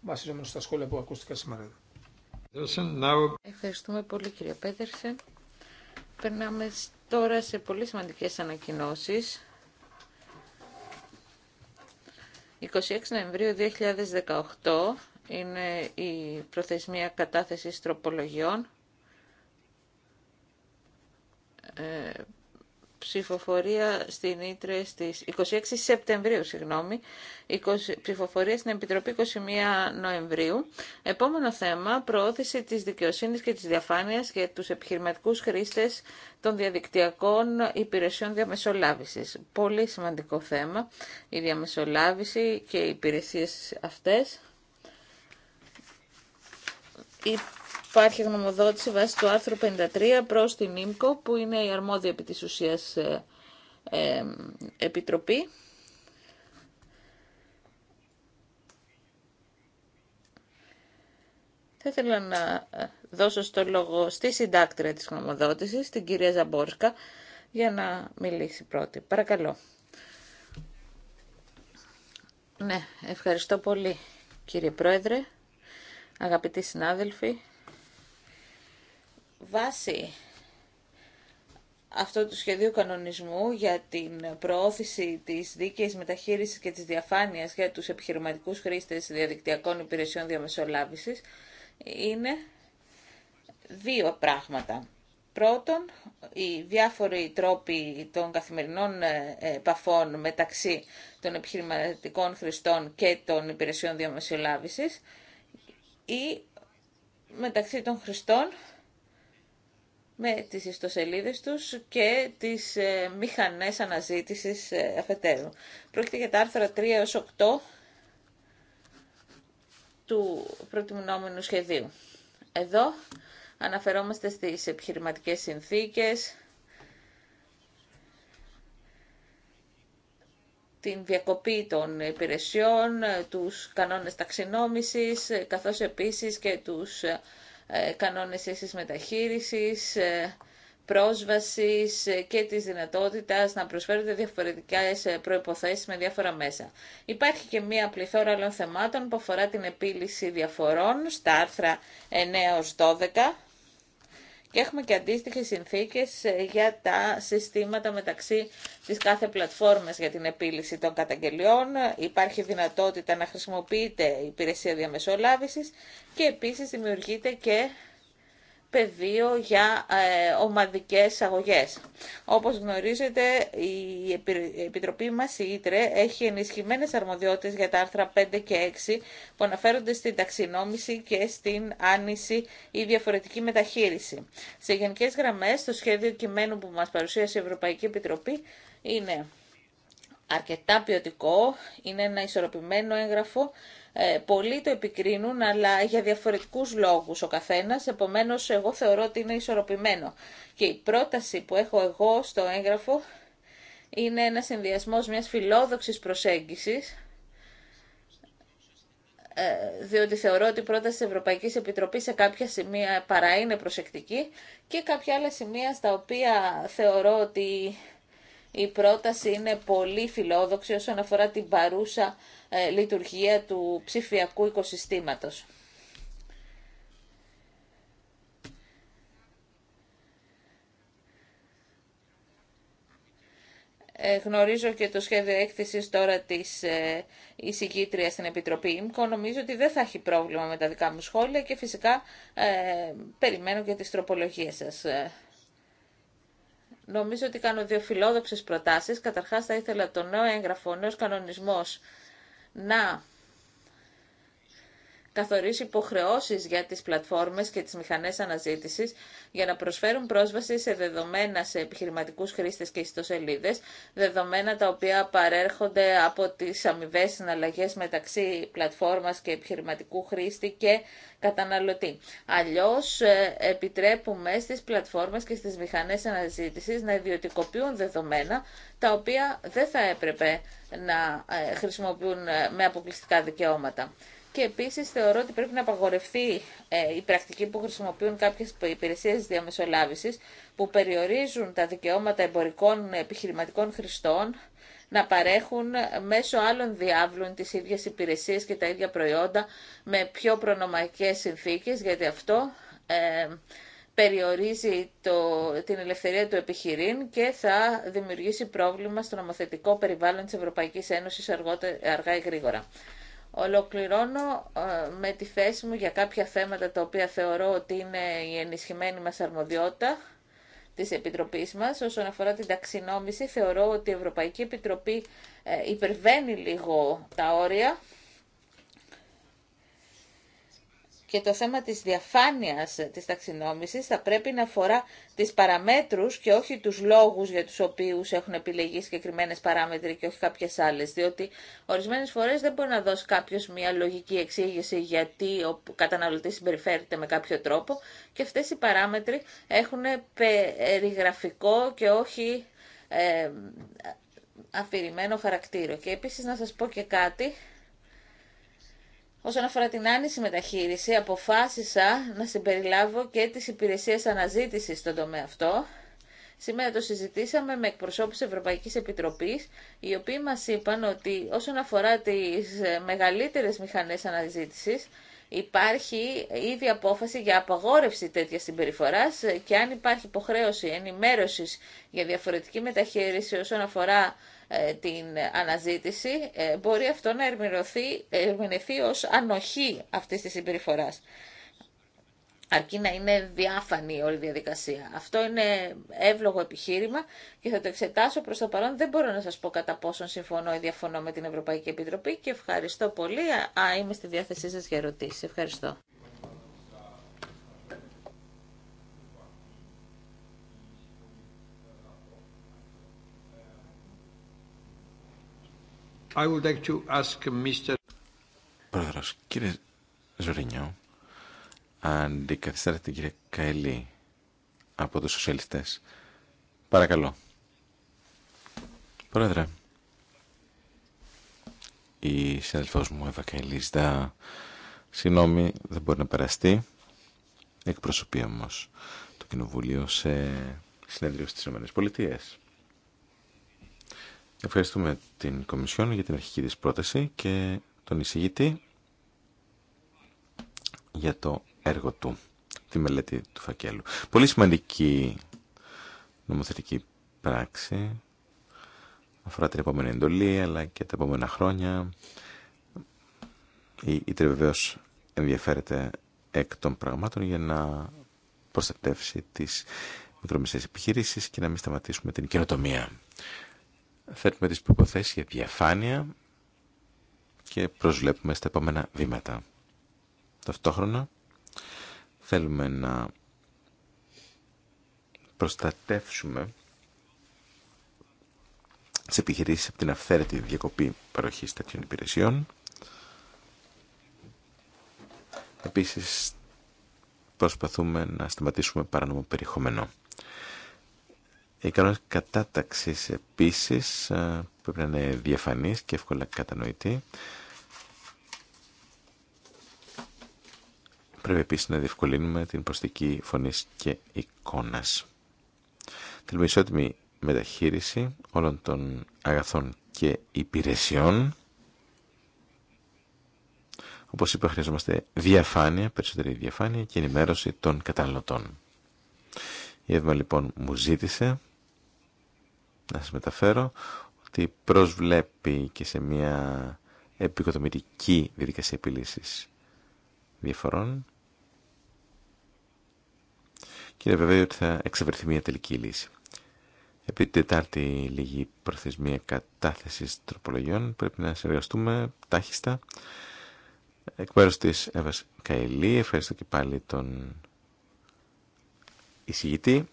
[SPEAKER 3] βασιζόμενο στα σχόλια που ακούστηκα σήμερα
[SPEAKER 2] Ευχαριστούμε πολύ κύριε Πέτερσεν. Περνάμε τώρα σε πολύ σημαντικές ανακοινώσεις. 26 Νοεμβρίου 2018 είναι η προθεσμία κατάθεσης τροπολογιών ε, ψηφοφορία στην Ήτρε στις 26 Σεπτεμβρίου, συγγνώμη, ψηφοφορία στην Επιτροπή 21 Νοεμβρίου. Επόμενο θέμα, προώθηση της δικαιοσύνης και της διαφάνειας για τους επιχειρηματικούς χρήστες των διαδικτυακών υπηρεσιών διαμεσολάβησης. Πολύ σημαντικό θέμα, η διαμεσολάβηση και οι υπηρεσίες αυτές. Υπάρχει γνωμοδότηση βάσει του άρθρου 53 προς την ΙΜΚΟ που είναι η αρμόδια επί της ουσίας ε, ε, επιτροπή. Θα ήθελα να ε, δώσω στο λόγο στη συντάκτρια της γνωμοδότησης, την κυρία Ζαμπόρσκα, για να μιλήσει πρώτη. Παρακαλώ. Ναι, ευχαριστώ πολύ κύριε Πρόεδρε, αγαπητοί συνάδελφοι. Βάσει αυτό του σχεδίου κανονισμού για την προώθηση της δίκαιης μεταχείρισης και της διαφάνειας για τους επιχειρηματικούς χρήστες διαδικτυακών υπηρεσιών διαμεσολάβησης είναι δύο πράγματα. Πρώτον, οι διάφοροι τρόποι των καθημερινών ε, επαφών μεταξύ των επιχειρηματικών χρηστών και των υπηρεσιών διαμεσολάβησης ή μεταξύ των χρηστών με τις ιστοσελίδες τους και τις ε, μηχανές αναζήτησης ε, αφετέρου. Πρόκειται για τα άρθρα 3 έως 8 του προτιμνόμενου σχεδίου. Εδώ αναφερόμαστε στις επιχειρηματικές συνθήκες, την διακοπή των υπηρεσιών, τους κανόνες ταξινόμησης, καθώς επίσης και τους ε, ε, κανόνες ίσης μεταχείρισης, ε, πρόσβασης ε, και της δυνατότητας να προσφέρονται διαφορετικές προϋποθέσεις με διάφορα μέσα. Υπάρχει και μία πληθώρα άλλων θεμάτων που αφορά την επίλυση διαφορών στα άρθρα 9 ως 12 και έχουμε και αντίστοιχε συνθήκες ε, για τα συστήματα μεταξύ της κάθε πλατφόρμες για την επίλυση των καταγγελιών. Υπάρχει δυνατότητα να χρησιμοποιείται η υπηρεσία διαμεσολάβησης και επίσης δημιουργείται και πεδίο για ε, ομαδικές αγωγές. Όπως γνωρίζετε, η Επιτροπή μας, η Ήτρε, έχει ενισχυμένες αρμοδιότητες για τα άρθρα 5 και 6 που αναφέρονται στην ταξινόμηση και στην άνηση ή διαφορετική μεταχείριση. Σε γενικές γραμμές, το σχέδιο κειμένου που μας παρουσίασε η Ευρωπαϊκή Επιτροπή είναι αρκετά ποιοτικό, είναι ένα ισορροπημένο έγγραφο ε, πολλοί το επικρίνουν, αλλά για διαφορετικούς λόγους ο καθένας, επομένως εγώ θεωρώ ότι είναι ισορροπημένο. Και η πρόταση που έχω εγώ στο έγγραφο είναι ένα συνδυασμό μιας φιλόδοξης προσέγγισης, ε, διότι θεωρώ ότι η πρόταση της Ευρωπαϊκής Επιτροπής σε κάποια σημεία παρά είναι προσεκτική και κάποια άλλα σημεία στα οποία θεωρώ ότι η πρόταση είναι πολύ φιλόδοξη όσον αφορά την παρούσα ε, λειτουργία του ψηφιακού οικοσυστήματος. Ε, γνωρίζω και το σχέδιο έκθεσης τώρα της ε, στην Επιτροπή ΙΜΚΟ. Νομίζω ότι δεν θα έχει πρόβλημα με τα δικά μου σχόλια και φυσικά ε, περιμένω και τις τροπολογίες σας. Νομίζω ότι κάνω δύο φιλόδοξες προτάσεις. Καταρχάς θα ήθελα το νέο έγγραφο, ο νέος κανονισμός να καθορίζει υποχρεώσει για τι πλατφόρμε και τι μηχανέ αναζήτηση για να προσφέρουν πρόσβαση σε δεδομένα σε επιχειρηματικού χρήστε και ιστοσελίδε, δεδομένα τα οποία παρέρχονται από τι αμοιβέ συναλλαγέ μεταξύ πλατφόρμα και επιχειρηματικού χρήστη και καταναλωτή. Αλλιώ ε, επιτρέπουμε στι πλατφόρμε και στι μηχανέ αναζήτηση να ιδιωτικοποιούν δεδομένα τα οποία δεν θα έπρεπε να ε, χρησιμοποιούν ε, με αποκλειστικά δικαιώματα. Και επίση θεωρώ ότι πρέπει να απαγορευτεί ε, η πρακτική που χρησιμοποιούν κάποιε υπηρεσίε διαμεσολάβηση που περιορίζουν τα δικαιώματα εμπορικών επιχειρηματικών χρηστών να παρέχουν ε, μέσω άλλων διάβλων τις ίδιες υπηρεσίες και τα ίδια προϊόντα με πιο προνομαϊκές συνθήκες, γιατί αυτό ε, περιορίζει το, την ελευθερία του επιχειρήν και θα δημιουργήσει πρόβλημα στο νομοθετικό περιβάλλον της Ευρωπαϊκής Ένωσης αργά ή γρήγορα. Ολοκληρώνω ε, με τη θέση μου για κάποια θέματα τα οποία θεωρώ ότι είναι η ενισχυμένη μας αρμοδιότητα της Επιτροπής μας. Όσον αφορά την ταξινόμηση, θεωρώ ότι η Ευρωπαϊκή Επιτροπή ε, υπερβαίνει λίγο τα όρια και το θέμα της διαφάνειας ε, της ταξινόμησης θα πρέπει να αφορά τις παραμέτρους και όχι τους λόγους για τους οποίους έχουν επιλεγεί συγκεκριμένες παράμετροι και όχι κάποιες άλλες, διότι ορισμένες φορές δεν μπορεί να δώσει κάποιο μια λογική εξήγηση γιατί ο καταναλωτής συμπεριφέρεται με κάποιο τρόπο και αυτές οι παράμετροι έχουν περιγραφικό και όχι ε, αφηρημένο χαρακτήρο. Και επίσης να σας πω και κάτι Όσον αφορά την άνηση μεταχείριση, αποφάσισα να συμπεριλάβω και τις υπηρεσίες αναζήτησης στον τομέα αυτό. Σήμερα το συζητήσαμε με εκπροσώπους Ευρωπαϊκής Επιτροπής, οι οποίοι μας είπαν ότι όσον αφορά τις ε, μεγαλύτερες μηχανές αναζήτησης, υπάρχει ήδη απόφαση για απαγόρευση τέτοια συμπεριφορά ε, και αν υπάρχει υποχρέωση ενημέρωση για διαφορετική μεταχείριση όσον αφορά ε, την αναζήτηση, ε, μπορεί αυτό να ε, ερμηνευθεί ως ανοχή αυτής της συμπεριφοράς αρκεί να είναι διάφανη όλη η διαδικασία. Αυτό είναι εύλογο επιχείρημα και θα το εξετάσω προς το παρόν. Δεν μπορώ να σας πω κατά πόσον συμφωνώ ή διαφωνώ με την Ευρωπαϊκή Επιτροπή και ευχαριστώ πολύ. Α, είμαι στη διάθεσή σας για ερωτήσεις. Ευχαριστώ.
[SPEAKER 1] Πρόεδρος, κύριε Ζωρινιό, αντικαθιστάτε την κυρία Καηλή από τους σοσιαλιστές. Παρακαλώ. Πρόεδρε, η συναδελφός μου Εύα Καηλή ζητά συγγνώμη, δεν μπορεί να περαστεί. Εκπροσωπεί όμως το Κοινοβούλιο σε συνέδριο στις ΗΠΑ. Ευχαριστούμε την Κομισιόν για την αρχική της πρόταση και τον εισηγητή για το έργο του, τη μελέτη του φακέλου. Πολύ σημαντική νομοθετική πράξη αφορά την επόμενη εντολή αλλά και τα επόμενα χρόνια. Η ΙΤΡΕ ενδιαφέρεται εκ των πραγμάτων για να προστατεύσει τις μικρομεσαίες επιχειρήσεις και να μην σταματήσουμε την καινοτομία θέτουμε τις προποθέσεις για διαφάνεια και προσβλέπουμε στα επόμενα βήματα. Ταυτόχρονα θέλουμε να προστατεύσουμε τις επιχειρήσεις από την αυθαίρετη διακοπή παροχής τέτοιων υπηρεσιών. Επίσης, προσπαθούμε να σταματήσουμε παράνομο περιεχόμενο. Οι κανόνες κατάταξης επίσης ε, πρέπει να είναι διαφανή και εύκολα κατανοητή. Πρέπει επίση να διευκολύνουμε την προστική φωνής και εικόνας. Θέλουμε ισότιμη μεταχείριση όλων των αγαθών και υπηρεσιών. Όπως είπα, χρειαζόμαστε διαφάνεια, περισσότερη διαφάνεια και ενημέρωση των καταναλωτών. Η Εύμα λοιπόν μου ζήτησε να σας μεταφέρω ότι προσβλέπει και σε μια επικοδομητική διαδικασία επίλυσης διαφορών και είναι βέβαιο ότι θα εξευρεθεί μια τελική λύση. Επί Τετάρτη λίγη προθεσμία κατάθεσης τροπολογιών πρέπει να συνεργαστούμε τάχιστα. Εκ μέρους της Εύας Καηλή, ευχαριστώ και πάλι τον εισηγητή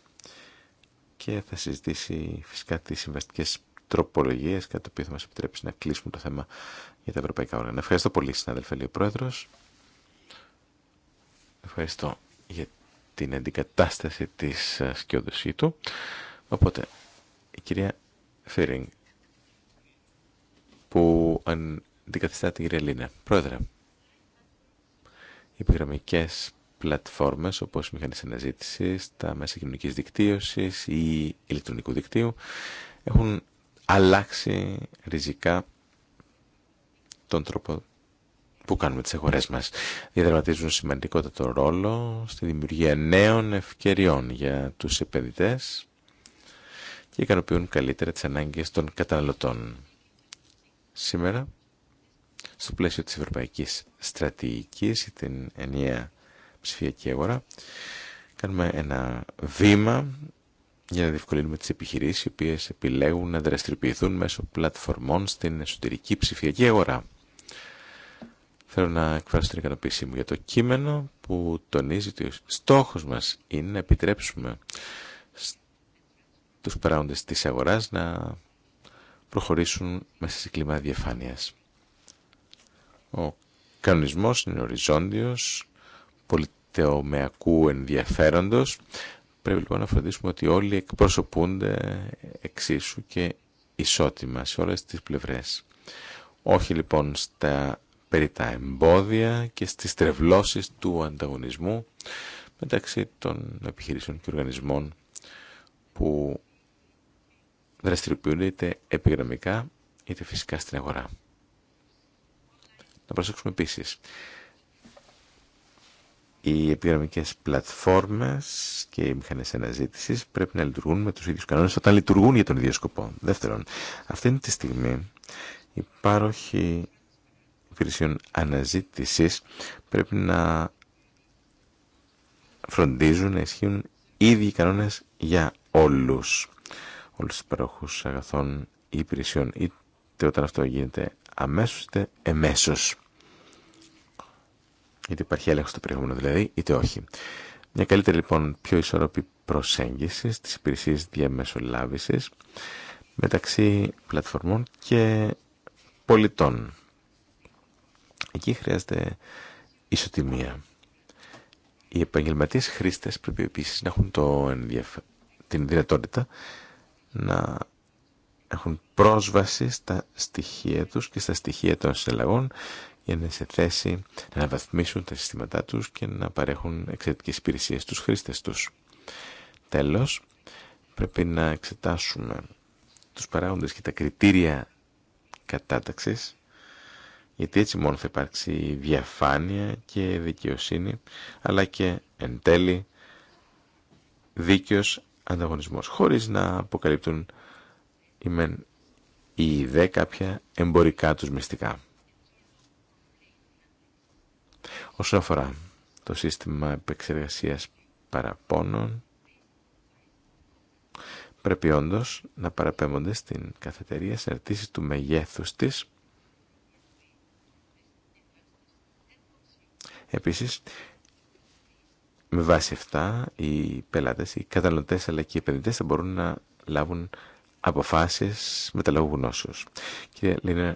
[SPEAKER 1] και θα συζητήσει φυσικά τις συμβαστικέ τροπολογίες, κατά το οποίο θα μας επιτρέψει να κλείσουμε το θέμα για τα ευρωπαϊκά όργανα. Ευχαριστώ πολύ, συνάδελφε, λέει ο Πρόεδρος. Ευχαριστώ για την αντικατάσταση της ε, σκιώδωσή του. Οπότε, η κυρία Φίρινγκ, που αντικαθιστά την κυρία Λίνα. Πρόεδρε, οι επιγραμμικές πλατφόρμες όπως οι μηχανές αναζήτησης, τα μέσα κοινωνικής δικτύωσης ή ηλεκτρονικού δικτύου έχουν αλλάξει ριζικά τον τρόπο που κάνουμε τις αγορές μας. Διαδραματίζουν σημαντικότατο ρόλο στη δημιουργία νέων ευκαιριών για τους επενδυτές και ικανοποιούν καλύτερα τις ανάγκες των καταναλωτών. Σήμερα, στο πλαίσιο της Ευρωπαϊκής Στρατηγικής την ενιαία ψηφιακή αγορά. Κάνουμε ένα βήμα για να διευκολύνουμε τις επιχειρήσεις οι οποίες επιλέγουν να δραστηριοποιηθούν μέσω πλατφορμών στην εσωτερική ψηφιακή αγορά. Θέλω να εκφράσω την ικανοποίησή μου για το κείμενο που τονίζει ότι ο στόχος μας είναι να επιτρέψουμε τους παράγοντες της αγοράς να προχωρήσουν μέσα σε κλίμα διαφάνειας. Ο κανονισμός είναι οριζόντιος πολιτεομεακού ενδιαφέροντος. Πρέπει λοιπόν να φροντίσουμε ότι όλοι εκπροσωπούνται εξίσου και ισότιμα σε όλες τις πλευρές. Όχι λοιπόν στα περί τα εμπόδια και στις τρευλώσεις του ανταγωνισμού μεταξύ των επιχειρήσεων και οργανισμών που δραστηριοποιούνται είτε επιγραμμικά είτε φυσικά στην αγορά. Να προσέξουμε επίσης οι επιγραμμικές πλατφόρμες και οι μηχανές αναζήτησης πρέπει να λειτουργούν με τους ίδιους κανόνες όταν λειτουργούν για τον ίδιο σκοπό. Δεύτερον, αυτή είναι τη στιγμή οι πάροχοι υπηρεσιών αναζήτησης πρέπει να φροντίζουν να ισχύουν ίδιοι κανόνες για όλους. Όλους τους παρόχους αγαθών ή υπηρεσιών, είτε όταν αυτό γίνεται αμέσως είτε εμέσως είτε υπάρχει έλεγχο στο περιεχόμενο δηλαδή, είτε όχι. Μια καλύτερη λοιπόν πιο ισορροπή προσέγγιση στις υπηρεσίες διαμεσολάβηση μεταξύ πλατφορμών και πολιτών. Εκεί χρειάζεται ισοτιμία. Οι επαγγελματίες χρήστες πρέπει επίσης να έχουν το την δυνατότητα να έχουν πρόσβαση στα στοιχεία τους και στα στοιχεία των συλλαγών για να είναι σε θέση να αναβαθμίσουν τα συστήματά τους και να παρέχουν εξαιρετικές υπηρεσίε στους χρήστες τους. Τέλος, πρέπει να εξετάσουμε τους παράγοντες και τα κριτήρια κατάταξης, γιατί έτσι μόνο θα υπάρξει διαφάνεια και δικαιοσύνη, αλλά και εν τέλει δίκαιος ανταγωνισμός, χωρίς να αποκαλύπτουν οι ή οι δε κάποια εμπορικά τους μυστικά. Όσον αφορά το σύστημα επεξεργασίας παραπώνων, πρέπει όντω να παραπέμπονται στην καθετερία σε του μεγέθους της. Επίσης, με βάση αυτά, οι πελάτες, οι καταναλωτές αλλά και οι επενδυτές θα μπορούν να λάβουν αποφάσεις με τα λόγου γνώσεως. Κύριε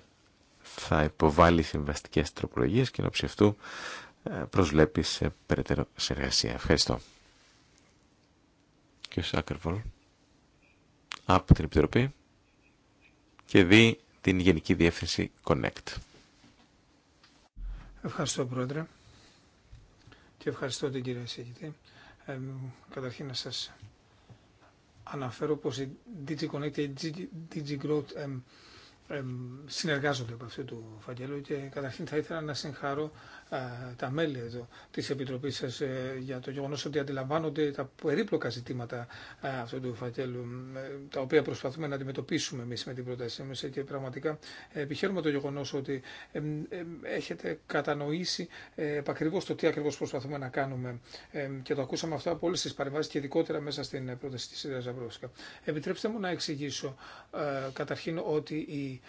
[SPEAKER 1] θα υποβάλει συμβαστικές τροπολογίες και να αυτού ε, προσβλέπει σε περαιτέρω συνεργασία. Ευχαριστώ. Και ο Σάκερβολ από την Επιτροπή και δει την Γενική Διεύθυνση Connect.
[SPEAKER 3] Ευχαριστώ Πρόεδρε και ευχαριστώ την κυρία Σιγητή. Ε, καταρχήν να σας αναφέρω πως η DigiConnect και η DigiGrowth ε, ε, συνεργάζονται από αυτού του φαγγέλου και καταρχήν θα ήθελα να συγχαρώ τα μέλη εδώ της Επιτροπής σας ε, για το γεγονός ότι αντιλαμβάνονται τα περίπλοκα ζητήματα ε, αυτού του φακέλου ε, τα οποία προσπαθούμε να αντιμετωπίσουμε εμείς με την πρότασή μας και πραγματικά επιχαίρουμε το γεγονός ότι έχετε κατανοήσει επακριβώς το τι ακριβώς προσπαθούμε να κάνουμε και το ακούσαμε αυτό από όλες τις παρεμβάσεις και ειδικότερα μέσα στην πρόταση της Ιρία Ζαμπρόσκα. Επιτρέψτε μου να εξηγήσω καταρχήν ότι η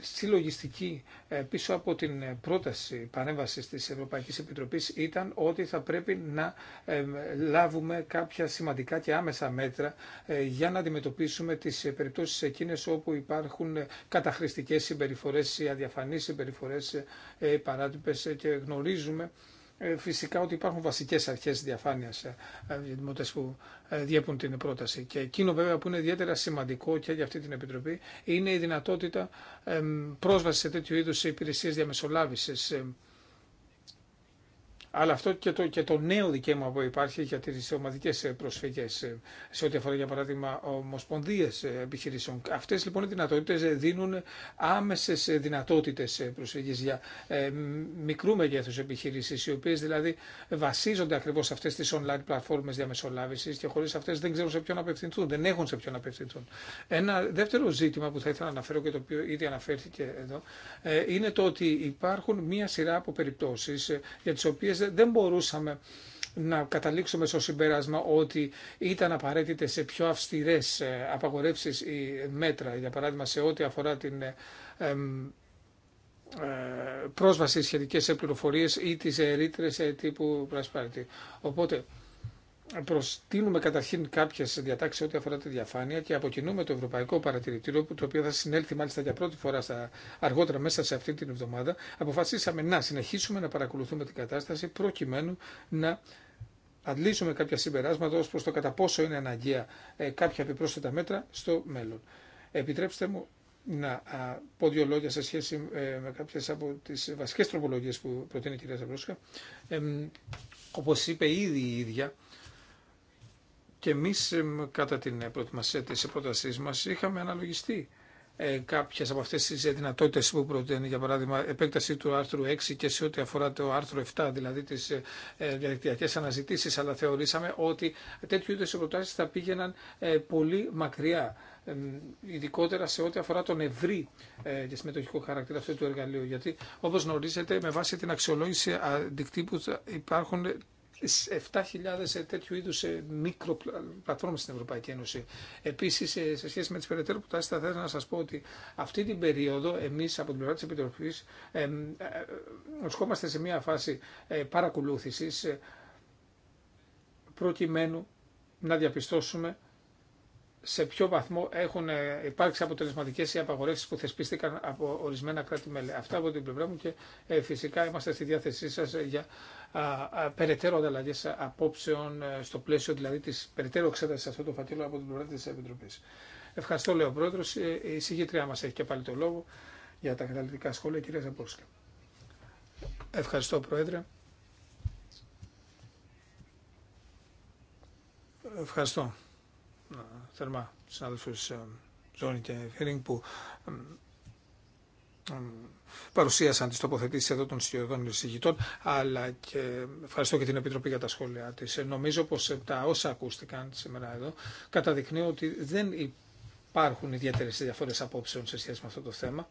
[SPEAKER 3] στη λογιστική ε, πίσω από την πρόταση παρέμβαση της Ευρωπαϊκής Επιτροπής ήταν ότι θα πρέπει να ε, λάβουμε κάποια σημαντικά και άμεσα μέτρα ε, για να αντιμετωπίσουμε τις περιπτώσεις εκείνες όπου υπάρχουν καταχρηστικές συμπεριφορές ή αδιαφανείς συμπεριφορές παράτυπες και γνωρίζουμε ε, φυσικά ότι υπάρχουν βασικές αρχές διαφάνειας ε, ε, που διέπουν την πρόταση. Και εκείνο βέβαια που είναι ιδιαίτερα σημαντικό και για αυτή την Επιτροπή είναι η δυνατότητα πρόσβαση σε τέτοιου είδου υπηρεσίες διαμεσολάβηση αλλά αυτό και το, το νέο δικαίωμα που υπάρχει για τις ομαδικές ε, προσφυγές ε, σε ό,τι αφορά για παράδειγμα ομοσπονδίες ε, επιχειρήσεων. Αυτές λοιπόν οι δυνατότητες δίνουν άμεσες δυνατότητες προσφυγής για μικρού μεγέθους επιχειρήσεις οι οποίες δηλαδή βασίζονται ακριβώς σε αυτές τις online πλατφόρμες διαμεσολάβησης και χωρίς αυτές δεν ξέρουν σε ποιον απευθυνθούν, δεν έχουν σε ποιον απευθυνθούν. Ένα δεύτερο ζήτημα που θα ήθελα να αναφέρω και το οποίο ήδη αναφέρθηκε εδώ είναι το ότι υπάρχουν μία σειρά από περιπτώσεις για τις οποίες ε, δεν μπορούσαμε να καταλήξουμε στο συμπέρασμα ότι ήταν απαραίτητε σε πιο αυστηρέ ε, απαγορεύσει ή μέτρα, για παράδειγμα σε ό,τι αφορά την ε, πρόσβαση σχετικέ πληροφορίε ή τι ρήτρε τύπου Πρασπάρτη. Οπότε προστείνουμε καταρχήν κάποιε διατάξει ό,τι αφορά τη διαφάνεια και αποκοινούμε το Ευρωπαϊκό Παρατηρητήριο, το οποίο θα συνέλθει μάλιστα για πρώτη φορά στα, αργότερα μέσα σε αυτή την εβδομάδα. Αποφασίσαμε να συνεχίσουμε να παρακολουθούμε την κατάσταση προκειμένου να αντλήσουμε κάποια συμπεράσματα ω προ το κατά πόσο είναι αναγκαία ε, κάποια επιπρόσθετα μέτρα στο μέλλον. Επιτρέψτε μου να πω δύο λόγια σε σχέση ε, με κάποιε από τι βασικέ τροπολογίε που προτείνει η κυρία Ε, είπε ήδη η ίδια, και εμεί κατά την προετοιμασία τη πρότασή μα, είχαμε αναλογιστεί ε, κάποιες από αυτέ τι δυνατότητε που προτείνει, για παράδειγμα, επέκταση του άρθρου 6 και σε ό,τι αφορά το άρθρο 7, δηλαδή τι ε, ε, διαδικτυακές αναζητήσεις, αλλά θεωρήσαμε ότι τέτοιου είδου προτάσει θα πήγαιναν ε, πολύ μακριά ειδικότερα σε ό,τι αφορά τον ευρύ ε, και συμμετοχικό χαρακτήρα αυτού του εργαλείου. Γιατί, όπω γνωρίζετε, με βάση την αξιολόγηση αντικτύπου υπάρχουν 7.000 ε, τέτοιου είδους ε, μικροπλατφόρμες στην Ευρωπαϊκή Ένωση. Επίσης, ε, σε σχέση με τις περαιτέρω προτάσεις, θα θέλω να σας πω ότι αυτή την περίοδο εμείς από την πλευρά της Επιτροπής βρισκόμαστε σε μια φάση παρακολούθησης προκειμένου να διαπιστώσουμε σε ποιο βαθμό έχουν υπάρξει αποτελεσματικέ οι που θεσπίστηκαν από ορισμένα κράτη-μέλη. Αυτά από την πλευρά μου και φυσικά είμαστε στη διάθεσή σα για περαιτέρω ανταλλαγέ απόψεων ε, στο πλαίσιο δηλαδή τη περαιτέρω εξέταση αυτού του φακέλου από την πλευρά τη Επιτροπή. Ευχαριστώ, λέει ο Πρόεδρο. Ε, η συγγήτριά μα έχει και πάλι το λόγο για τα καταλητικά σχόλια, κυρία Ζαμπόρσκα. Ευχαριστώ, Πρόεδρε. Ευχαριστώ θερμά του συναδελφού ε, Ζώνη και Φίρινγκ που παρουσίασαν τις τοποθετήσεις εδώ των σχεδόν εισηγητών, αλλά και ευχαριστώ και την Επιτροπή για τα σχόλια της. Ε, νομίζω πως ε, τα όσα ακούστηκαν σήμερα εδώ καταδεικνύουν ότι δεν υπάρχουν ιδιαίτερες διαφορές απόψεων σε σχέση με αυτό το θέμα.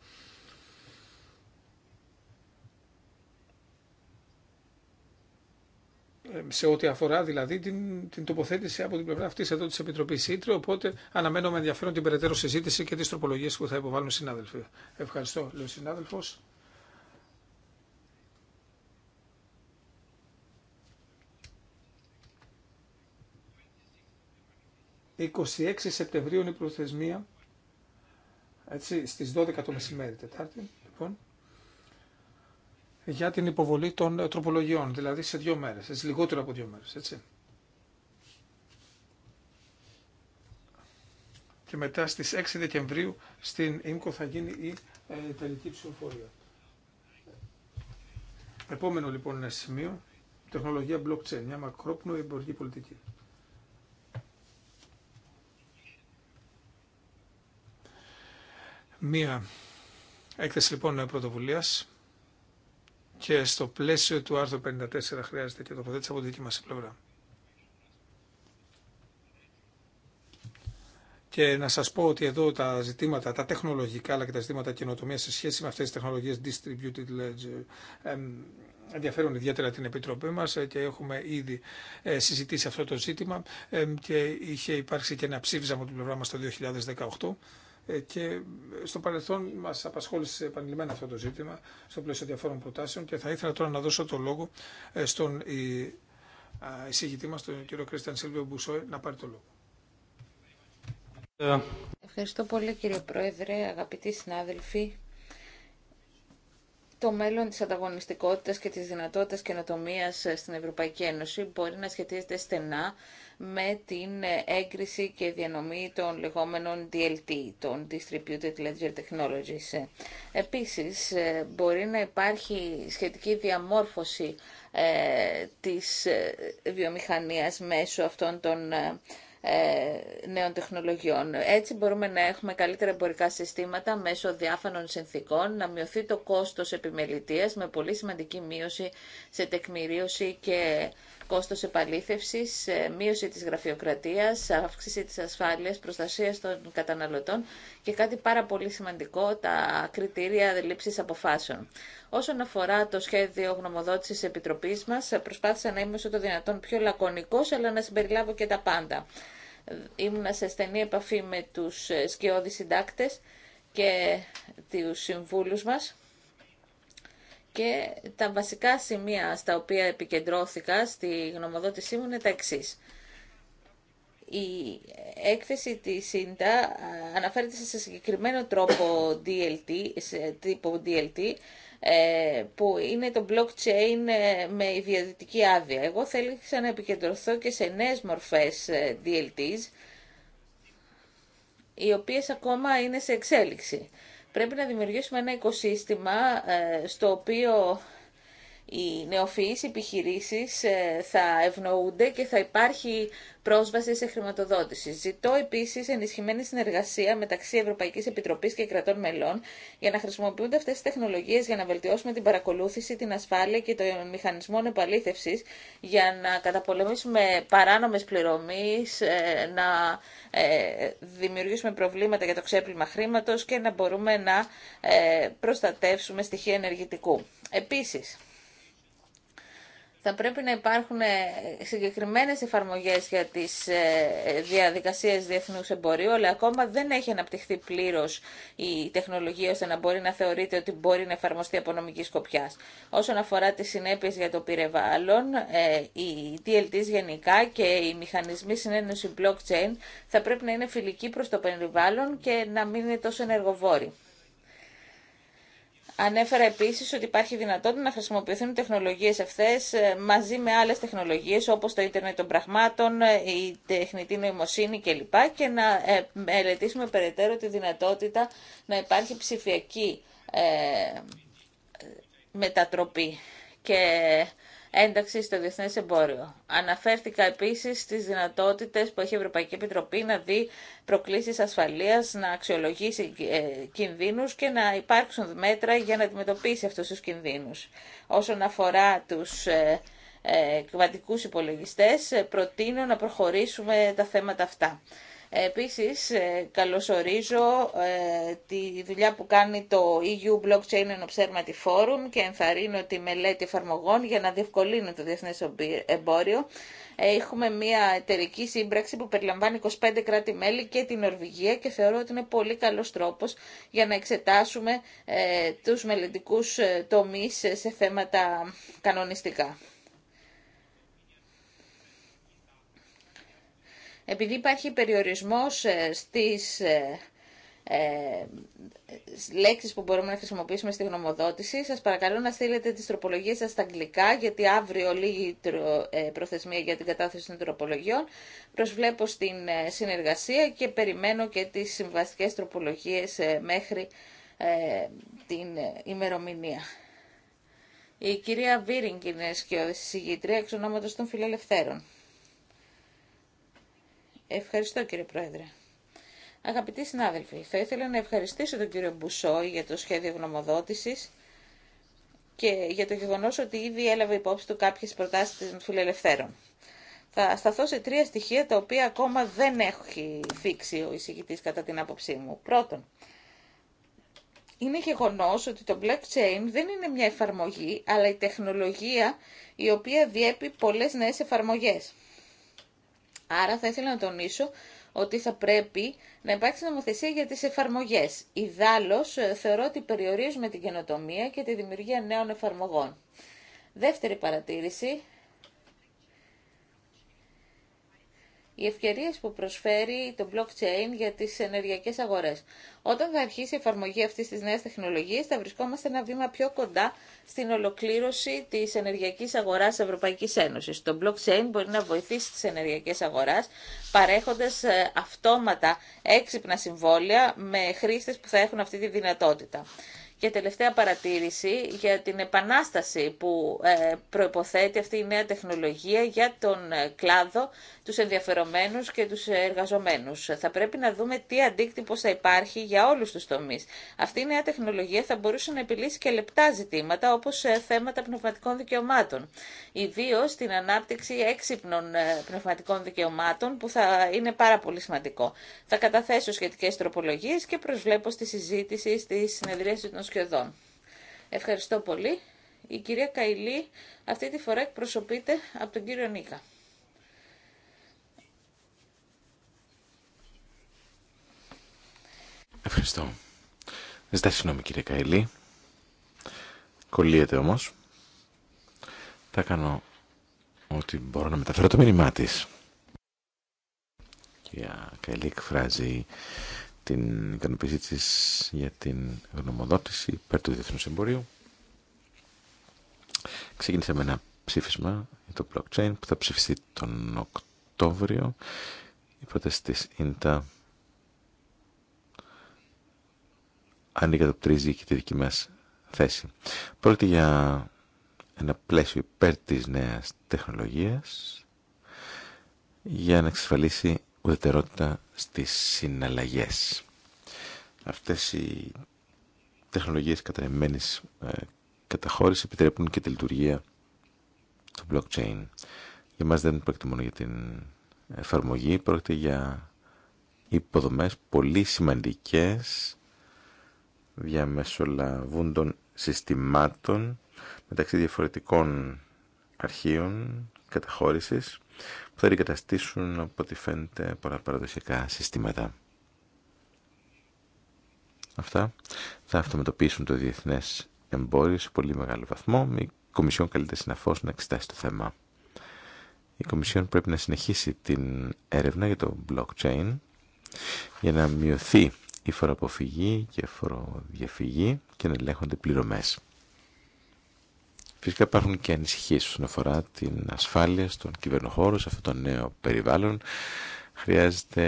[SPEAKER 3] σε ό,τι αφορά δηλαδή την, την τοποθέτηση από την πλευρά αυτή εδώ τη Επιτροπή Ήτρε. Οπότε αναμένω με ενδιαφέρον την περαιτέρω συζήτηση και τι τροπολογίε που θα υποβάλουν οι συνάδελφοι. Ευχαριστώ, λέει ο συνάδελφο. «26 Σεπτεμβρίου είναι η προθεσμία, έτσι, στις 12 το μεσημέρι, Τετάρτη, λοιπόν για την υποβολή των ε, τροπολογιών, δηλαδή σε δύο μέρες, σε λιγότερο από δύο μέρες, έτσι. Και μετά στις 6 Δεκεμβρίου στην ΙΜΚΟ θα γίνει η ε, τελική ψηφοφορία. Επόμενο λοιπόν είναι σημείο, τεχνολογία blockchain, μια μακρόπνοη εμπορική πολιτική. Μία έκθεση λοιπόν πρωτοβουλίας και στο πλαίσιο του άρθρου 54 χρειάζεται και τοποθέτηση από τη δική μας πλευρά. Και να σας πω ότι εδώ τα ζητήματα, τα τεχνολογικά αλλά και τα ζητήματα καινοτομία σε σχέση με αυτές τις τεχνολογίες distributed ledger ενδιαφέρουν ιδιαίτερα την Επιτροπή μας και έχουμε ήδη ε, συζητήσει αυτό το ζήτημα και είχε υπάρξει και ένα ψήφισμα από την πλευρά μας το 2018 ε, και στο παρελθόν μας απασχόλησε επανειλημμένα αυτό το ζήτημα στο πλαίσιο διαφόρων προτάσεων και θα ήθελα τώρα να δώσω το λόγο ε, στον ε, εισηγητή μας, τον κύριο Κρίσταν Σίλβιο Μπουσόε να πάρει το λόγο.
[SPEAKER 2] Ευχαριστώ πολύ κύριε Πρόεδρε, αγαπητοί συνάδελφοι το μέλλον της ανταγωνιστικότητας και της δυνατότητας καινοτομίας ε, στην Ευρωπαϊκή Ένωση μπορεί να σχετίζεται στενά με την ε, έγκριση και διανομή των λεγόμενων DLT, των Distributed Ledger Technologies. Ε, επίσης, μπορεί να υπάρχει σχετική διαμόρφωση της βιομηχανίας μέσω αυτών των ε, νέων τεχνολογιών. Έτσι μπορούμε να έχουμε καλύτερα εμπορικά συστήματα μέσω διάφανων συνθήκων, να μειωθεί το κόστος επιμελητίας με πολύ σημαντική μείωση σε τεκμηρίωση και κόστος επαλήθευσης, ε, μείωση της γραφειοκρατίας, αύξηση της ασφάλειας, προστασία των καταναλωτών και κάτι πάρα πολύ σημαντικό, τα κριτήρια λήψης αποφάσεων. Όσον αφορά το σχέδιο γνωμοδότησης Επιτροπής μας, προσπάθησα να είμαι όσο το δυνατόν πιο λακωνικός, αλλά να συμπεριλάβω και τα πάντα. Ήμουνα σε στενή επαφή με τους σκιώδεις συντάκτες και του συμβούλους μας και τα βασικά σημεία στα οποία επικεντρώθηκα στη γνωμοδότησή μου είναι τα εξή. Η έκθεση της ΣΥΝΤΑ αναφέρεται σε συγκεκριμένο τρόπο DLT, σε τύπο DLT, ε, που είναι το blockchain ε, με ιδιωτική άδεια. Εγώ θέλησα να επικεντρωθώ και σε νέες μορφές ε, DLTs, οι οποίες ακόμα είναι σε εξέλιξη. Πρέπει να δημιουργήσουμε ένα οικοσύστημα ε, στο οποίο οι νεοφυείς επιχειρήσεις ε, θα ευνοούνται και θα υπάρχει πρόσβαση σε χρηματοδότηση. Ζητώ επίσης ενισχυμένη συνεργασία μεταξύ Ευρωπαϊκής Επιτροπής και κρατών μελών για να χρησιμοποιούνται αυτές τις τεχνολογίες για να βελτιώσουμε την παρακολούθηση, την ασφάλεια και το μηχανισμών επαλήθευσης για να καταπολεμήσουμε παράνομες πληρωμής, ε, να ε, δημιουργήσουμε προβλήματα για το ξέπλυμα χρήματος και να μπορούμε να προστατεύσουμε στοιχεία ενεργητικού. Επίσης, θα πρέπει να υπάρχουν ε, συγκεκριμένες εφαρμογές για τις ε, διαδικασίες διεθνούς εμπορίου, αλλά ακόμα δεν έχει αναπτυχθεί πλήρως η τεχνολογία ώστε να μπορεί να θεωρείται ότι μπορεί να εφαρμοστεί από νομική σκοπιά. Όσον αφορά τις συνέπειες για το πυρεβάλλον, ε, οι DLTs γενικά και οι μηχανισμοί συνένωση blockchain θα πρέπει να είναι φιλικοί προς το περιβάλλον και να μην είναι τόσο ενεργοβόροι. Ανέφερα επίσης ότι υπάρχει δυνατότητα να χρησιμοποιηθούν τεχνολογίες αυτές ε, μαζί με άλλες τεχνολογίες όπως το ίντερνετ των πραγμάτων, ε, η τεχνητή νοημοσύνη κλπ. και να ε, μελετήσουμε περαιτέρω τη δυνατότητα να υπάρχει ψηφιακή μετατροπή. Και ένταξη στο διεθνές εμπόριο. Αναφέρθηκα επίσης στις δυνατότητες που έχει η Ευρωπαϊκή Επιτροπή να δει προκλήσεις ασφαλείας, να αξιολογήσει ε, κινδύνους και να υπάρξουν μέτρα για να αντιμετωπίσει αυτούς του κινδύνους. Όσον αφορά τους ε, ε, κβαντικούς υπολογιστέ, προτείνω να προχωρήσουμε τα θέματα αυτά. Επίσης, ε, καλωσορίζω ε, τη δουλειά που κάνει το EU Blockchain and Observatory Forum και ενθαρρύνω τη μελέτη εφαρμογών για να διευκολύνει το διεθνές εμπόριο. Ε, έχουμε μια εταιρική σύμπραξη που περιλαμβάνει 25 κράτη-μέλη και την Νορβηγία και θεωρώ ότι είναι πολύ καλός τρόπος για να εξετάσουμε τους μελλοντικούς τομείς σε θέματα κανονιστικά. Επειδή υπάρχει περιορισμός ε, στις ε, ε λέξεις που μπορούμε να χρησιμοποιήσουμε στη γνωμοδότηση. Σας παρακαλώ να στείλετε τις τροπολογίες σας στα αγγλικά, γιατί αύριο λίγη ε, προθεσμία για την κατάθεση των τροπολογιών. Προσβλέπω στην συνεργασία και περιμένω και τις συμβαστικές τροπολογίες μέχρι την ημερομηνία. Η κυρία Βίρινγκ είναι σκιώδηση συγγήτρια εξ ονόματος των φιλελευθέρων. Ευχαριστώ κύριε Πρόεδρε. Αγαπητοί συνάδελφοι, θα ήθελα να ευχαριστήσω τον κύριο Μπουσόη για το σχέδιο γνωμοδότησης και για το γεγονός ότι ήδη έλαβε υπόψη του κάποιες προτάσεις των φιλελευθέρων. Θα σταθώ σε τρία στοιχεία τα οποία ακόμα δεν έχει θίξει ο εισηγητή κατά την άποψή μου. Πρώτον, είναι γεγονό ότι το blockchain δεν είναι μια εφαρμογή, αλλά η τεχνολογία η οποία διέπει πολλέ νέε εφαρμογέ. Άρα θα ήθελα να τονίσω ότι θα πρέπει να υπάρξει νομοθεσία για τις εφαρμογές. Ιδάλλως, ε, θεωρώ ότι περιορίζουμε την καινοτομία και τη δημιουργία νέων εφαρμογών. Δεύτερη παρατήρηση, οι ευκαιρίες που προσφέρει το blockchain για τις ενεργειακές αγορές. Όταν θα αρχίσει η εφαρμογή αυτής της νέας τεχνολογίας θα βρισκόμαστε ένα βήμα πιο κοντά στην ολοκλήρωση της ενεργειακής αγοράς της Ευρωπαϊκής Ένωσης. Το blockchain μπορεί να βοηθήσει τις ενεργειακές αγοράς παρέχοντας ε, αυτόματα έξυπνα συμβόλαια με χρήστες που θα έχουν αυτή τη δυνατότητα. Και τελευταία παρατήρηση για την επανάσταση που ε, προϋποθέτει αυτή η νέα τεχνολογία για τον ε, κλάδο, τους ενδιαφερομένους και τους εργαζομένους. Θα πρέπει να δούμε τι αντίκτυπος θα υπάρχει για όλους τους τομείς. Αυτή η νέα τεχνολογία θα μπορούσε να επιλύσει και λεπτά ζητήματα όπως ε, θέματα πνευματικών δικαιωμάτων. Ιδίω την ανάπτυξη έξυπνων πνευματικών δικαιωμάτων που θα είναι πάρα πολύ σημαντικό. Θα καταθέσω σχετικέ τροπολογίες και προσβλέπω στη συζήτηση στις του των Ευχαριστώ πολύ. Η κυρία Καϊλή αυτή τη φορά εκπροσωπείται από τον κύριο Νίκα.
[SPEAKER 1] Ευχαριστώ. Ζητά συγγνώμη κύριε Καϊλή. Κολλείεται όμως. Θα κάνω ότι μπορώ να μεταφέρω το μήνυμά της. Η κυρία Καϊλή εκφράζει την ικανοποίησή τη για την γνωμοδότηση υπέρ του Διεθνούς Εμπορίου. Ξεκίνησε με ένα ψήφισμα για το blockchain που θα ψηφιστεί τον Οκτώβριο. Η πρόταση της ΙΝΤΑ ανήκατοπτρίζει και τη δική μας θέση. Πρόκειται για ένα πλαίσιο υπέρ της νέας τεχνολογίας για να εξασφαλίσει ουδετερότητα στις συναλλαγές. Αυτές οι τεχνολογίες ε, καταχώρηση επιτρέπουν και τη λειτουργία του blockchain. Για μας δεν πρόκειται μόνο για την εφαρμογή, πρόκειται για υποδομές πολύ σημαντικές διαμεσολαβούντων συστημάτων μεταξύ διαφορετικών αρχείων καταχώρησης θα εγκαταστήσουν από ό,τι φαίνεται πολλά παραδοσιακά συστήματα. Αυτά θα αυτοματοποιήσουν το διεθνές εμπόριο σε πολύ μεγάλο βαθμό. Η Κομισιόν καλείται συναφώς να εξετάσει το θέμα. Η Κομισιόν πρέπει να συνεχίσει την έρευνα για το blockchain για να μειωθεί η φοροαποφυγή και φοροδιαφυγή και να ελέγχονται πληρωμές. Φυσικά υπάρχουν και ανησυχίες όσον αφορά την ασφάλεια στον κυβερνοχώρο, σε αυτό το νέο περιβάλλον. Χρειάζεται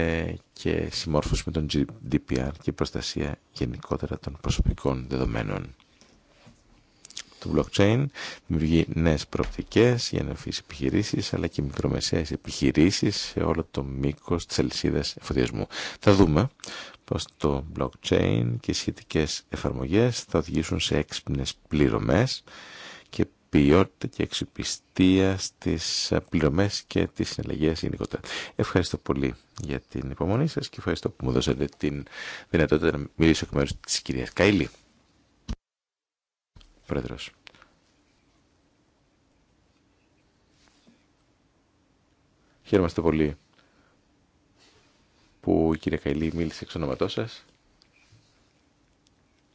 [SPEAKER 1] και συμμόρφωση με τον GDPR και προστασία γενικότερα των προσωπικών δεδομένων. Το blockchain δημιουργεί νέες προοπτικές για να αφήσει επιχειρήσεις αλλά και μικρομεσαίες επιχειρήσεις σε όλο το μήκος της αλυσίδα εφοδιασμού. Θα δούμε πως το blockchain και οι σχετικές εφαρμογές θα οδηγήσουν σε έξυπνες πληρωμές ποιότητα και αξιοπιστία στις πληρωμές και τις συναλλαγές γενικότερα. Ευχαριστώ πολύ για την υπομονή σας και ευχαριστώ που μου δώσατε την δυνατότητα να μιλήσω εκ μέρους της κυρίας Καΐλη. Πρόεδρος. Χαίρομαστε πολύ που η κυρία Καΐλη μίλησε εξ ονόματός σας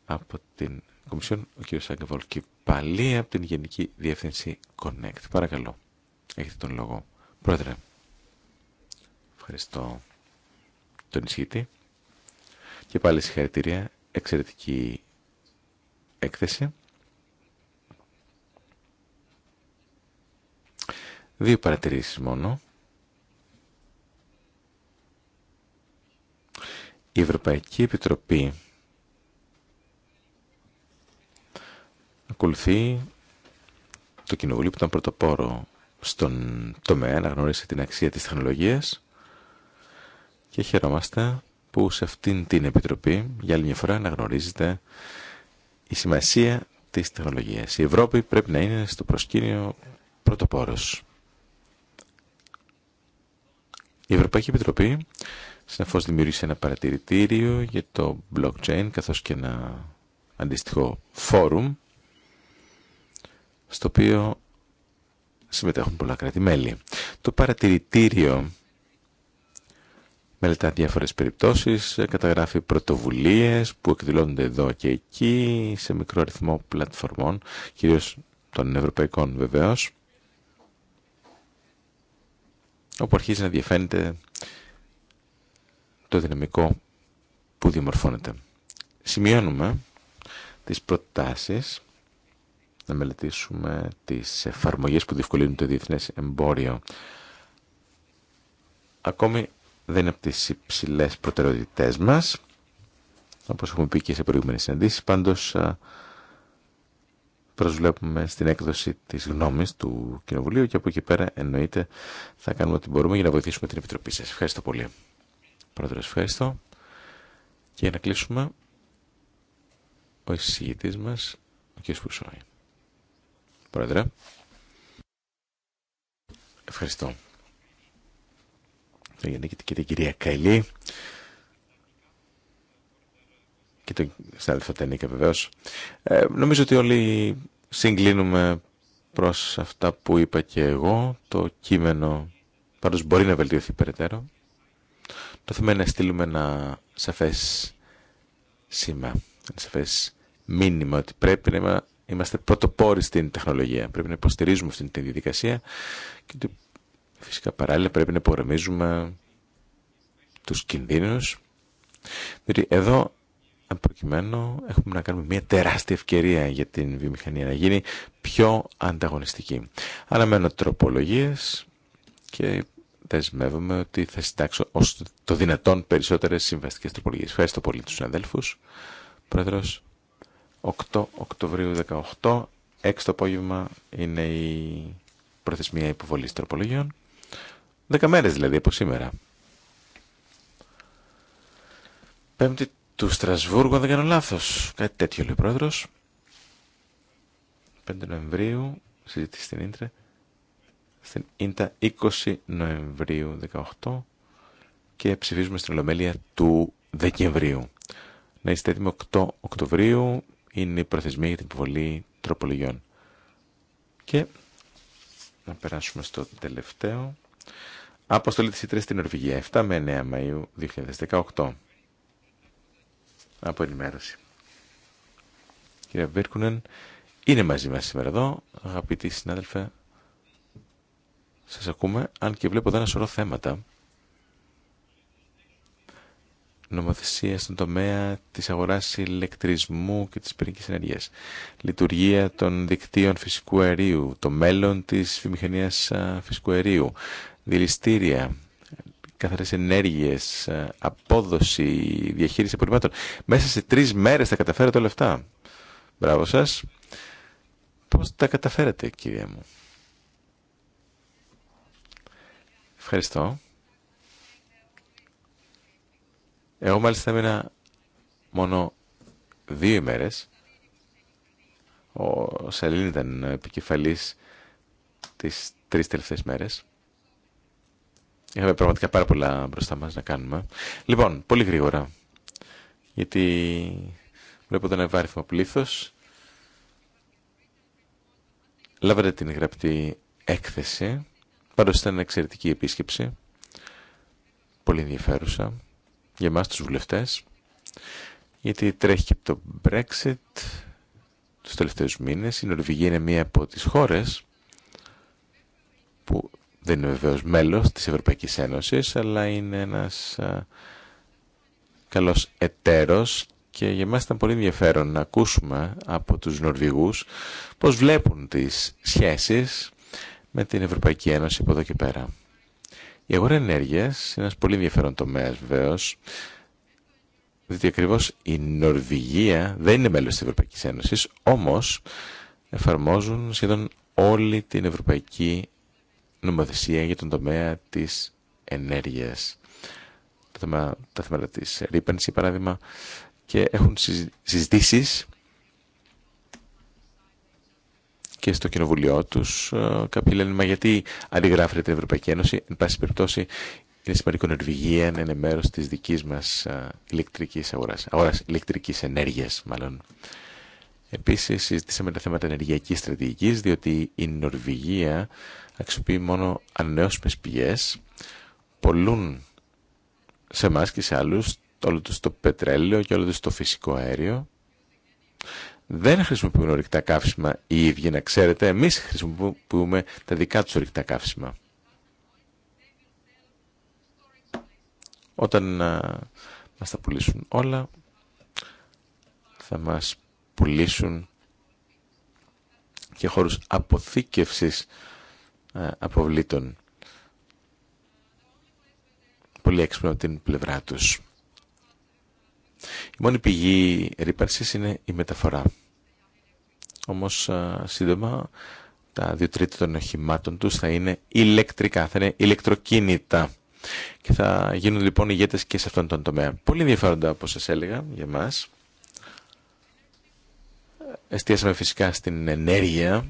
[SPEAKER 1] από την Κομισιόν, ο κ. Σάγκεβολ και πάλι από την Γενική Διεύθυνση Connect. Παρακαλώ, έχετε τον λόγο. Πρόεδρε, ευχαριστώ τον ισχύτη και πάλι συγχαρητήρια, εξαιρετική έκθεση. Δύο παρατηρήσεις μόνο. Η Ευρωπαϊκή Επιτροπή ακολουθεί το κοινοβουλίο που ήταν πρωτοπόρο στον τομέα, να γνωρίσει την αξία της τεχνολογίας και χαιρόμαστε που σε αυτήν την Επιτροπή για άλλη μια φορά γνωρίζετε η σημασία της τεχνολογίας. Η Ευρώπη πρέπει να είναι στο προσκήνιο πρωτοπόρος. Η Ευρωπαϊκή Επιτροπή συναφώς δημιούργησε ένα παρατηρητήριο για το blockchain καθώς και ένα αντίστοιχο φόρουμ στο οποίο συμμετέχουν πολλά κράτη-μέλη. Το παρατηρητήριο μελετά διάφορες περιπτώσεις, καταγράφει πρωτοβουλίες που εκδηλώνονται εδώ και εκεί σε μικρό αριθμό πλατφορμών, κυρίως των ευρωπαϊκών βεβαίως, όπου αρχίζει να διαφαίνεται το δυναμικό που διαμορφώνεται. Σημειώνουμε τις προτάσεις να μελετήσουμε τις εφαρμογές που διευκολύνουν το διεθνές εμπόριο. Ακόμη δεν είναι από τις υψηλές προτεραιότητές μας, όπως έχουμε πει και σε προηγούμενες συναντήσεις, πάντως προσβλέπουμε στην έκδοση της γνώμης του Κοινοβουλίου και από εκεί πέρα εννοείται θα κάνουμε ό,τι μπορούμε για να βοηθήσουμε την Επιτροπή σας. Ευχαριστώ πολύ. Πρόεδρος, ευχαριστώ. Και για να κλείσουμε, ο εισηγητής μας, ο κ. Φουσόη. Πρόεδρε. Ευχαριστώ. Γιάννη και την κυρία Καηλή και τον Σάλφα Τενίκα βεβαίω. Ε, νομίζω ότι όλοι συγκλίνουμε προς αυτά που είπα και εγώ. Το κείμενο πάντως μπορεί να βελτιωθεί περαιτέρω. Το θέμα είναι να στείλουμε ένα σαφές σήμα, ένα σαφές μήνυμα ότι πρέπει να είμαστε πρωτοπόροι στην τεχνολογία. Πρέπει να υποστηρίζουμε αυτή τη διαδικασία και φυσικά παράλληλα πρέπει να υπογραμμίζουμε τους κινδύνους. Διότι δηλαδή, εδώ, αν προκειμένου, έχουμε να κάνουμε μια τεράστια ευκαιρία για την βιομηχανία να γίνει πιο ανταγωνιστική. Αναμένω τροπολογίες και δεσμεύομαι ότι θα συντάξω ως το δυνατόν περισσότερες συμβαστικές τροπολογίες. Ευχαριστώ πολύ τους συναδέλφους. Πρόεδρος. 8 Οκτωβρίου 18, 6 το απόγευμα είναι η προθεσμία υποβολής τροπολογιών. 10 μέρες δηλαδή από σήμερα. Πέμπτη του Στρασβούργου, αν δεν κάνω λάθος. Κάτι τέτοιο λέει ο πρόεδρος. 5 Νοεμβρίου, συζήτηση στην Ίντρε. Στην Ίντα 20 Νοεμβρίου 18 και ψηφίζουμε στην Ολομέλεια του Δεκεμβρίου. Να είστε έτοιμοι 8 Οκτωβρίου είναι η προθεσμία για την υποβολή τροπολογιών. Και να περάσουμε στο τελευταίο. Αποστολή της ΙΤΡΕΣ στην Νορβηγία, 7 με 9 Μαΐου 2018. Από ενημέρωση. Κύριε Βίρκουνεν, είναι μαζί μας σήμερα εδώ, αγαπητοί συνάδελφε. Σας ακούμε, αν και βλέπω εδώ ένα σωρό θέματα νομοθεσία στον τομέα της αγοράς ηλεκτρισμού και της πυρηνικής ενέργειας, λειτουργία των δικτύων φυσικού αερίου, το μέλλον της βιομηχανίας φυσικού αερίου, δηληστήρια, καθαρές ενέργειες, απόδοση, διαχείριση απορριμμάτων. Μέσα σε τρεις μέρες θα καταφέρετε όλα αυτά. Μπράβο σας. Πώς τα καταφέρατε, κύριε μου. Ευχαριστώ. Εγώ μάλιστα έμεινα μόνο δύο ημέρες. Ο Σαλήν ήταν επικεφαλής τις τρεις τελευταίες μέρες. Είχαμε πραγματικά πάρα πολλά μπροστά μας να κάνουμε. Λοιπόν, πολύ γρήγορα. Γιατί βλέπω τον ευάριθμο πλήθος. Λάβατε την γραπτή έκθεση. Πάντως ήταν εξαιρετική επίσκεψη. Πολύ ενδιαφέρουσα για εμάς τους βουλευτές γιατί τρέχει και το Brexit τους τελευταίους μήνες. Η Νορβηγία είναι μία από τις χώρες που δεν είναι βεβαίως μέλος της Ευρωπαϊκής Ένωσης αλλά είναι ένας καλός εταίρος και για μας ήταν πολύ ενδιαφέρον να ακούσουμε από τους Νορβηγούς πώς βλέπουν τις σχέσεις με την Ευρωπαϊκή Ένωση από εδώ και πέρα. Η αγορά ενέργεια είναι ένα πολύ ενδιαφέρον τομέα βεβαίω. Διότι ακριβώ η Νορβηγία δεν είναι μέλο της Ευρωπαϊκής Ένωσης, όμως εφαρμόζουν σχεδόν όλη την ευρωπαϊκή νομοθεσία για τον τομέα της ενέργεια, Τα θέματα τη ρήπανση, παράδειγμα, και έχουν συζητήσεις και στο κοινοβουλίο του ε, Κάποιοι λένε, μα γιατί αντιγράφεται την Ευρωπαϊκή Ένωση. Εν πάση περιπτώσει, είναι σημαντικό η Νορβηγία να είναι μέρος της δικής μας ε, ηλεκτρικής αγοράς, αγοράς ηλεκτρικής ενέργειας μάλλον. Επίσης, συζητήσαμε τα θέματα ενεργειακή στρατηγική, διότι η Νορβηγία αξιοποιεί μόνο ανανεώσιμε πηγέ, πολλούν σε εμά και σε άλλου, όλο του το πετρέλαιο και όλο του το φυσικό αέριο δεν χρησιμοποιούν ορυκτά καύσιμα οι ίδιοι, να ξέρετε. Εμείς χρησιμοποιούμε τα δικά τους ορυκτά καύσιμα. Όταν α, μας τα πουλήσουν όλα, θα μας πουλήσουν και χώρους αποθήκευσης αποβλήτων. Πολύ έξυπνο από την πλευρά τους. Η μόνη πηγή ρήπαρση είναι η μεταφορά. Όμως σύντομα τα δύο τρίτα των οχημάτων τους θα είναι ηλεκτρικά, θα είναι ηλεκτροκίνητα. Και θα γίνουν λοιπόν ηγέτες και σε αυτόν τον τομέα. Πολύ ενδιαφέροντα όπως σας έλεγα για μας. Εστίασαμε φυσικά στην ενέργεια,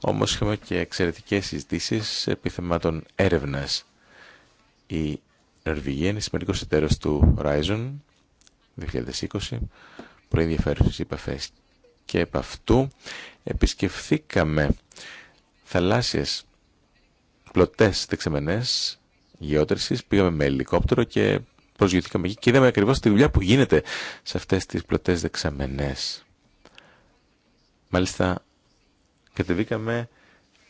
[SPEAKER 1] όμως είχαμε και εξαιρετικές συζητήσεις επί θεμάτων έρευνας. Η Νορβηγία είναι σημαντικός εταίρος του Horizon 2020, διαφέρουσε επαφέ. Και επ' αυτού επισκεφθήκαμε θαλάσσιες πλωτέ δεξαμενές γεώτρηση. πήγαμε με ελικόπτερο και προσγειωθήκαμε εκεί και είδαμε ακριβώς τη δουλειά που γίνεται σε αυτές τις πλωτέ δεξαμένε, Μάλιστα κατεβήκαμε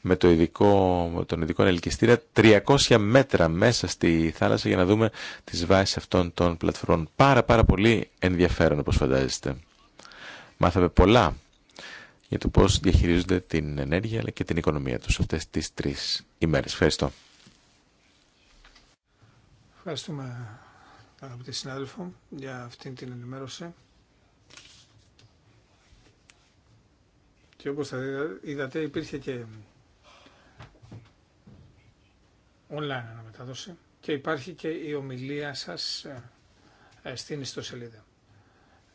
[SPEAKER 1] με, το ειδικό, τον ειδικό ελκυστήρα 300 μέτρα μέσα στη θάλασσα για να δούμε τις βάσεις αυτών των πλατφορών. Πάρα πάρα πολύ ενδιαφέρον όπως φαντάζεστε. Μάθαμε πολλά για το πώς διαχειρίζονται την ενέργεια αλλά και την οικονομία τους αυτές τις τρεις ημέρες. Ευχαριστώ.
[SPEAKER 3] Ευχαριστούμε αγαπητή συνάδελφο για αυτήν την ενημέρωση. Και όπως θα είδατε υπήρχε και online αναμετάδοση και υπάρχει και η ομιλία σας ε, ε, στην ιστοσελίδα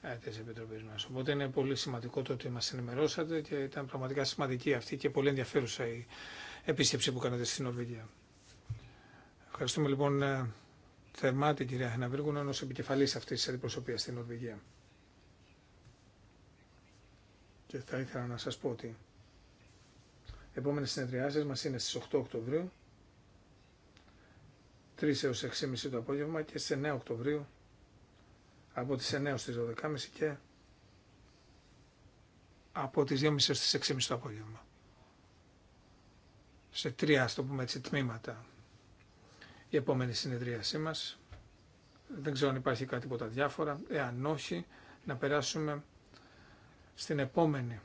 [SPEAKER 3] ε, της Επιτροπής μας. Οπότε είναι πολύ σημαντικό το ότι μας ενημερώσατε και ήταν πραγματικά σημαντική αυτή και πολύ ενδιαφέρουσα η επίσκεψη που κάνατε στην Ορβηγία. Ευχαριστούμε λοιπόν θερμά την κυρία Χαναβίργουνα ενός επικεφαλής αυτής της αντιπροσωπίας στην Ορβηγία. Και θα ήθελα να σας πω ότι οι επόμενες συνεδριάσεις μας είναι στις 8 Οκτωβρίου 3 έως 6.30 το απόγευμα και στις 9 Οκτωβρίου από τις 9 στις 12.30 και από τις 2.30 τις 6.30 το απόγευμα. Σε τρία, ας το πούμε έτσι, τμήματα η επόμενη συνεδρίασή μας. Δεν ξέρω αν υπάρχει κάτι από τα διάφορα. Εάν όχι, να περάσουμε στην επόμενη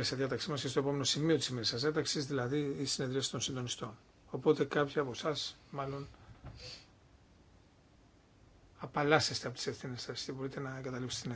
[SPEAKER 3] σε διάταξή μας και στο επόμενο σημείο της ημέρας διάταξης, δηλαδή η συνεδρίαση των συντονιστών. Οπότε κάποιοι από εσά μάλλον απαλλάσσεστε από τι ευθύνε σα και μπορείτε να εγκαταλείψετε την αίθουσα.